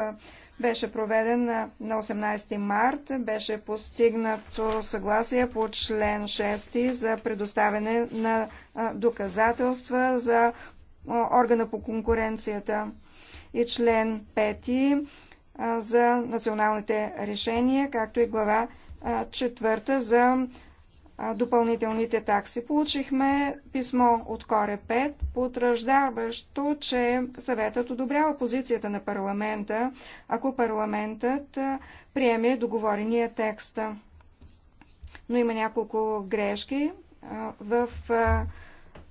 Speaker 2: Беше проведен на 18 март, беше постигнато съгласие по член 6 за предоставяне на доказателства за органа по конкуренцията и член 5 за националните решения, както и глава четвърта за допълнителните такси. Получихме писмо от Коре 5, потвърждаващо, че съветът одобрява позицията на парламента, ако парламентът приеме договорения текст. Но има няколко грешки в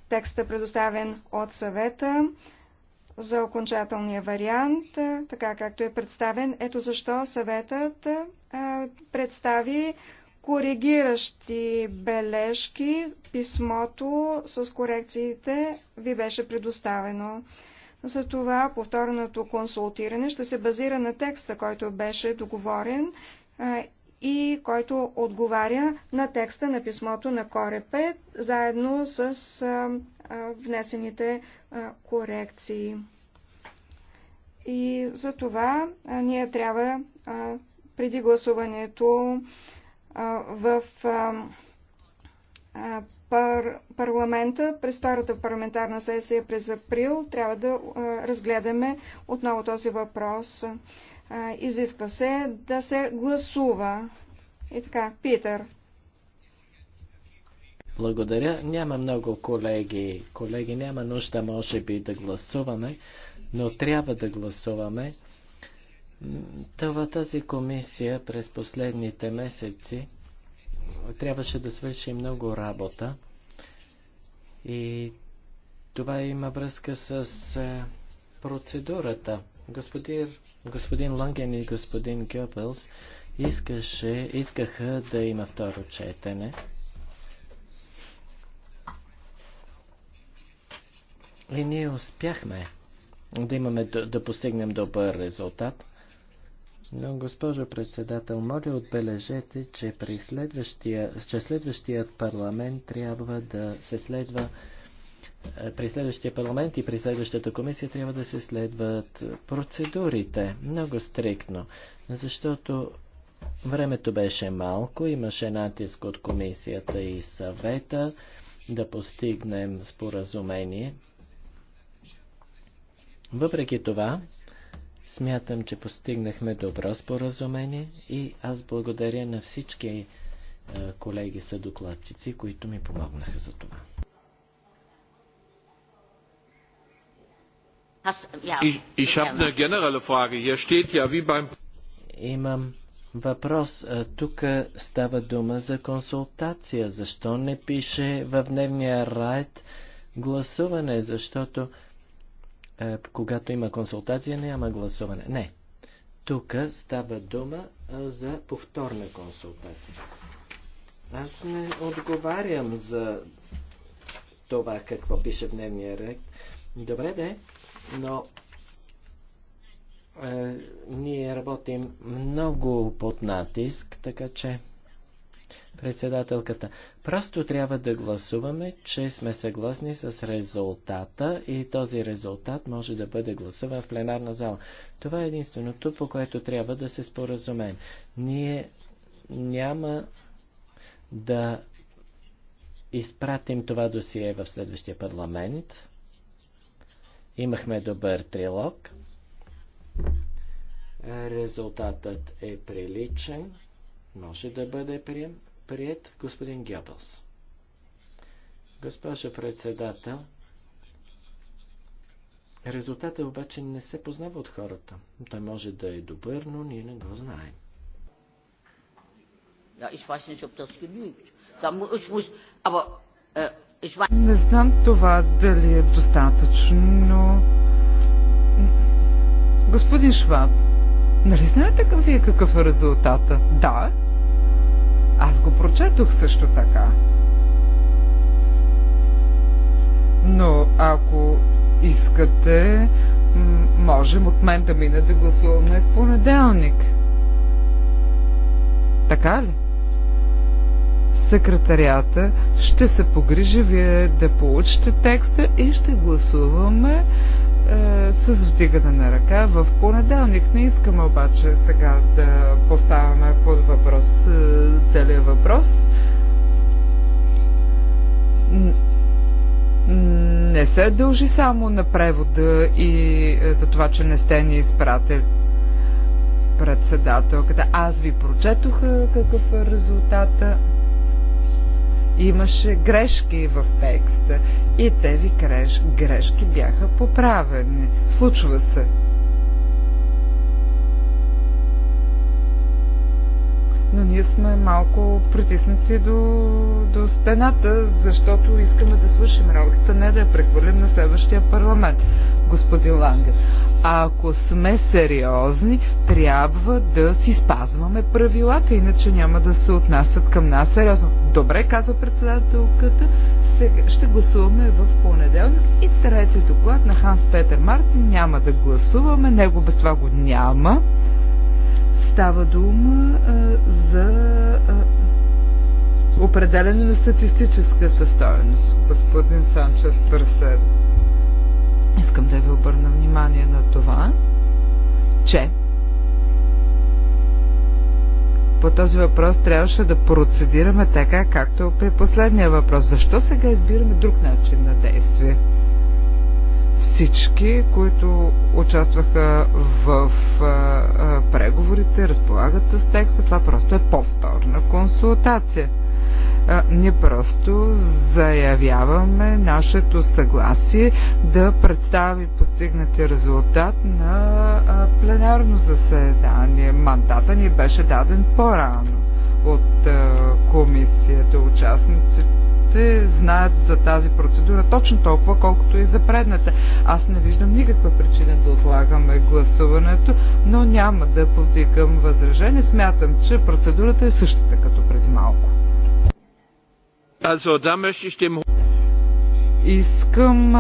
Speaker 2: текста, предоставен от съвета за окончателния вариант, така както е представен. Ето защо съветът представи коригиращи бележки. Писмото с корекциите ви беше предоставено. Затова повторното консултиране ще се базира на текста, който беше договорен и който отговаря на текста на писмото на Корепе, заедно с а, а, внесените а, корекции. И за това а, ние трябва а, преди гласуването а, в а, пар, парламента, през втората парламентарна сесия през април, трябва да а, разгледаме отново този въпрос изисква се да се гласува. И така, Питър.
Speaker 4: Благодаря. Няма много колеги. Колеги, няма нужда, може би, да гласуваме, но трябва да гласуваме. Това тази комисия през последните месеци трябваше да свърши много работа и това има връзка с процедурата. Господин Господин Лънген и господин Гьобелс искаше, искаха да има второ четене. И ние успяхме да имаме, да, да постигнем добър резултат. Но, госпожо председател, моля отбележете, че при следващия, че следващият парламент трябва да се следва е, при следващия парламент и при следващата комисия трябва да се следват процедурите много стриктно, защото времето беше малко, имаше натиск от комисията и съвета да постигнем споразумение. Въпреки това, смятам, че постигнахме добро споразумение и аз благодаря на всички е, колеги са докладчици, които ми помогнаха за това. Имам въпрос. Е, тук става дума за консултация. Защо не пише в дневния райд гласуване? Защото е, когато има консултация, няма гласуване. Не. Тук става дума е, за повторна консултация. Аз не отговарям за това какво пише в дневния ред. Добре, да но е, ние работим много под натиск, така че председателката. Просто трябва да гласуваме, че сме съгласни с резултата и този резултат може да бъде гласуван в пленарна зала. Това е единственото, по което трябва да се споразумеем. Ние няма да изпратим това досие в следващия парламент. Имахме добър трилог. Резултатът е приличен. Може да бъде прием, прият господин Гебелс. Госпожо председател, резултатът обаче не се познава от хората. Той може да е добър, но ние не го знаем.
Speaker 1: Ja, ich weiß nicht, ob das genügt. Da, ich muss, aber äh, не знам това
Speaker 3: дали е достатъчно, но... Господин Шваб, нали знаете какъв е какъв е резултата? Да. Аз го прочетох също така. Но ако искате, можем от мен да мине да гласуваме в понеделник. Така ли? Секретарията ще се погрижи вие да получите текста и ще гласуваме е, с вдигане на ръка в понеделник. Не искаме обаче сега да поставяме под въпрос е, целият въпрос. Не се дължи само на превода и е, за това, че не сте ни изпратили председателката. Аз ви прочетох какъв е резултата имаше грешки в текста и тези греш, грешки бяха поправени. Случва се. Но ние сме малко притиснати до, до стената, защото искаме да свършим работата, не да я прехвърлим на следващия парламент, господин Ланге. А ако сме сериозни, трябва да си спазваме правилата, иначе няма да се отнасят към нас сериозно. Добре, казва председателката, сега ще гласуваме в понеделник и трети доклад на Ханс Петър Мартин няма да гласуваме, него без това го няма. Става дума а, за а, определене на статистическата стоеност, господин Санчес Пърсед. Искам да ви обърна внимание на това, че по този въпрос трябваше да процедираме така, както при последния въпрос. Защо сега избираме друг начин на действие? Всички, които участваха в а, а, преговорите, разполагат с текста. Това просто е повторна консултация ние просто заявяваме нашето съгласие да представи постигнати резултат на пленарно заседание. Мандата ни беше даден по-рано от комисията. Участниците знаят за тази процедура точно толкова, колкото и за предната. Аз не виждам никаква причина да отлагаме гласуването, но няма да повдигам възражение. Смятам, че процедурата е същата като преди малко. Искам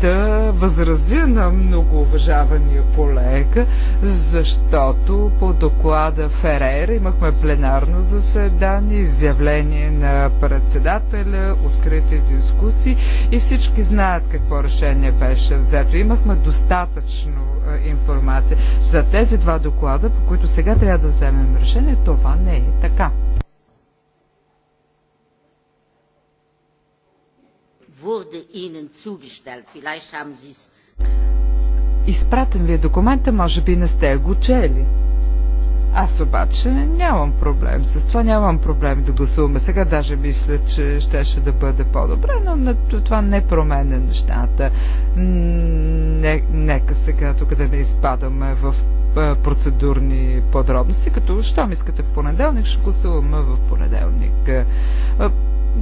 Speaker 3: да възразя на много уважавания колега, защото по доклада Ферер имахме пленарно заседание, изявление на председателя, открити дискусии и всички знаят какво решение беше взето. Имахме достатъчно информация. За тези два доклада, по които сега трябва да вземем решение, това не е така.
Speaker 1: wurde Ihnen zugestellt. Vielleicht haben Sie es.
Speaker 3: Изпратен ви е документа, може би не сте го чели. Аз обаче нямам проблем с това, нямам проблем да гласуваме. Сега даже мисля, че щеше да бъде по-добре, но на това не променя нещата. Не, нека сега тук да не изпадаме в процедурни подробности, като щом искате в понеделник, ще гласуваме в понеделник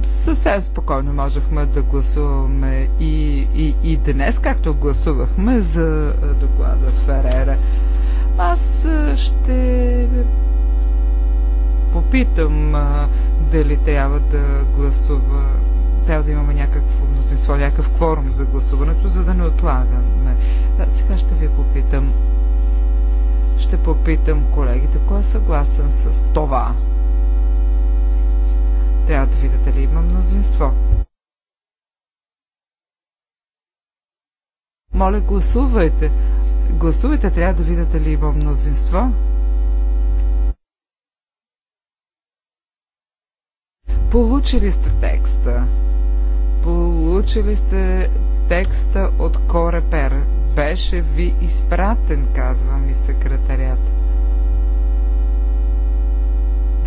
Speaker 3: съвсем спокойно можехме да гласуваме и, и, и днес, както гласувахме за доклада Ферера. Аз ще попитам а, дали трябва да гласува, трябва да имаме някакво мнозинство, някакъв кворум за гласуването, за да не отлагаме. Да, сега ще ви попитам. Ще попитам колегите, кой е съгласен с това. Трябва да видя дали има мнозинство. Моля, гласувайте. Гласувайте, трябва да видя дали има мнозинство. Получили сте текста. Получили сте текста от Корепер. Беше ви изпратен, казва ми секретарят.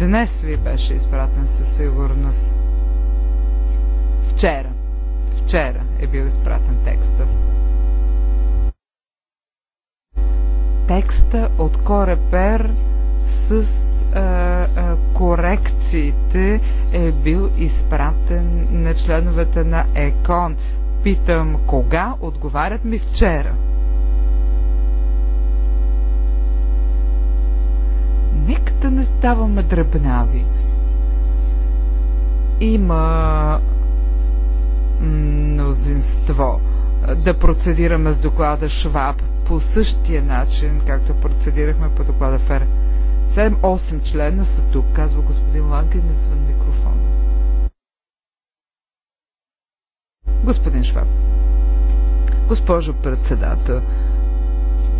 Speaker 3: Днес ви беше изпратен със сигурност. Вчера. Вчера е бил изпратен текста. Текста от Корепер с а, а, корекциите е бил изпратен на членовете на ЕКОН. Питам кога, отговарят ми вчера. Нека да не ставаме дръбнави. Има мнозинство да процедираме с доклада Шваб по същия начин, както процедирахме по доклада Фер. 7-8 члена са тук, казва господин Ланген извън микрофона. Господин Шваб. Госпожо председател,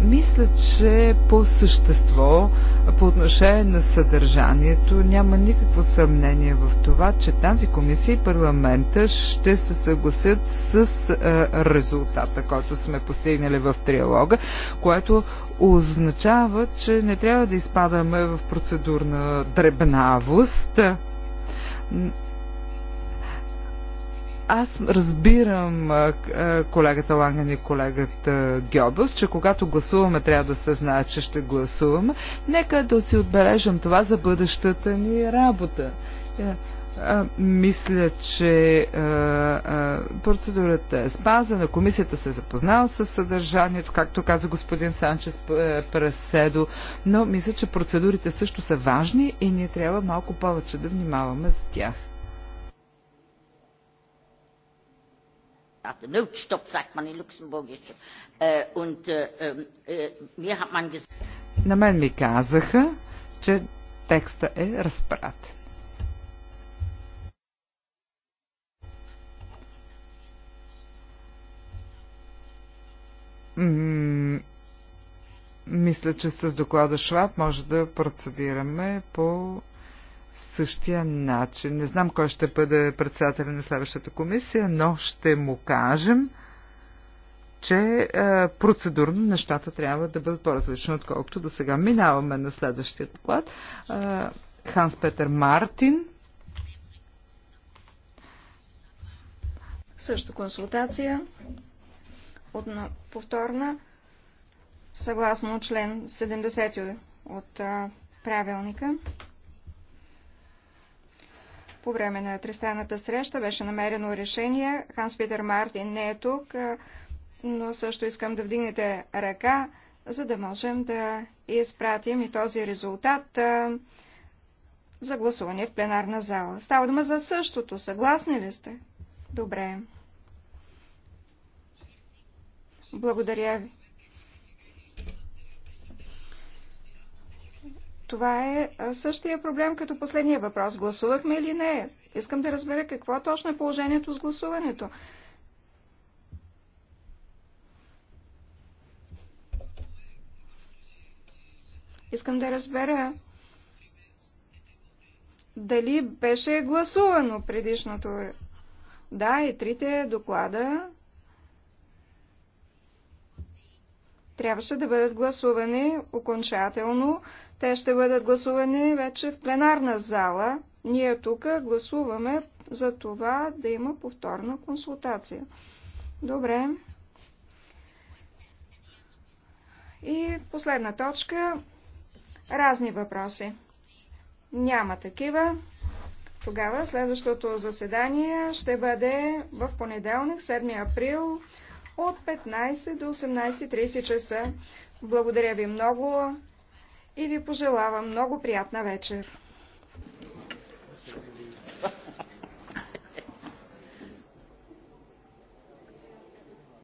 Speaker 3: мисля, че по същество по отношение на съдържанието няма никакво съмнение в това, че тази комисия и парламента ще се съгласят с резултата, който сме постигнали в триалога, което означава, че не трябва да изпадаме в процедурна дребнавост аз разбирам колегата Ланген и колегата Гьобелс, че когато гласуваме трябва да се знае, че ще гласуваме. Нека да си отбележим това за бъдещата ни работа. Е, а, мисля, че а, а, процедурата е спазена. Комисията се е запознала с съдържанието, както каза господин Санчес е, Преседо, но мисля, че процедурите също са важни и ние трябва малко повече да внимаваме за тях.
Speaker 1: nach dem Notstopp, sagt man in Luxemburgisch. Äh, und äh, ähm, äh, mir hat man gesagt...
Speaker 3: На мен ми казаха, че текста е разпратен. Мисля, че с доклада Шваб може да процедираме по същия начин. Не знам кой ще бъде председател на следващата комисия, но ще му кажем, че е, процедурно нещата трябва да бъдат по-различни, отколкото до сега. Минаваме на следващия доклад. Е, Ханс Петър Мартин.
Speaker 2: Също консултация. Одно, повторна. Съгласно член 70 от а, е, правилника. По време на тристранната среща беше намерено решение. Ханс Питер Мартин не е тук, но също искам да вдигнете ръка, за да можем да изпратим и този резултат за гласуване в пленарна зала. Става дума за същото. Съгласни ли сте? Добре. Благодаря ви. Това е същия проблем като последния въпрос. Гласувахме или не? Искам да разбера какво точно е положението с гласуването. Искам да разбера дали беше гласувано предишното. Да, и трите доклада трябваше да бъдат гласувани окончателно те ще бъдат гласувани вече в пленарна зала. Ние тук гласуваме за това да има повторна консултация. Добре. И последна точка. Разни въпроси. Няма такива. Тогава следващото заседание ще бъде в понеделник, 7 април от 15 до 18.30 часа. Благодаря ви много и ви пожелавам много приятна вечер.